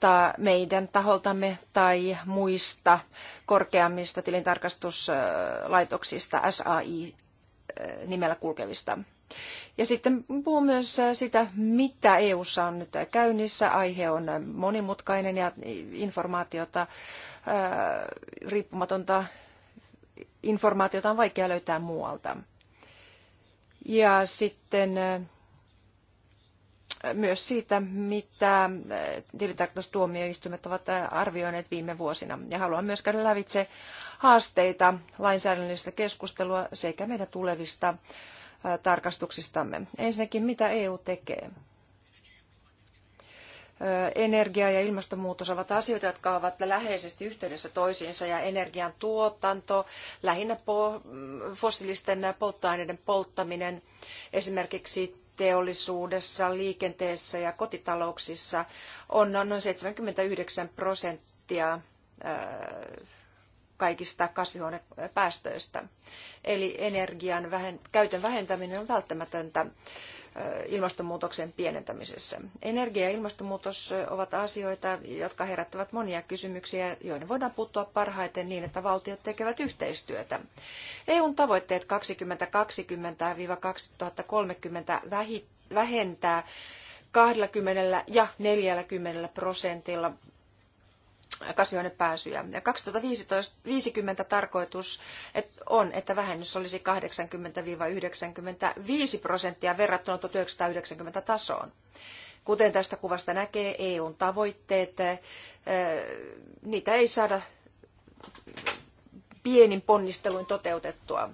tai meidän taholtamme tai muista korkeammista tilintarkastuslaitoksista SAI eh, nimellä kulkevista. Ja sitten puhun myös sitä, mitä EU:ssa on nyt käynnissä. Aihe on monimutkainen ja informaatiota, eh, riippumatonta informaatiota on vaikea löytää muualta. Ja sitten äh, myös siitä, mitä äh, tilintarkastustuomioistuimet ovat äh, arvioineet viime vuosina. Ja haluan myös käydä lävitse haasteita, lainsäädännöllistä keskustelua sekä meidän tulevista tarkastuksistamme. Ensinnäkin, mitä EU tekee? Energia ja ilmastonmuutos ovat asioita, jotka ovat läheisesti yhteydessä toisiinsa ja energian tuotanto, lähinnä fossiilisten polttoaineiden polttaminen esimerkiksi teollisuudessa, liikenteessä ja kotitalouksissa on noin 79 prosenttia kaikista kasvihuonepäästöistä. Eli energian käytön vähentäminen on välttämätöntä ilmastonmuutoksen pienentämisessä. Energia ja ilmastonmuutos ovat asioita, jotka herättävät monia kysymyksiä, joihin voidaan puuttua parhaiten niin, että valtiot tekevät yhteistyötä. EUn tavoitteet 2020-2030 vähentää 20 ja 40 prosentilla kasvihuonepääsyjä. Ja 2050 tarkoitus on, että vähennys olisi 80-95 prosenttia verrattuna 1990 tasoon. Kuten tästä kuvasta näkee, EUn tavoitteet, niitä ei saada pienin ponnisteluin toteutettua.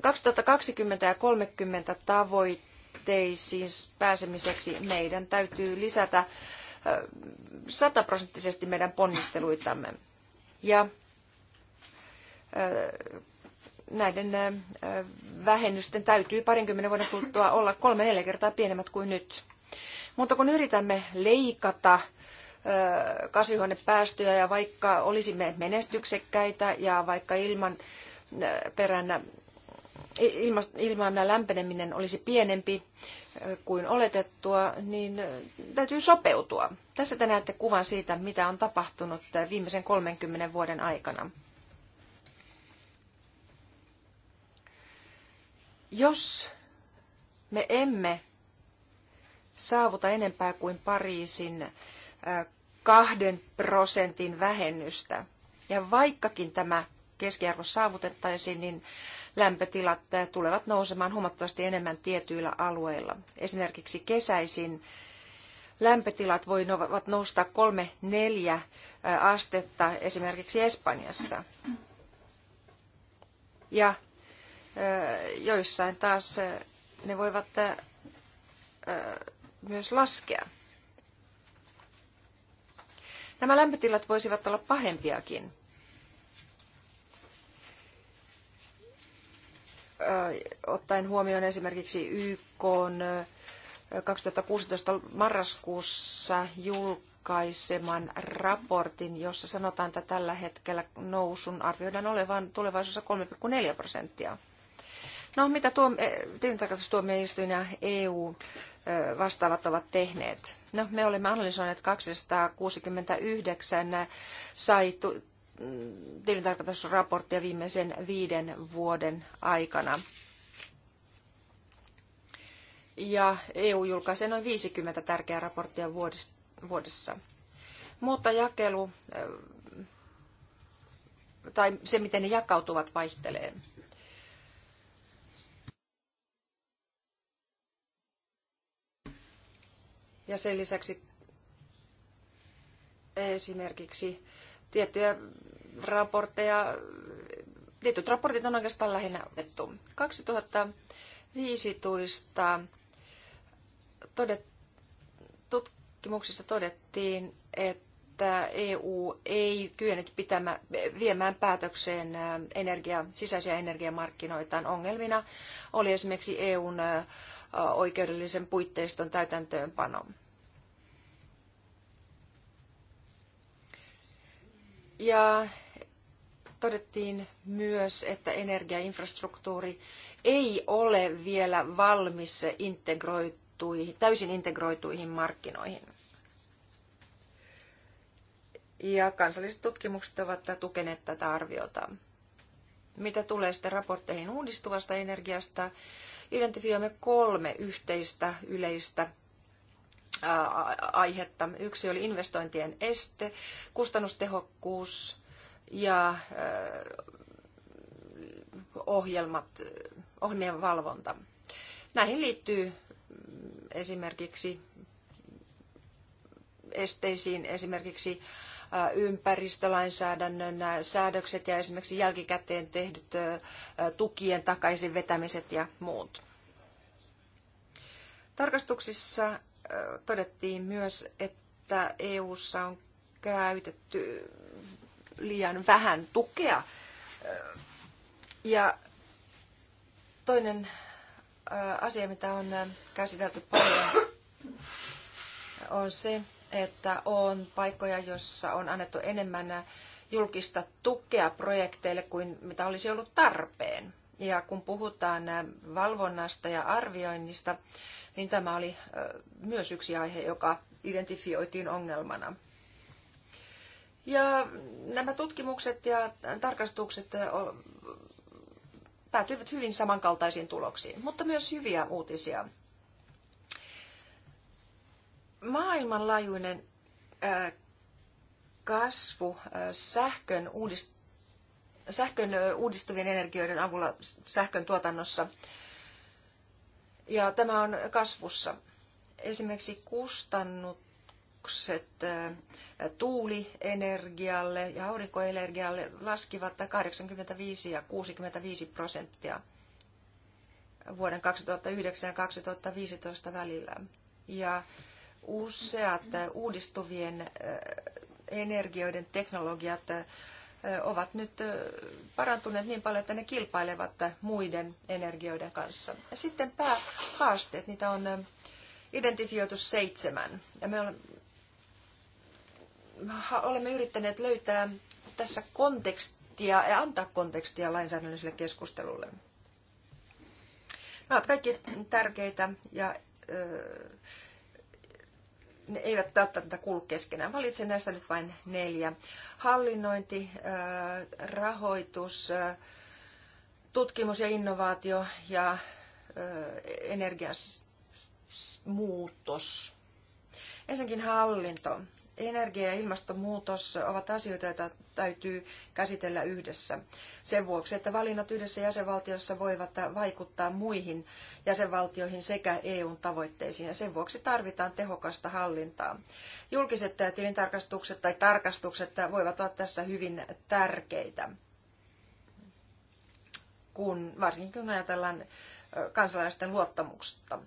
2020 ja 2030 tavoitteisiin pääsemiseksi meidän täytyy lisätä sataprosenttisesti meidän ponnisteluitamme. Ja näiden vähennysten täytyy parinkymmenen vuoden kuluttua olla kolme neljä kertaa pienemmät kuin nyt. Mutta kun yritämme leikata kasvihuonepäästöjä ja vaikka olisimme menestyksekkäitä ja vaikka ilman peränä ilman lämpeneminen olisi pienempi kuin oletettua, niin täytyy sopeutua. Tässä te näette kuvan siitä, mitä on tapahtunut viimeisen 30 vuoden aikana. Jos me emme saavuta enempää kuin Pariisin kahden prosentin vähennystä, ja vaikkakin tämä keskiarvo saavutettaisiin, niin lämpötilat tulevat nousemaan huomattavasti enemmän tietyillä alueilla. Esimerkiksi kesäisin lämpötilat voivat nousta kolme neljä astetta esimerkiksi Espanjassa. Ja joissain taas ne voivat myös laskea. Nämä lämpötilat voisivat olla pahempiakin. ottaen huomioon esimerkiksi YK 2016 marraskuussa julkaiseman raportin, jossa sanotaan, että tällä hetkellä nousun arvioidaan olevan tulevaisuudessa 3,4 prosenttia. No, mitä tuo, e, tilintarkastustuomioistuin ja EU vastaavat ovat tehneet? No, me olemme analysoineet 269 sai tilintarkastusraporttia viimeisen viiden vuoden aikana. Ja EU julkaisee noin 50 tärkeää raporttia vuodessa. Mutta jakelu tai se, miten ne jakautuvat, vaihtelee. Ja sen lisäksi esimerkiksi tiettyjä raportteja. Tietyt raportit on oikeastaan lähinnä otettu. 2015 todet, tutkimuksissa todettiin, että EU ei kyennyt pitämään, viemään päätökseen energia, sisäisiä energiamarkkinoitaan ongelmina. Oli esimerkiksi EUn oikeudellisen puitteiston täytäntöönpano. Ja todettiin myös, että energiainfrastruktuuri ei ole vielä valmis integroituihin, täysin integroituihin markkinoihin. Ja kansalliset tutkimukset ovat tukeneet tätä arviota. Mitä tulee sitten raportteihin uudistuvasta energiasta, identifioimme kolme yhteistä yleistä aihetta. Yksi oli investointien este, kustannustehokkuus ja ohjelmat, ohjelmien valvonta. Näihin liittyy esimerkiksi esteisiin esimerkiksi ympäristölainsäädännön säädökset ja esimerkiksi jälkikäteen tehdyt tukien takaisin vetämiset ja muut. Tarkastuksissa todettiin myös, että EU:ssa on käytetty liian vähän tukea. Ja toinen asia, mitä on käsitelty paljon, on se, että on paikkoja, joissa on annettu enemmän julkista tukea projekteille kuin mitä olisi ollut tarpeen. Ja kun puhutaan valvonnasta ja arvioinnista, niin tämä oli myös yksi aihe, joka identifioitiin ongelmana. Ja nämä tutkimukset ja tarkastukset päätyivät hyvin samankaltaisiin tuloksiin, mutta myös hyviä uutisia. Maailmanlaajuinen kasvu sähkön, uudist- sähkön uudistuvien energioiden avulla sähkön tuotannossa – ja tämä on kasvussa. Esimerkiksi kustannukset tuulienergialle ja aurinkoenergialle laskivat 85 ja 65 prosenttia vuoden 2009 ja 2015 välillä. Ja useat uudistuvien energioiden teknologiat ovat nyt parantuneet niin paljon, että ne kilpailevat muiden energioiden kanssa. Ja sitten päähaasteet, niitä on identifioitu seitsemän. Ja me olemme yrittäneet löytää tässä kontekstia ja antaa kontekstia lainsäädännölliselle keskustelulle. Nämä ovat kaikki tärkeitä ja ne eivät välttämättä kuulu keskenään. Valitsen näistä nyt vain neljä. Hallinnointi, äh, rahoitus, äh, tutkimus ja innovaatio ja äh, energiamuutos. Ensinnäkin hallinto energia- ja ilmastonmuutos ovat asioita, joita täytyy käsitellä yhdessä. Sen vuoksi, että valinnat yhdessä jäsenvaltiossa voivat vaikuttaa muihin jäsenvaltioihin sekä EUn tavoitteisiin, ja sen vuoksi tarvitaan tehokasta hallintaa. Julkiset tilintarkastukset tai tarkastukset voivat olla tässä hyvin tärkeitä, kun, varsinkin kun ajatellaan kansalaisten luottamusta.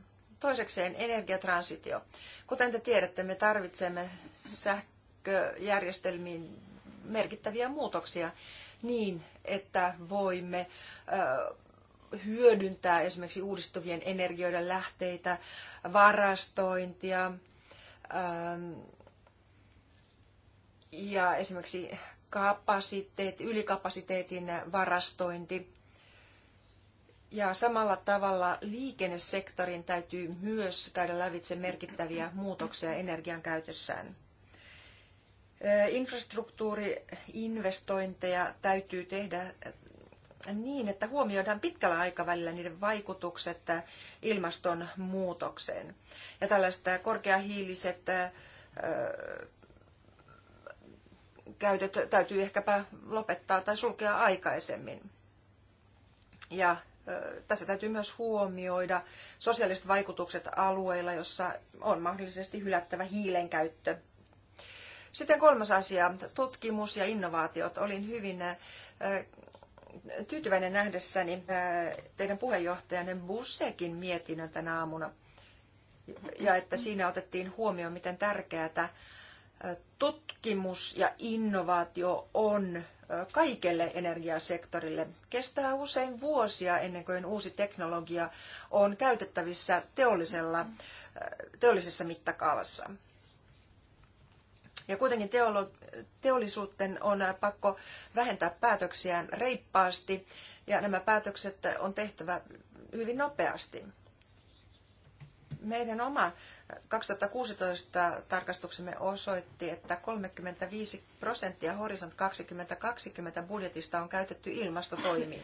Toisekseen energiatransitio. Kuten te tiedätte, me tarvitsemme sähköjärjestelmiin merkittäviä muutoksia niin, että voimme hyödyntää esimerkiksi uudistuvien energioiden lähteitä, varastointia ja esimerkiksi kapasiteet, ylikapasiteetin varastointi ja samalla tavalla liikennesektorin täytyy myös käydä lävitse merkittäviä muutoksia energian käytössään. Infrastruktuuriinvestointeja täytyy tehdä niin, että huomioidaan pitkällä aikavälillä niiden vaikutukset ilmastonmuutokseen. Ja tällaiset korkeahiiliset käytöt täytyy ehkäpä lopettaa tai sulkea aikaisemmin. Ja tässä täytyy myös huomioida sosiaaliset vaikutukset alueilla, jossa on mahdollisesti hylättävä hiilen käyttö. Sitten kolmas asia, tutkimus ja innovaatiot. Olin hyvin tyytyväinen nähdessäni teidän puheenjohtajanne Bussekin mietinnön tänä aamuna. Ja että siinä otettiin huomioon, miten tärkeää tutkimus ja innovaatio on kaikelle energiasektorille. Kestää usein vuosia ennen kuin uusi teknologia on käytettävissä teollisella, teollisessa mittakaavassa. Ja kuitenkin teolo- teollisuutten on pakko vähentää päätöksiään reippaasti ja nämä päätökset on tehtävä hyvin nopeasti. Meidän oma 2016 tarkastuksemme osoitti, että 35 prosenttia Horisont 2020 budjetista on käytetty ilmastotoimiin.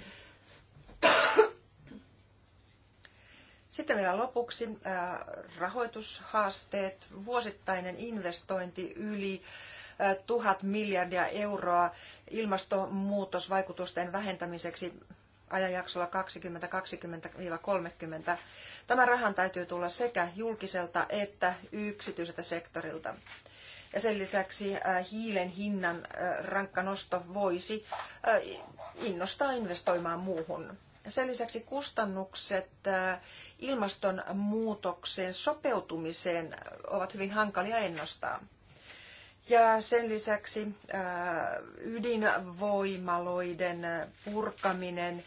Sitten vielä lopuksi äh, rahoitushaasteet, vuosittainen investointi yli äh, tuhat miljardia euroa ilmastonmuutosvaikutusten vähentämiseksi ajanjaksolla 2020-30. Tämän rahan täytyy tulla sekä julkiselta että yksityiseltä sektorilta. Ja sen lisäksi äh, hiilen hinnan äh, rankka nosto voisi äh, innostaa investoimaan muuhun. Sen lisäksi kustannukset ilmastonmuutokseen sopeutumiseen ovat hyvin hankalia ennustaa. Ja sen lisäksi äh, ydinvoimaloiden äh, purkaminen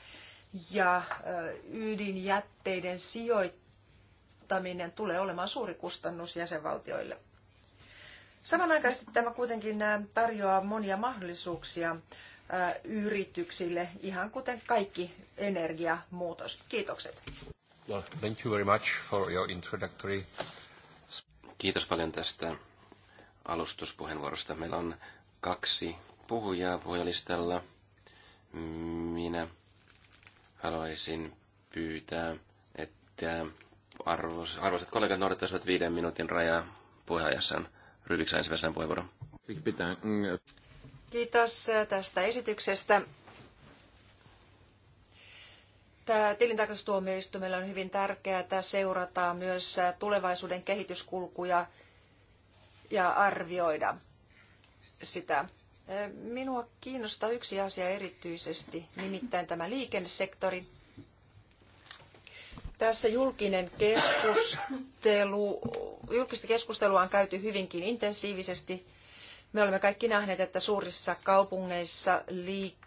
ja äh, ydinjätteiden sijoittaminen tulee olemaan suuri kustannus jäsenvaltioille. Samanaikaisesti tämä kuitenkin tarjoaa monia mahdollisuuksia yrityksille, ihan kuten kaikki energiamuutos. Kiitokset. Well, thank you very much for your introductory... Kiitos paljon tästä alustuspuheenvuorosta. Meillä on kaksi puhujaa puhujalistalla. Minä haluaisin pyytää, että arvos, arvoisat kollegat noudattaisivat viiden minuutin rajaa puheajassaan. Rybiksa ensimmäisenä puheenvuoro. Kiitos tästä esityksestä. Tämä tilintarkastustuomioistuimella on hyvin tärkeää seurata myös tulevaisuuden kehityskulkuja – ja arvioida sitä. Minua kiinnostaa yksi asia erityisesti, nimittäin tämä liikennesektori. Tässä julkinen keskustelu, julkista keskustelua on käyty hyvinkin intensiivisesti. Me olemme kaikki nähneet, että suurissa kaupungeissa liikenne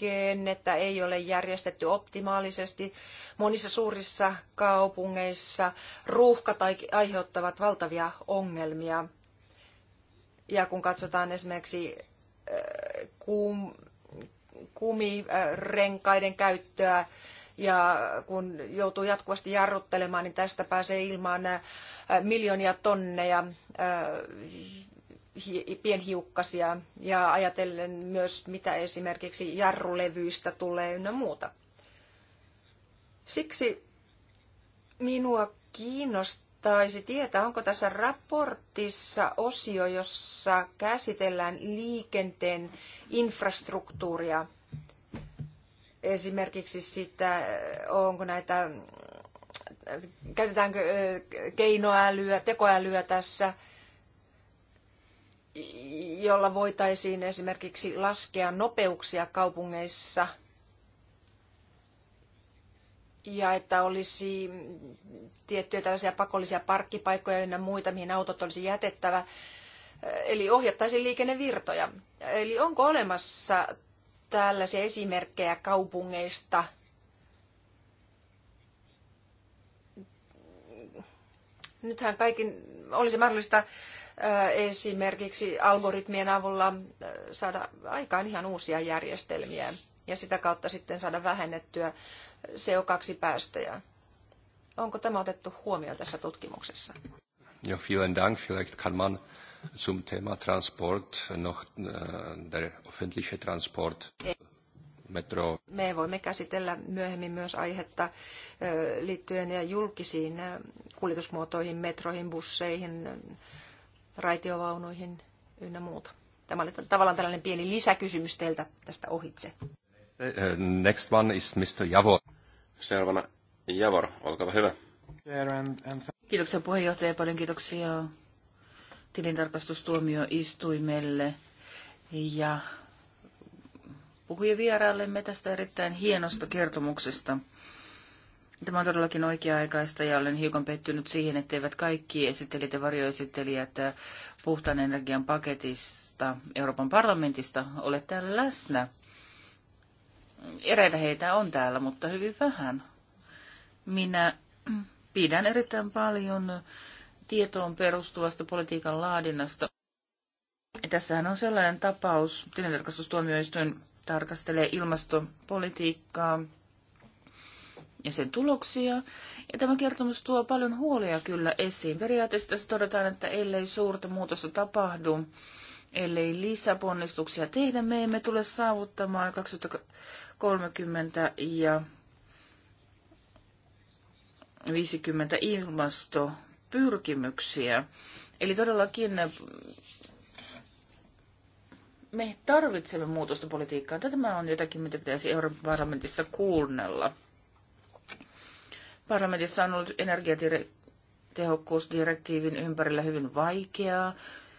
liikennettä ei ole järjestetty optimaalisesti. Monissa suurissa kaupungeissa ruuhkat aiheuttavat valtavia ongelmia. Ja kun katsotaan esimerkiksi äh, kumirenkaiden käyttöä, ja kun joutuu jatkuvasti jarruttelemaan, niin tästä pääsee ilmaan äh, miljoonia tonneja äh, pienhiukkasia ja ajatellen myös, mitä esimerkiksi jarrulevyistä tulee ynnä muuta. Siksi minua kiinnostaisi tietää, onko tässä raportissa osio, jossa käsitellään liikenteen infrastruktuuria, esimerkiksi sitä, onko näitä, käytetäänkö keinoälyä, tekoälyä tässä – jolla voitaisiin esimerkiksi laskea nopeuksia kaupungeissa ja että olisi tiettyjä tällaisia pakollisia parkkipaikkoja ynnä muita, mihin autot olisi jätettävä, eli ohjattaisiin liikennevirtoja. Eli onko olemassa tällaisia esimerkkejä kaupungeista, nythän kaikin olisi mahdollista esimerkiksi algoritmien avulla saada aikaan ihan uusia järjestelmiä ja sitä kautta sitten saada vähennettyä CO2-päästöjä. Onko tämä otettu huomioon tässä tutkimuksessa? Ja, vielen Dank. Vielleicht kann man zum Thema Transport noch äh, der öffentliche Transport e- metro. Me voimme käsitellä myöhemmin myös aihetta liittyen ja julkisiin kuljetusmuotoihin, metroihin, busseihin, raitiovaunuihin ynnä muuta. Tämä oli tavallaan tällainen pieni lisäkysymys teiltä tästä ohitse. Next one is Mr. Javor. Seuraavana Javor, olkaa hyvä. Kiitoksia puheenjohtaja, paljon kiitoksia tilintarkastustuomioistuimelle ja puhujavieraillemme tästä erittäin hienosta kertomuksesta. Tämä on todellakin oikea-aikaista ja olen hiukan pettynyt siihen, että eivät kaikki esittelijät ja varjoesittelijät äh, puhtaan energian paketista Euroopan parlamentista ole täällä läsnä. Eräitä heitä on täällä, mutta hyvin vähän. Minä pidän erittäin paljon tietoon perustuvasta politiikan laadinnasta. Tässähän on sellainen tapaus, tilintarkastustuomioistuin tarkastelee ilmastopolitiikkaa ja sen tuloksia. Ja tämä kertomus tuo paljon huolia kyllä esiin. Periaatteessa tässä todetaan, että ellei suurta muutosta tapahdu, ellei lisäponnistuksia tehdä, me emme tule saavuttamaan 2030 ja 50 ilmastopyrkimyksiä. Eli todellakin me tarvitsemme muutosta politiikkaan. Tämä on jotakin, mitä pitäisi Euroopan parlamentissa kuunnella. Parlamentissa on ollut energiatehokkuusdirektiivin ympärillä hyvin vaikeaa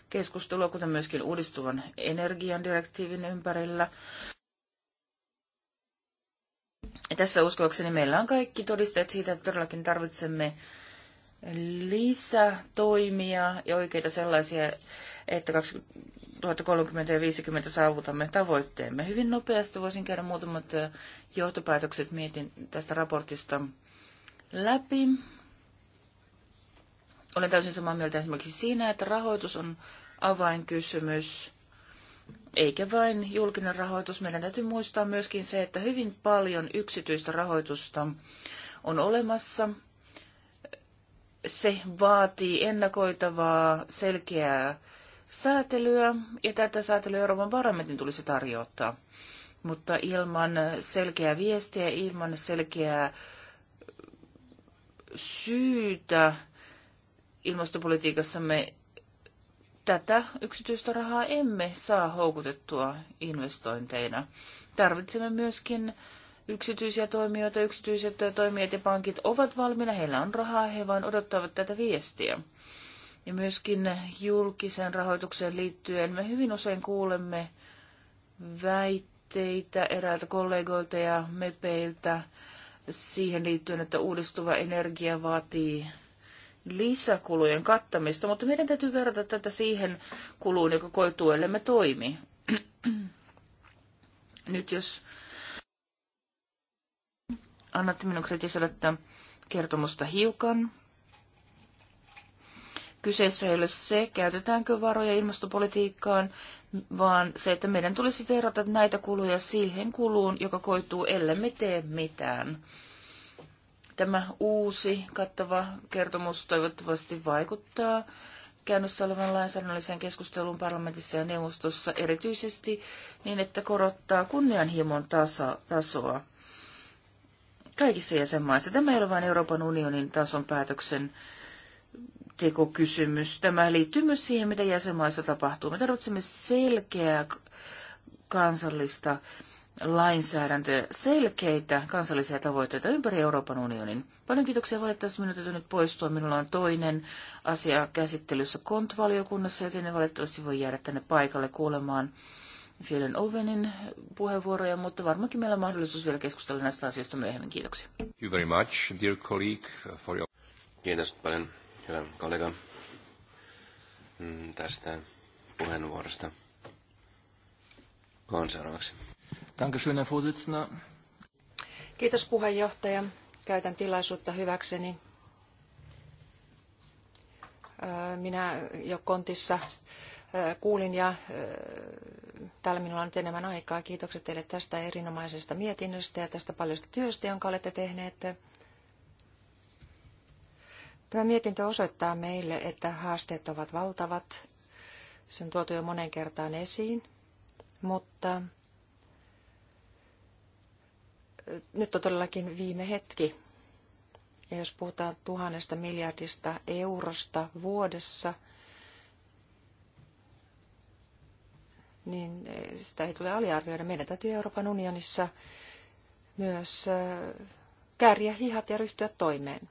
keskustelua, kuten myöskin uudistuvan energian direktiivin ympärillä. Ja tässä uskoakseni meillä on kaikki todisteet siitä, että todellakin tarvitsemme lisätoimia ja oikeita sellaisia, että 2030 ja 50 saavutamme tavoitteemme. Hyvin nopeasti voisin käydä muutamat johtopäätökset mietin tästä raportista läpi. Olen täysin samaa mieltä esimerkiksi siinä, että rahoitus on avainkysymys, eikä vain julkinen rahoitus. Meidän täytyy muistaa myöskin se, että hyvin paljon yksityistä rahoitusta on olemassa. Se vaatii ennakoitavaa, selkeää säätelyä, ja tätä säätelyä Euroopan parlamentin tulisi tarjota. Mutta ilman selkeää viestiä, ilman selkeää syytä ilmastopolitiikassamme tätä yksityistä rahaa emme saa houkutettua investointeina. Tarvitsemme myöskin yksityisiä toimijoita. Yksityiset toimijat ja pankit ovat valmiina, heillä on rahaa, he vain odottavat tätä viestiä. Ja myöskin julkisen rahoitukseen liittyen me hyvin usein kuulemme väitteitä eräiltä kollegoilta ja mepeiltä, siihen liittyen, että uudistuva energia vaatii lisäkulujen kattamista, mutta meidän täytyy verrata tätä siihen kuluun, joka koituu, ellei me toimi. [CLEARS THROAT] Nyt jos annatte minun kritisoida tätä kertomusta hiukan, Kyseessä ei ole se, käytetäänkö varoja ilmastopolitiikkaan, vaan se, että meidän tulisi verrata näitä kuluja siihen kuluun, joka koituu, me tee mitään. Tämä uusi kattava kertomus toivottavasti vaikuttaa käynnissä olevan lainsäädännölliseen keskusteluun parlamentissa ja neuvostossa erityisesti niin, että korottaa kunnianhimon tasa, tasoa kaikissa jäsenmaissa. Tämä ei ole vain Euroopan unionin tason päätöksen Tekokysymys. Tämä liittyy myös siihen, mitä jäsenmaissa tapahtuu. Me tarvitsemme selkeää kansallista lainsäädäntöä, selkeitä kansallisia tavoitteita ympäri Euroopan unionin. Paljon kiitoksia. Valitettavasti minun täytyy nyt poistua. Minulla on toinen asia käsittelyssä kontvaliokunnassa, joten ne valitettavasti voi jäädä tänne paikalle kuulemaan Fielen Ovenin puheenvuoroja, mutta varmaankin meillä on mahdollisuus vielä keskustella näistä asioista myöhemmin. Kiitoksia. Thank you very much, dear colleague, for your... Kiitos paljon hyvä kollega, mm, tästä puheenvuorosta. Konservaksi. Dankeschön, Herr Vorsitzender. Kiitos puheenjohtaja. Käytän tilaisuutta hyväkseni. Äh, minä jo kontissa äh, kuulin ja äh, täällä minulla on nyt enemmän aikaa. Kiitokset teille tästä erinomaisesta mietinnöstä ja tästä paljosta työstä, jonka olette tehneet. Tämä mietintö osoittaa meille, että haasteet ovat valtavat. Se on tuotu jo monen kertaan esiin, mutta nyt on todellakin viime hetki. Ja jos puhutaan tuhannesta miljardista eurosta vuodessa, niin sitä ei tule aliarvioida. Meidän täytyy Euroopan unionissa myös äh, kääriä hihat ja ryhtyä toimeen.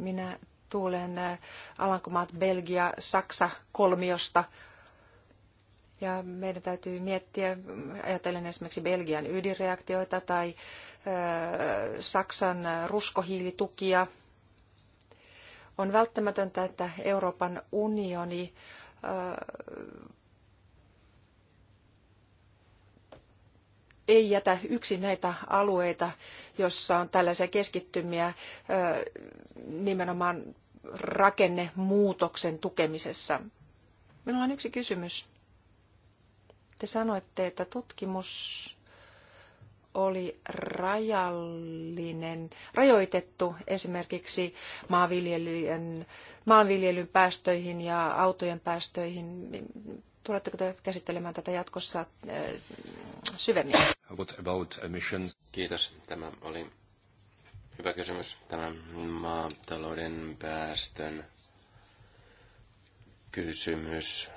Minä tulen äh, Alankomaat, Belgia, Saksa kolmiosta. Ja meidän täytyy miettiä, äh, ajatellen esimerkiksi Belgian ydinreaktioita tai äh, Saksan ruskohiilitukia. On välttämätöntä, että Euroopan unioni ei jätä yksin näitä alueita, jossa on tällaisia keskittymiä nimenomaan rakennemuutoksen tukemisessa. Minulla on yksi kysymys. Te sanoitte, että tutkimus oli rajallinen, rajoitettu esimerkiksi maanviljelyn päästöihin ja autojen päästöihin. Tuletteko te käsittelemään tätä jatkossa äh, syvemmin? What about emissions? Kiitos. Tämä oli hyvä kysymys. Tämä maatalouden päästön kysymys.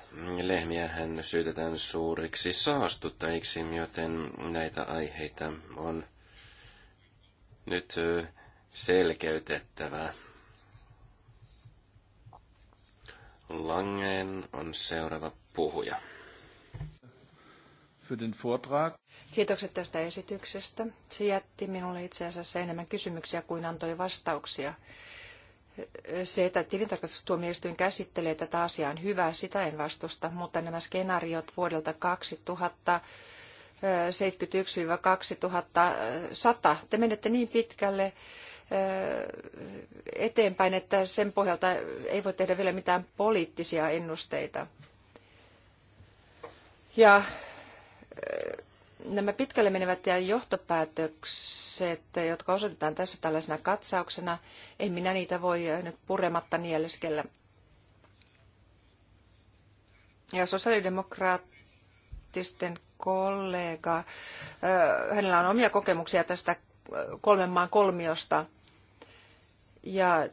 Lehmiähän syytetään suuriksi saastuttajiksi, joten näitä aiheita on nyt selkeytettävä. Langeen on seuraava puhuja. Kiitokset tästä esityksestä. Se jätti minulle itse asiassa enemmän kysymyksiä kuin antoi vastauksia. Se, että tilintarkastustuomioistuin käsittelee tätä asiaa on hyvä, sitä en vastusta, mutta nämä skenaariot vuodelta 2000 71-2100. Te menette niin pitkälle äh, eteenpäin, että sen pohjalta ei voi tehdä vielä mitään poliittisia ennusteita. Ja äh, nämä pitkälle menevät ja johtopäätökset, jotka osoitetaan tässä tällaisena katsauksena, en minä niitä voi nyt purematta nieleskellä. Ja sosiaalidemokraattisten kollega, äh, hänellä on omia kokemuksia tästä äh, kolmen maan kolmiosta. Ja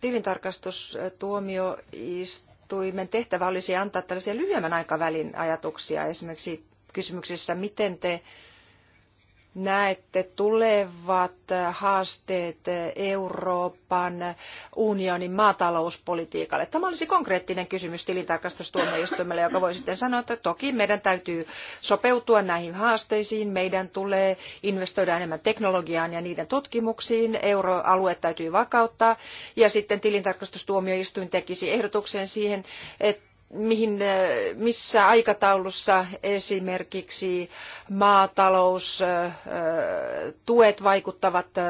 tilintarkastustuomioistuin tuomioistuimen tehtävä olisi antaa tällaisia lyhyemmän aikavälin ajatuksia esimerkiksi kysymyksessä, miten te näette tulevat haasteet Euroopan unionin maatalouspolitiikalle? Tämä olisi konkreettinen kysymys tilintarkastustuomioistuimelle, joka voi sitten sanoa, että toki meidän täytyy sopeutua näihin haasteisiin, meidän tulee investoida enemmän teknologiaan ja niiden tutkimuksiin, euroalue täytyy vakauttaa ja sitten tilintarkastustuomioistuin tekisi ehdotuksen siihen, että mihin, äh, missä aikataulussa esimerkiksi maataloustuet äh, vaikuttavat äh,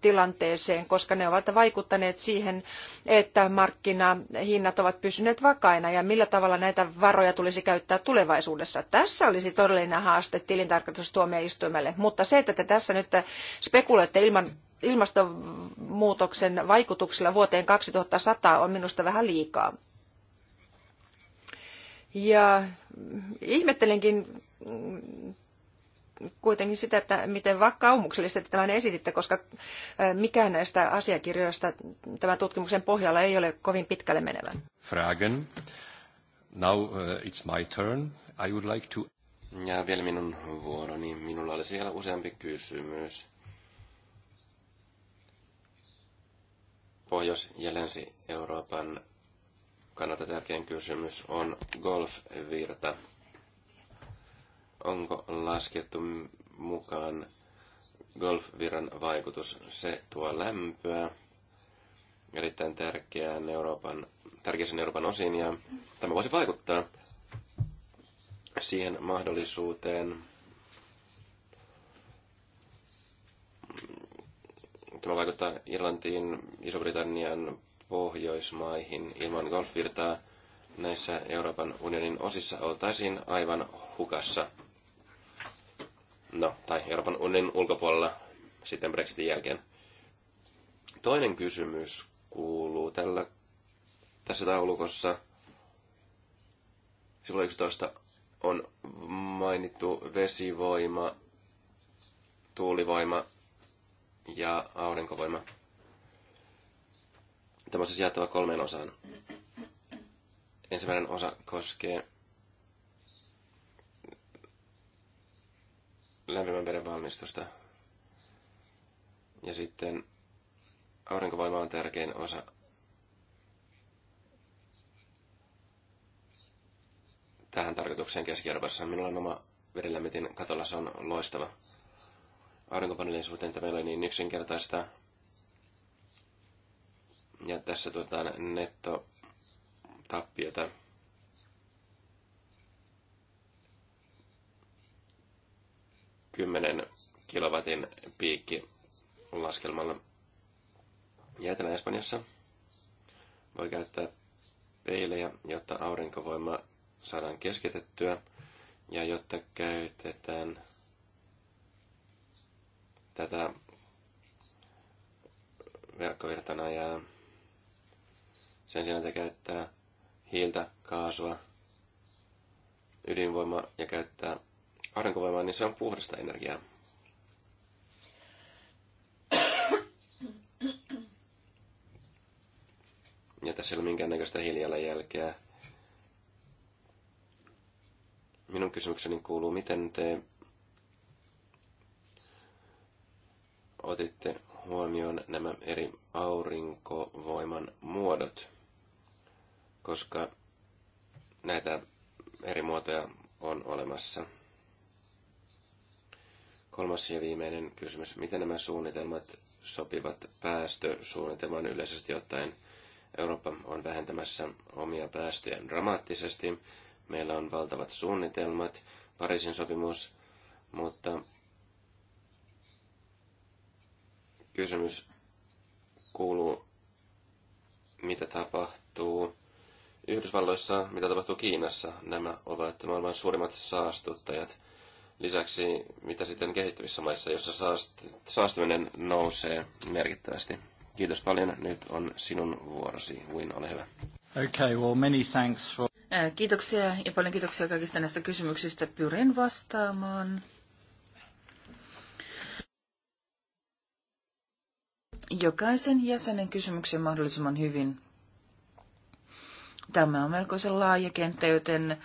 tilanteeseen, koska ne ovat vaikuttaneet siihen, että markkinahinnat ovat pysyneet vakaina ja millä tavalla näitä varoja tulisi käyttää tulevaisuudessa. Tässä olisi todellinen haaste tilintarkastustuomioistuimelle, mutta se, että te tässä nyt spekuloitte ilman ilmastonmuutoksen vaikutuksilla vuoteen 2100 on minusta vähän liikaa. Ja ihmettelenkin kuitenkin sitä, että miten vakkaumuksellisesti tämän esititte, koska mikään näistä asiakirjoista tämän tutkimuksen pohjalla ei ole kovin pitkälle menevä. Fragen. Now uh, it's my turn. I would like to... Ja vielä minun vuoroni. Minulla oli siellä useampi kysymys. Pohjois- ja Länsi-Euroopan kannalta tärkein kysymys on golfvirta. Onko laskettu mukaan golfviran vaikutus? Se tuo lämpöä erittäin tärkeään Euroopan, tärkeisen Euroopan osiin ja tämä voisi vaikuttaa siihen mahdollisuuteen, tämä vaikuttaa Irlantiin, Iso-Britannian, Pohjoismaihin ilman golfvirtaa näissä Euroopan unionin osissa oltaisiin aivan hukassa. No, tai Euroopan unionin ulkopuolella sitten Brexitin jälkeen. Toinen kysymys kuuluu tällä, tässä taulukossa. Sivulla 11 on mainittu vesivoima, tuulivoima ja aurinkovoima. Tämä on siis jaettava kolmeen osaan. Ensimmäinen osa koskee lämpimän veden valmistusta. Ja sitten aurinkovoima on tärkein osa tähän tarkoitukseen keski Minulla on oma vedenlämmitin katolla, se on loistava. Aurinkopaneelin suhteen tämä ei ole niin yksinkertaista. Ja tässä tuotaan nettotappiota. kymmenen kilowatin piikki laskelmalla. Ja espanjassa voi käyttää peilejä, jotta aurinkovoima saadaan keskitettyä ja jotta käytetään tätä verkkovirtana ja sen sijaan, että käyttää hiiltä, kaasua, ydinvoimaa ja käyttää aurinkovoimaa, niin se on puhdasta energiaa. Ja tässä ei ole minkäännäköistä hiilijalanjälkeä. Minun kysymykseni kuuluu, miten te otitte huomioon nämä eri aurinkovoiman muodot – koska näitä eri muotoja on olemassa. Kolmas ja viimeinen kysymys. Miten nämä suunnitelmat sopivat päästösuunnitelman yleisesti ottaen? Eurooppa on vähentämässä omia päästöjä dramaattisesti. Meillä on valtavat suunnitelmat, Pariisin sopimus, mutta kysymys kuuluu, mitä tapahtuu Yhdysvalloissa, mitä tapahtuu Kiinassa, nämä ovat maailman suurimmat saastuttajat. Lisäksi mitä sitten kehittyvissä maissa, jossa saastuminen nousee merkittävästi. Kiitos paljon. Nyt on sinun vuorosi. Win, ole hyvä. Okay, well, many thanks for... Kiitoksia ja paljon kiitoksia kaikista näistä kysymyksistä. Pyrin vastaamaan. Jokaisen jäsenen kysymyksen mahdollisimman hyvin. Tämä on melkoisen laaja kenttä, joten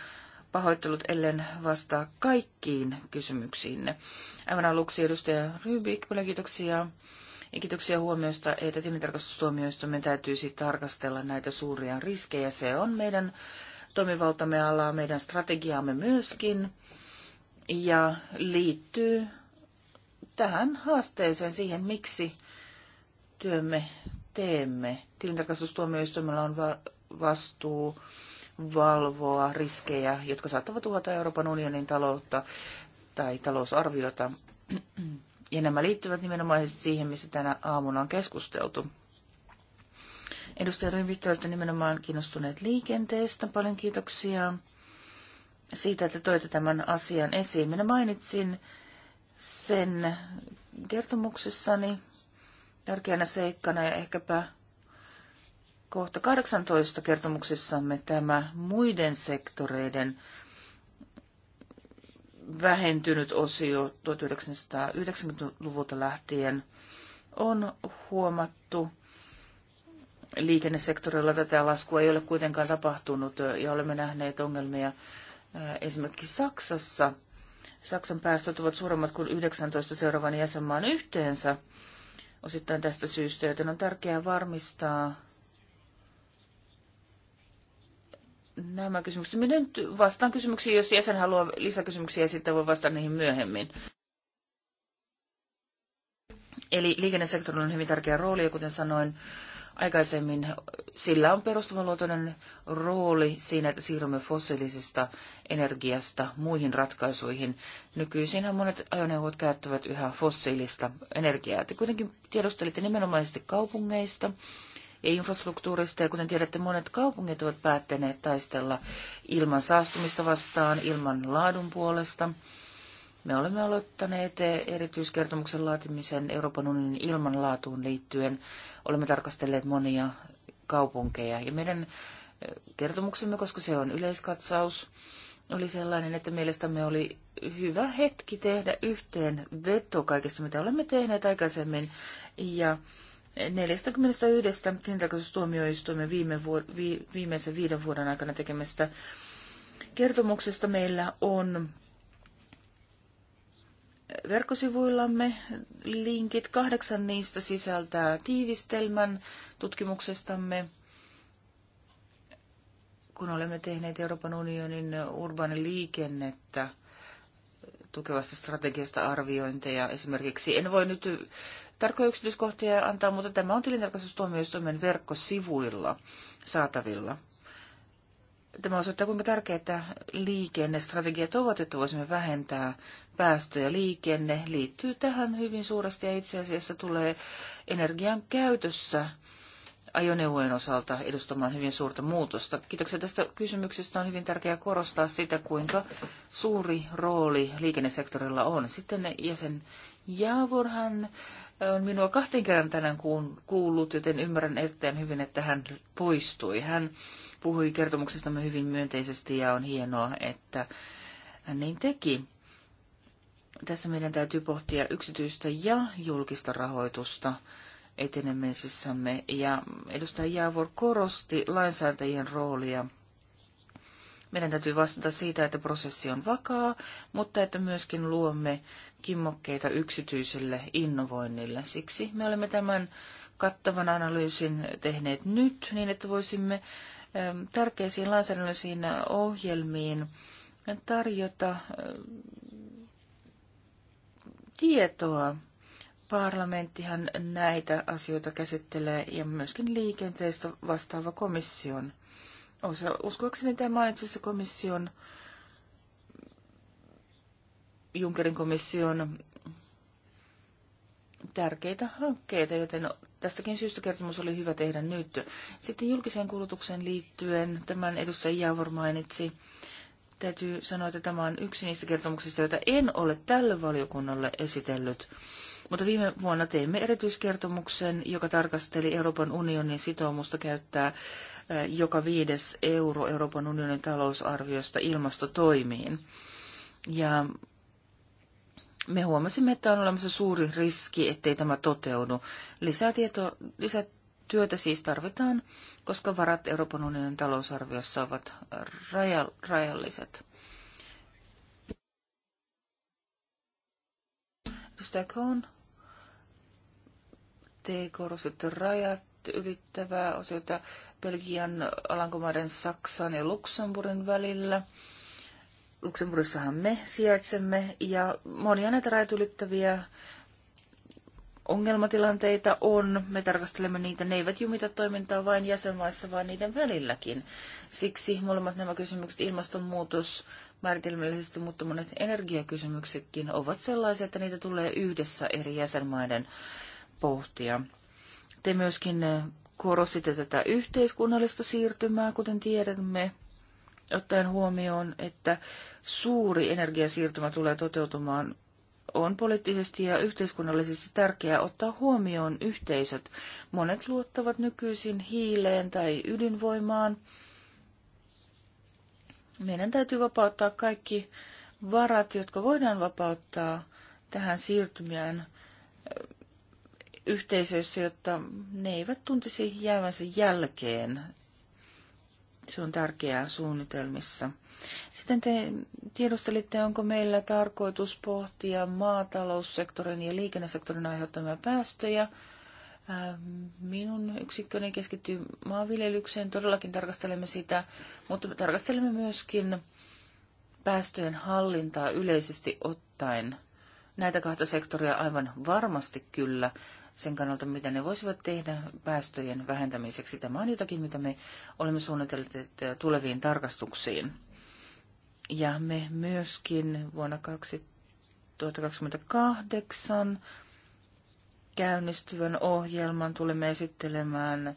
pahoittelut ellen vastaa kaikkiin kysymyksiinne. Aivan aluksi edustaja Rybik, paljon kiitoksia. Ja kiitoksia huomioista, että tilintarkastustuomioistuimen täytyisi tarkastella näitä suuria riskejä. Se on meidän toimivaltamme alaa, meidän strategiaamme myöskin ja liittyy tähän haasteeseen, siihen miksi työmme teemme. Tilintarkastustuomioistuimella on va- vastuu valvoa riskejä, jotka saattavat uhata Euroopan unionin taloutta tai talousarviota. [CLEARS THROAT] Ja nämä liittyvät nimenomaisesti siihen, missä tänä aamuna on keskusteltu. Edustaja Rymvit, olette nimenomaan kiinnostuneet liikenteestä. Paljon kiitoksia siitä, että toitte tämän asian esiin. Minä mainitsin sen kertomuksessani tärkeänä seikkana ja ehkäpä kohta 18 kertomuksessamme tämä muiden sektoreiden vähentynyt osio 1990-luvulta lähtien on huomattu. Liikennesektorilla tätä laskua ei ole kuitenkaan tapahtunut ja olemme nähneet ongelmia esimerkiksi Saksassa. Saksan päästöt ovat suuremmat kuin 19 seuraavan jäsenmaan yhteensä osittain tästä syystä, joten on tärkeää varmistaa, nämä kysymykset. Minä nyt vastaan kysymyksiin, jos jäsen haluaa lisäkysymyksiä, sitten voi vastata niihin myöhemmin. Eli liikennesektorilla on hyvin tärkeä rooli, ja kuten sanoin aikaisemmin, sillä on perustavanluotoinen rooli siinä, että siirrymme fossiilisesta energiasta muihin ratkaisuihin. Nykyisinhän monet ajoneuvot käyttävät yhä fossiilista energiaa. Te kuitenkin tiedustelitte nimenomaisesti kaupungeista ja infrastruktuurista. Ja kuten tiedätte, monet kaupungit ovat päättäneet taistella ilman saastumista vastaan, ilman laadun puolesta. Me olemme aloittaneet erityiskertomuksen laatimisen Euroopan unionin ilmanlaatuun liittyen. Olemme tarkastelleet monia kaupunkeja ja meidän eh, kertomuksemme, koska se on yleiskatsaus, oli sellainen, että mielestämme oli hyvä hetki tehdä yhteen veto kaikesta, mitä olemme tehneet aikaisemmin ja 41 tilintarkastustuomioistuimen viime vuod- vi- viimeisen viiden vuoden aikana tekemästä kertomuksesta meillä on verkkosivuillamme linkit. Kahdeksan niistä sisältää tiivistelmän tutkimuksestamme, kun olemme tehneet Euroopan unionin urbaaniliikennettä tukevasta strategiasta arviointeja. Esimerkiksi en voi nyt tarkkoja yksityiskohtia antaa, mutta tämä on tilintarkastustuomioistuimen verkkosivuilla saatavilla. Tämä osoittaa, kuinka tärkeitä liikennestrategiat ovat, että voisimme vähentää päästöjä. Liikenne liittyy tähän hyvin suuresti ja itse asiassa tulee energian käytössä ajoneuvojen osalta edustamaan hyvin suurta muutosta. Kiitoksia tästä kysymyksestä. On hyvin tärkeää korostaa sitä, kuinka suuri rooli liikennesektorilla on. Sitten jäsen Javurhan on minua kahteen kerran tänään kuullut, joten ymmärrän erittäin hyvin, että hän poistui. Hän puhui kertomuksestamme hyvin myönteisesti ja on hienoa, että hän niin teki. Tässä meidän täytyy pohtia yksityistä ja julkista rahoitusta etenemisessämme. Ja edustaja Jaavor korosti lainsäätäjien roolia. Meidän täytyy vastata siitä, että prosessi on vakaa, mutta että myöskin luomme kimmokkeita yksityiselle innovoinnille. Siksi me olemme tämän kattavan analyysin tehneet nyt, niin että voisimme ähm, tärkeisiin lainsäädännöllisiin ohjelmiin tarjota äh, tietoa. Parlamenttihan näitä asioita käsittelee ja myöskin liikenteestä vastaava komission osa. Uskoakseni tämä mainitsessa komission Junckerin komission tärkeitä hankkeita, joten tästäkin syystä kertomus oli hyvä tehdä nyt. Sitten julkiseen kulutukseen liittyen, tämän edustaja Javor mainitsi, täytyy sanoa, että tämä on yksi niistä kertomuksista, joita en ole tälle valiokunnalle esitellyt. Mutta viime vuonna teimme erityiskertomuksen, joka tarkasteli Euroopan unionin sitoumusta käyttää joka viides euro Euroopan unionin talousarviosta ilmastotoimiin. Ja me huomasimme, että on olemassa suuri riski, ettei tämä toteudu. Lisätieto, lisätyötä siis tarvitaan, koska varat Euroopan unionin talousarviossa ovat rajalliset. Edustaja Kohn, te korostitte rajat ylittävää osiota Belgian, Alankomaiden, Saksan ja Luxemburgin välillä. Luxemburgissahan me sijaitsemme ja monia näitä rajat ylittäviä ongelmatilanteita on. Me tarkastelemme niitä. Ne eivät jumita toimintaa vain jäsenmaissa, vaan niiden välilläkin. Siksi molemmat nämä kysymykset, ilmastonmuutos määritelmällisesti, mutta monet energiakysymyksetkin ovat sellaisia, että niitä tulee yhdessä eri jäsenmaiden pohtia. Te myöskin korostitte tätä yhteiskunnallista siirtymää, kuten tiedämme ottaen huomioon, että suuri energiasiirtymä tulee toteutumaan, on poliittisesti ja yhteiskunnallisesti tärkeää ottaa huomioon yhteisöt. Monet luottavat nykyisin hiileen tai ydinvoimaan. Meidän täytyy vapauttaa kaikki varat, jotka voidaan vapauttaa tähän siirtymään yhteisöissä, jotta ne eivät tuntisi jäävänsä jälkeen se on tärkeää suunnitelmissa. Sitten te tiedustelitte, onko meillä tarkoitus pohtia maataloussektorin ja liikennesektorin aiheuttamia päästöjä. Ähm, minun yksikköni keskittyy maanviljelykseen. Todellakin tarkastelemme sitä, mutta me tarkastelemme myöskin päästöjen hallintaa yleisesti ottaen. Näitä kahta sektoria aivan varmasti kyllä sen kannalta, mitä ne voisivat tehdä päästöjen vähentämiseksi. Tämä on jotakin, mitä me olemme suunnitelleet tuleviin tarkastuksiin. Ja me myöskin vuonna 2028 käynnistyvän ohjelman tulemme esittelemään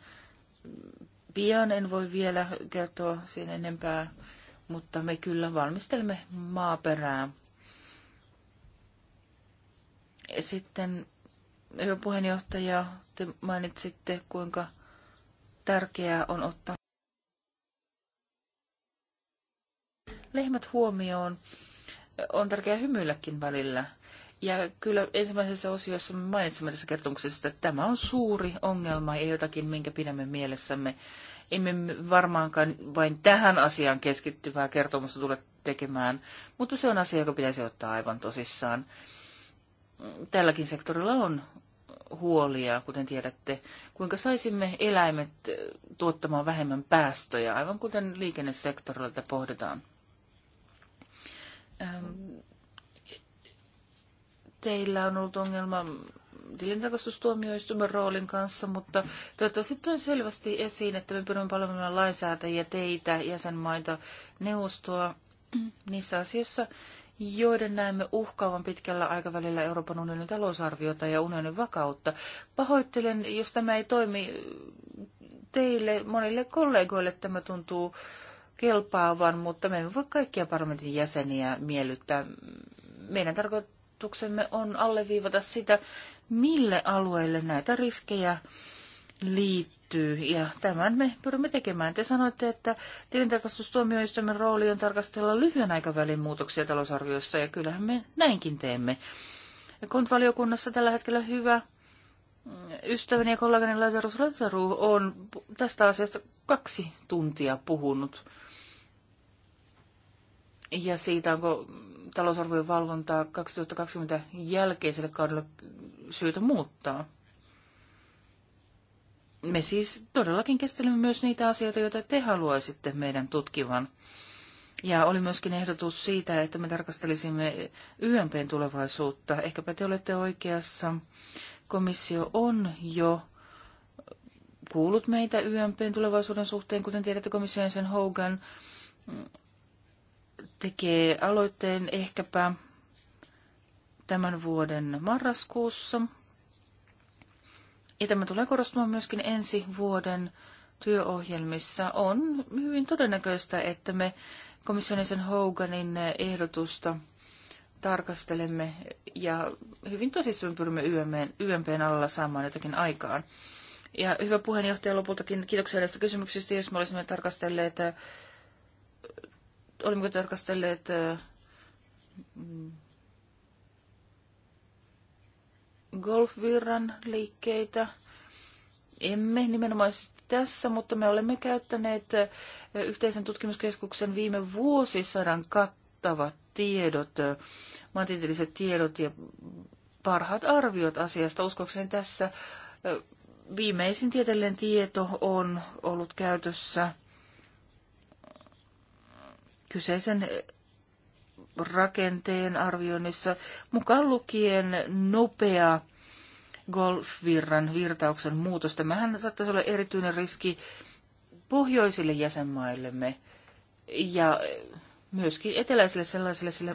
pian. En voi vielä kertoa siinä enempää, mutta me kyllä valmistelemme maaperää. Sitten Hyvä puheenjohtaja, te mainitsitte, kuinka tärkeää on ottaa lehmät huomioon. On tärkeää hymyilläkin välillä. Ja kyllä ensimmäisessä osiossa me mainitsimme tässä kertomuksessa, että tämä on suuri ongelma ja jotakin, minkä pidämme mielessämme. Emme varmaankaan vain tähän asiaan keskittyvää kertomusta tule tekemään, mutta se on asia, joka pitäisi ottaa aivan tosissaan. Tälläkin sektorilla on huolia, kuten tiedätte. Kuinka saisimme eläimet eh, tuottamaan vähemmän päästöjä, aivan kuten liikennesektorilta pohditaan? Teillä on ollut ongelma tilintarkastustuomioistuimen roolin kanssa, mutta toivottavasti on selvästi esiin, että me pyrimme palvelemaan lainsäätäjiä, teitä, jäsenmaita, neuvostoa niissä asioissa, joiden näemme uhkaavan pitkällä aikavälillä Euroopan unionin talousarviota ja unionin vakautta. Pahoittelen, jos tämä ei toimi teille, monille kollegoille tämä tuntuu kelpaavan, mutta me emme voi kaikkia parlamentin jäseniä miellyttää. Meidän tarkoituksemme on alleviivata sitä, mille alueille näitä riskejä liittyy kehittyy ja tämän me pyrimme tekemään. Te sanoitte, että tilintarkastustuomioistuimen rooli on tarkastella lyhyen aikavälin muutoksia talousarviossa, ja kyllähän me näinkin teemme. Kontvaliokunnassa tällä hetkellä hyvä ystäväni ja kollegani Lazarus Ransaru on tästä asiasta kaksi tuntia puhunut. Ja siitä, onko talousarvojen valvontaa 2020 jälkeiselle kaudelle syytä muuttaa me siis todellakin kestelimme myös niitä asioita, joita te haluaisitte meidän tutkivan. Ja oli myöskin ehdotus siitä, että me tarkastelisimme YMPn tulevaisuutta. Ehkäpä te olette oikeassa. Komissio on jo kuullut meitä YMPn tulevaisuuden suhteen, kuten tiedätte komission sen Hogan tekee aloitteen ehkäpä tämän vuoden marraskuussa ja tämä tulee korostumaan myöskin ensi vuoden työohjelmissa, on hyvin todennäköistä, että me komissionisen Hoganin ehdotusta tarkastelemme ja hyvin tosissaan pyrimme YMPn alalla saamaan jotakin aikaan. Ja hyvä puheenjohtaja lopultakin, kiitoksia näistä kysymyksistä, jos me olisimme tarkastelleet, olimmeko tarkastelleet mm, golfvirran liikkeitä. Emme nimenomaisesti tässä, mutta me olemme käyttäneet yhteisen tutkimuskeskuksen viime vuosisadan kattavat tiedot, maantieteelliset tiedot ja parhaat arviot asiasta. Uskokseni tässä viimeisin tieteellinen tieto on ollut käytössä kyseisen rakenteen arvioinnissa, mukaan lukien nopea golfvirran virtauksen muutos. Tämähän saattaisi olla erityinen riski pohjoisille jäsenmaillemme ja myöskin eteläisille sellaisille, sillä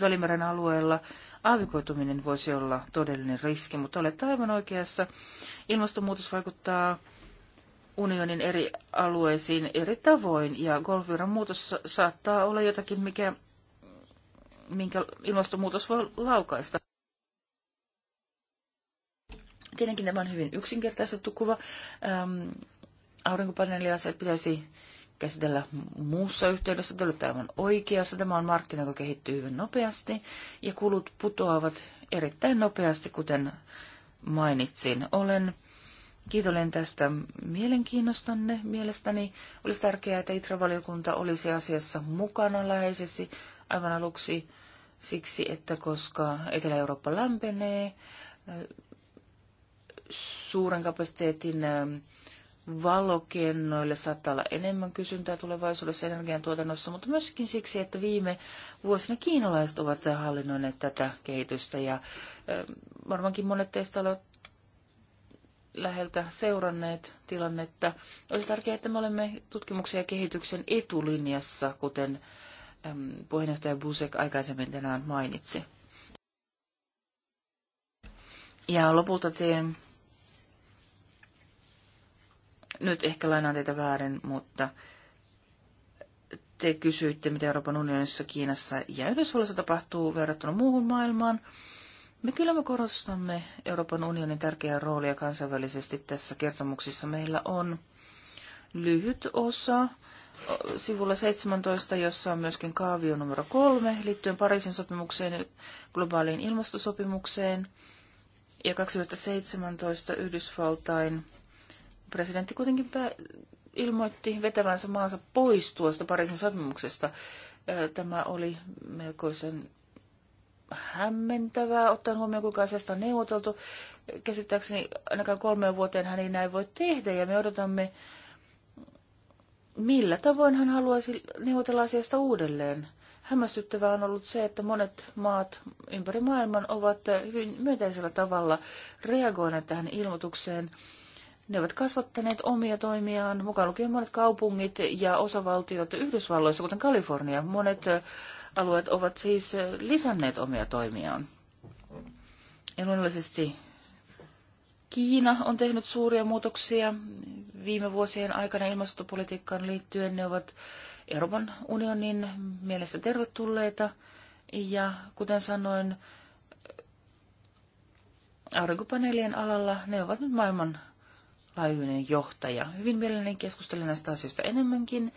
Välimeren alueella aavikoituminen voisi olla todellinen riski, mutta olet aivan oikeassa. Ilmastonmuutos vaikuttaa unionin eri alueisiin eri tavoin ja golfviran muutos saattaa olla jotakin, mikä minkä ilmastonmuutos voi laukaista. Tietenkin tämä on hyvin yksinkertaistettu kuva. Ähm, aurinkopaneeliasiat pitäisi käsitellä muussa yhteydessä. Tämä on aivan oikeassa. Tämä on markkina, joka kehittyy hyvin nopeasti ja kulut putoavat erittäin nopeasti, kuten mainitsin. Olen kiitollinen tästä mielenkiinnostanne. Mielestäni olisi tärkeää, että Itravaliokunta olisi asiassa mukana läheisesti aivan aluksi siksi, että koska Etelä-Eurooppa lämpenee, suuren kapasiteetin valokennoille saattaa olla enemmän kysyntää tulevaisuudessa energiantuotannossa, mutta myöskin siksi, että viime vuosina kiinalaiset ovat hallinnoineet tätä kehitystä ja varmaankin monet teistä ovat läheltä seuranneet tilannetta. Olisi tärkeää, että me olemme tutkimuksen ja kehityksen etulinjassa, kuten Ähm, puheenjohtaja Busek aikaisemmin tänään mainitsi. Ja lopulta teen, nyt ehkä lainaan teitä väärin, mutta te kysyitte, mitä Euroopan unionissa, Kiinassa ja Yhdysvalloissa tapahtuu verrattuna muuhun maailmaan. Me kyllä me korostamme Euroopan unionin tärkeää roolia kansainvälisesti tässä kertomuksessa. Meillä on lyhyt osa sivulla 17, jossa on myöskin kaavio numero kolme liittyen Pariisin sopimukseen ja globaaliin ilmastosopimukseen. Ja 2017 Yhdysvaltain presidentti kuitenkin ilmoitti vetävänsä maansa pois tuosta Pariisin sopimuksesta. Tämä oli melkoisen hämmentävää, ottaen huomioon kuinka asiasta on neuvoteltu. Käsittääkseni ainakaan kolmeen vuoteen hän ei näin voi tehdä ja me odotamme millä tavoin hän haluaisi neuvotella asiasta uudelleen. Hämmästyttävää on ollut se, että monet maat ympäri maailman ovat hyvin myönteisellä tavalla reagoineet tähän ilmoitukseen. Ne ovat kasvattaneet omia toimiaan, mukaan lukien monet kaupungit ja osavaltiot Yhdysvalloissa, kuten Kalifornia. Monet äh, alueet ovat siis äh, lisänneet omia toimiaan. Ja luonnollisesti Kiina on tehnyt suuria muutoksia viime vuosien aikana ilmastopolitiikkaan liittyen. Ne ovat Euroopan unionin mielessä tervetulleita. Ja kuten sanoin, aurinkopaneelien alalla ne ovat nyt maailman laajuinen johtaja. Hyvin mielelläni keskustelen näistä asioista enemmänkin.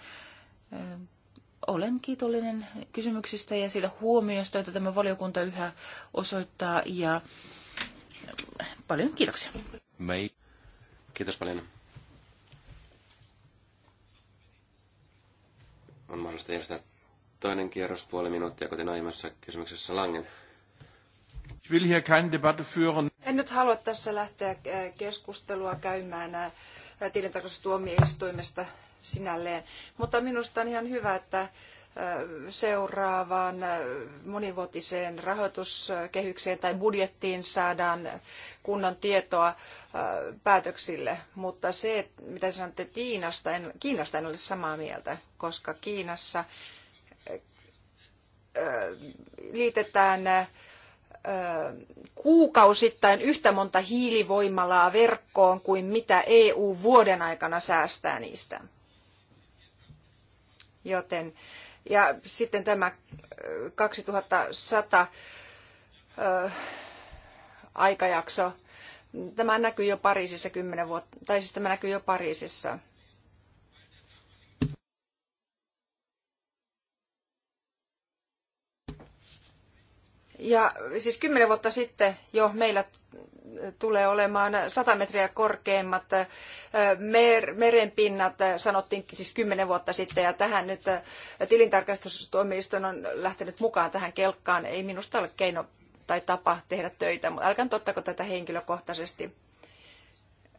Olen kiitollinen kysymyksistä ja siitä huomiosta, että tämä valiokunta yhä osoittaa ja Paljon kiitoksia. Mei. Kiitos paljon. On mahdollista järjestää toinen kierros puoli minuuttia, kuten aiemmassa kysymyksessä Langen. Ich will hier keine Debatte führen. En nyt halua tässä lähteä äh, keskustelua käymään äh, tilintarkastustuomioistuimesta sinälleen, mutta minusta on ihan hyvä, että seuraavaan monivuotiseen rahoituskehykseen tai budjettiin saadaan kunnon tietoa päätöksille. Mutta se, mitä sanotte Kiinasta, en, Kiinasta en ole samaa mieltä, koska Kiinassa liitetään kuukausittain yhtä monta hiilivoimalaa verkkoon kuin mitä EU vuoden aikana säästää niistä. Joten ja sitten tämä 2100 äh, äh, aikajakso, tämä näkyy jo Pariisissa kymmenen vuotta, tai siis tämä näkyy jo Pariisissa. Ja siis kymmenen vuotta sitten jo meillä tulee olemaan 100 metriä korkeimmat mer- merenpinnat, sanottiin siis kymmenen vuotta sitten, ja tähän nyt tilintarkastustuomioistuin on lähtenyt mukaan tähän kelkkaan. Ei minusta ole keino tai tapa tehdä töitä, mutta älkää tottako tätä henkilökohtaisesti.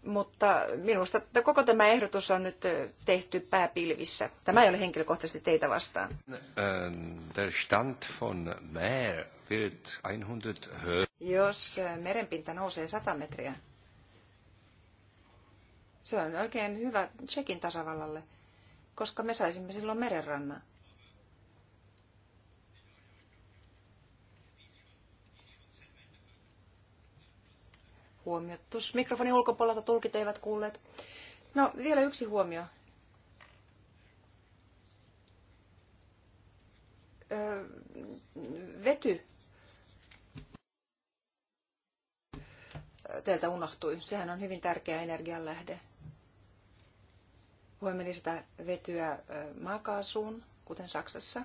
Mutta minusta koko tämä ehdotus on nyt tehty pääpilvissä. Tämä ei ole henkilökohtaisesti teitä vastaan. Ähm, der Stand von Meer wird 100 Jos merenpinta nousee 100 metriä, se on oikein hyvä Tsekin tasavallalle, koska me saisimme silloin merenrannan. Tuossa Mikrofonin ulkopuolelta tulkit eivät kuulleet. No, vielä yksi huomio. Öö, vety teiltä unohtui. Sehän on hyvin tärkeä energianlähde. Voimme lisätä vetyä maakaasuun, kuten Saksassa,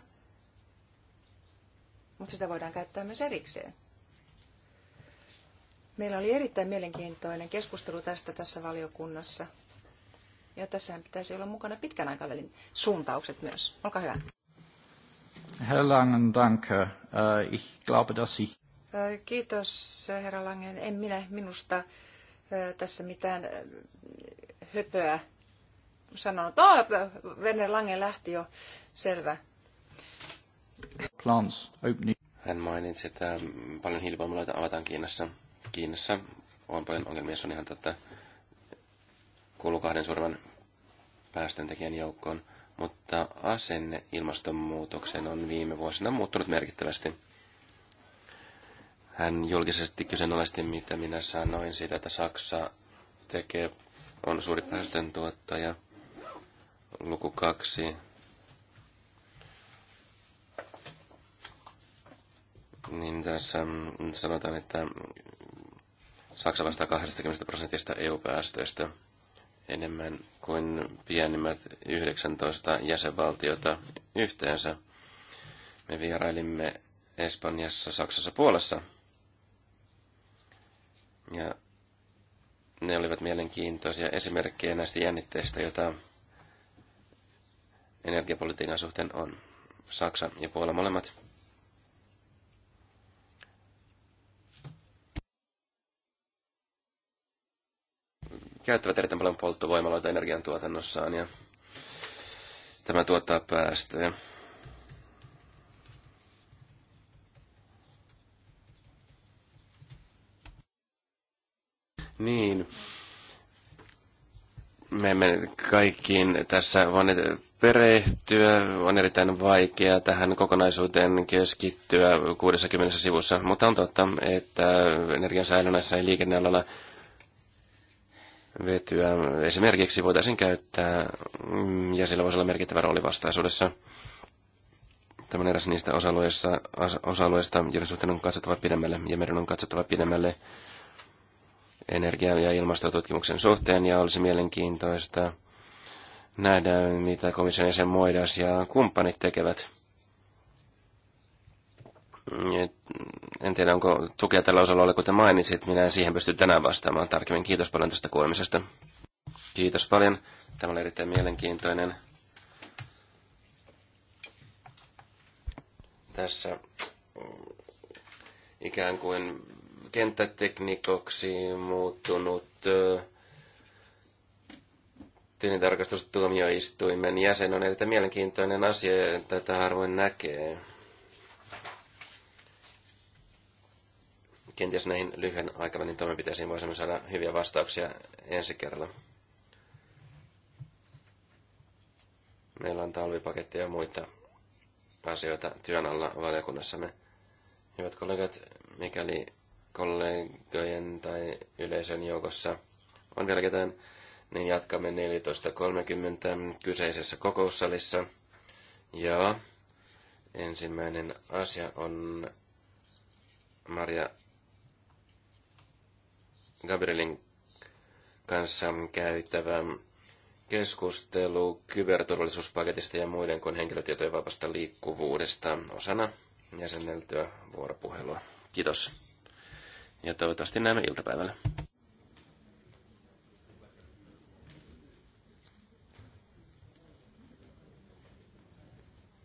mutta sitä voidaan käyttää myös erikseen. Meillä oli erittäin mielenkiintoinen keskustelu tästä tässä valiokunnassa. Ja tässähän pitäisi olla mukana pitkän aikavälin suuntaukset myös. Olkaa hyvä. Herr Langen, danke. Äh, ich glaube, dass ich... Äh, kiitos, herra Langen. En minä minusta äh, tässä mitään höpöä sanonut. Oh, Werner Lange lähti jo. Selvä. Plans, opening. Hän mainitsi, että paljon hiilivoimaloita avataan Kiinassa. Kiinassa on paljon ongelmia, se on ihan tätä kuulu kahden suurimman päästöntekijän joukkoon, mutta asenne ilmastonmuutokseen on viime vuosina muuttunut merkittävästi. Hän julkisesti kyseenalaisti, mitä minä sanoin siitä, että Saksa tekee, on suuri päästöntuottaja. Luku kaksi. Niin tässä mm, sanotaan, että Saksa vastaa 20 prosentista EU-päästöistä enemmän kuin pienimmät 19 jäsenvaltiota yhteensä. Me vierailimme Espanjassa, Saksassa, Puolassa. Ja ne olivat mielenkiintoisia esimerkkejä näistä jännitteistä, joita energiapolitiikan suhteen on. Saksa ja Puola molemmat käyttävät erittäin paljon polttovoimaloita energiantuotannossaan ja tämä tuottaa päästöjä. Niin. Me emme kaikkiin tässä voineet perehtyä. On erittäin vaikea tähän kokonaisuuteen keskittyä 60 sivussa, mutta on totta, että energian ja liikennealalla vetyä esimerkiksi voitaisiin käyttää, mm, ja sillä voisi olla merkittävä rooli vastaisuudessa. Tämä on eräs niistä osa-alueista, osa joiden suhteen on katsottava pidemmälle, ja meidän on katsottava pidemmälle energia- ja ilmastotutkimuksen suhteen, ja olisi mielenkiintoista nähdä, mitä komission jäsen Moidas ja kumppanit tekevät – en tiedä, onko tukea tällä osalla, kuten mainitsit. Minä en siihen pysty tänään vastaamaan tarkemmin. Kiitos paljon tästä kuulemisesta. Kiitos paljon. Tämä oli erittäin mielenkiintoinen. Tässä ikään kuin kenttäteknikoksi muuttunut tilintarkastustuomioistuimen jäsen on erittäin mielenkiintoinen asia, ja tätä harvoin näkee. Kenties näihin lyhyen aikavälin toimenpiteisiin voisimme saada hyviä vastauksia ensi kerralla. Meillä on talvipaketti ja muita asioita työn alla valiokunnassamme. Hyvät kollegat, mikäli kollegojen tai yleisön joukossa on vielä ketään, niin jatkamme 14.30 kyseisessä kokoussalissa. Ja ensimmäinen asia on Maria Gabrielin kanssa käytävä keskustelu kyberturvallisuuspaketista ja muiden kuin henkilötietojen vapaasta liikkuvuudesta osana jäsenneltyä vuoropuhelua. Kiitos. Ja toivottavasti näemme iltapäivällä.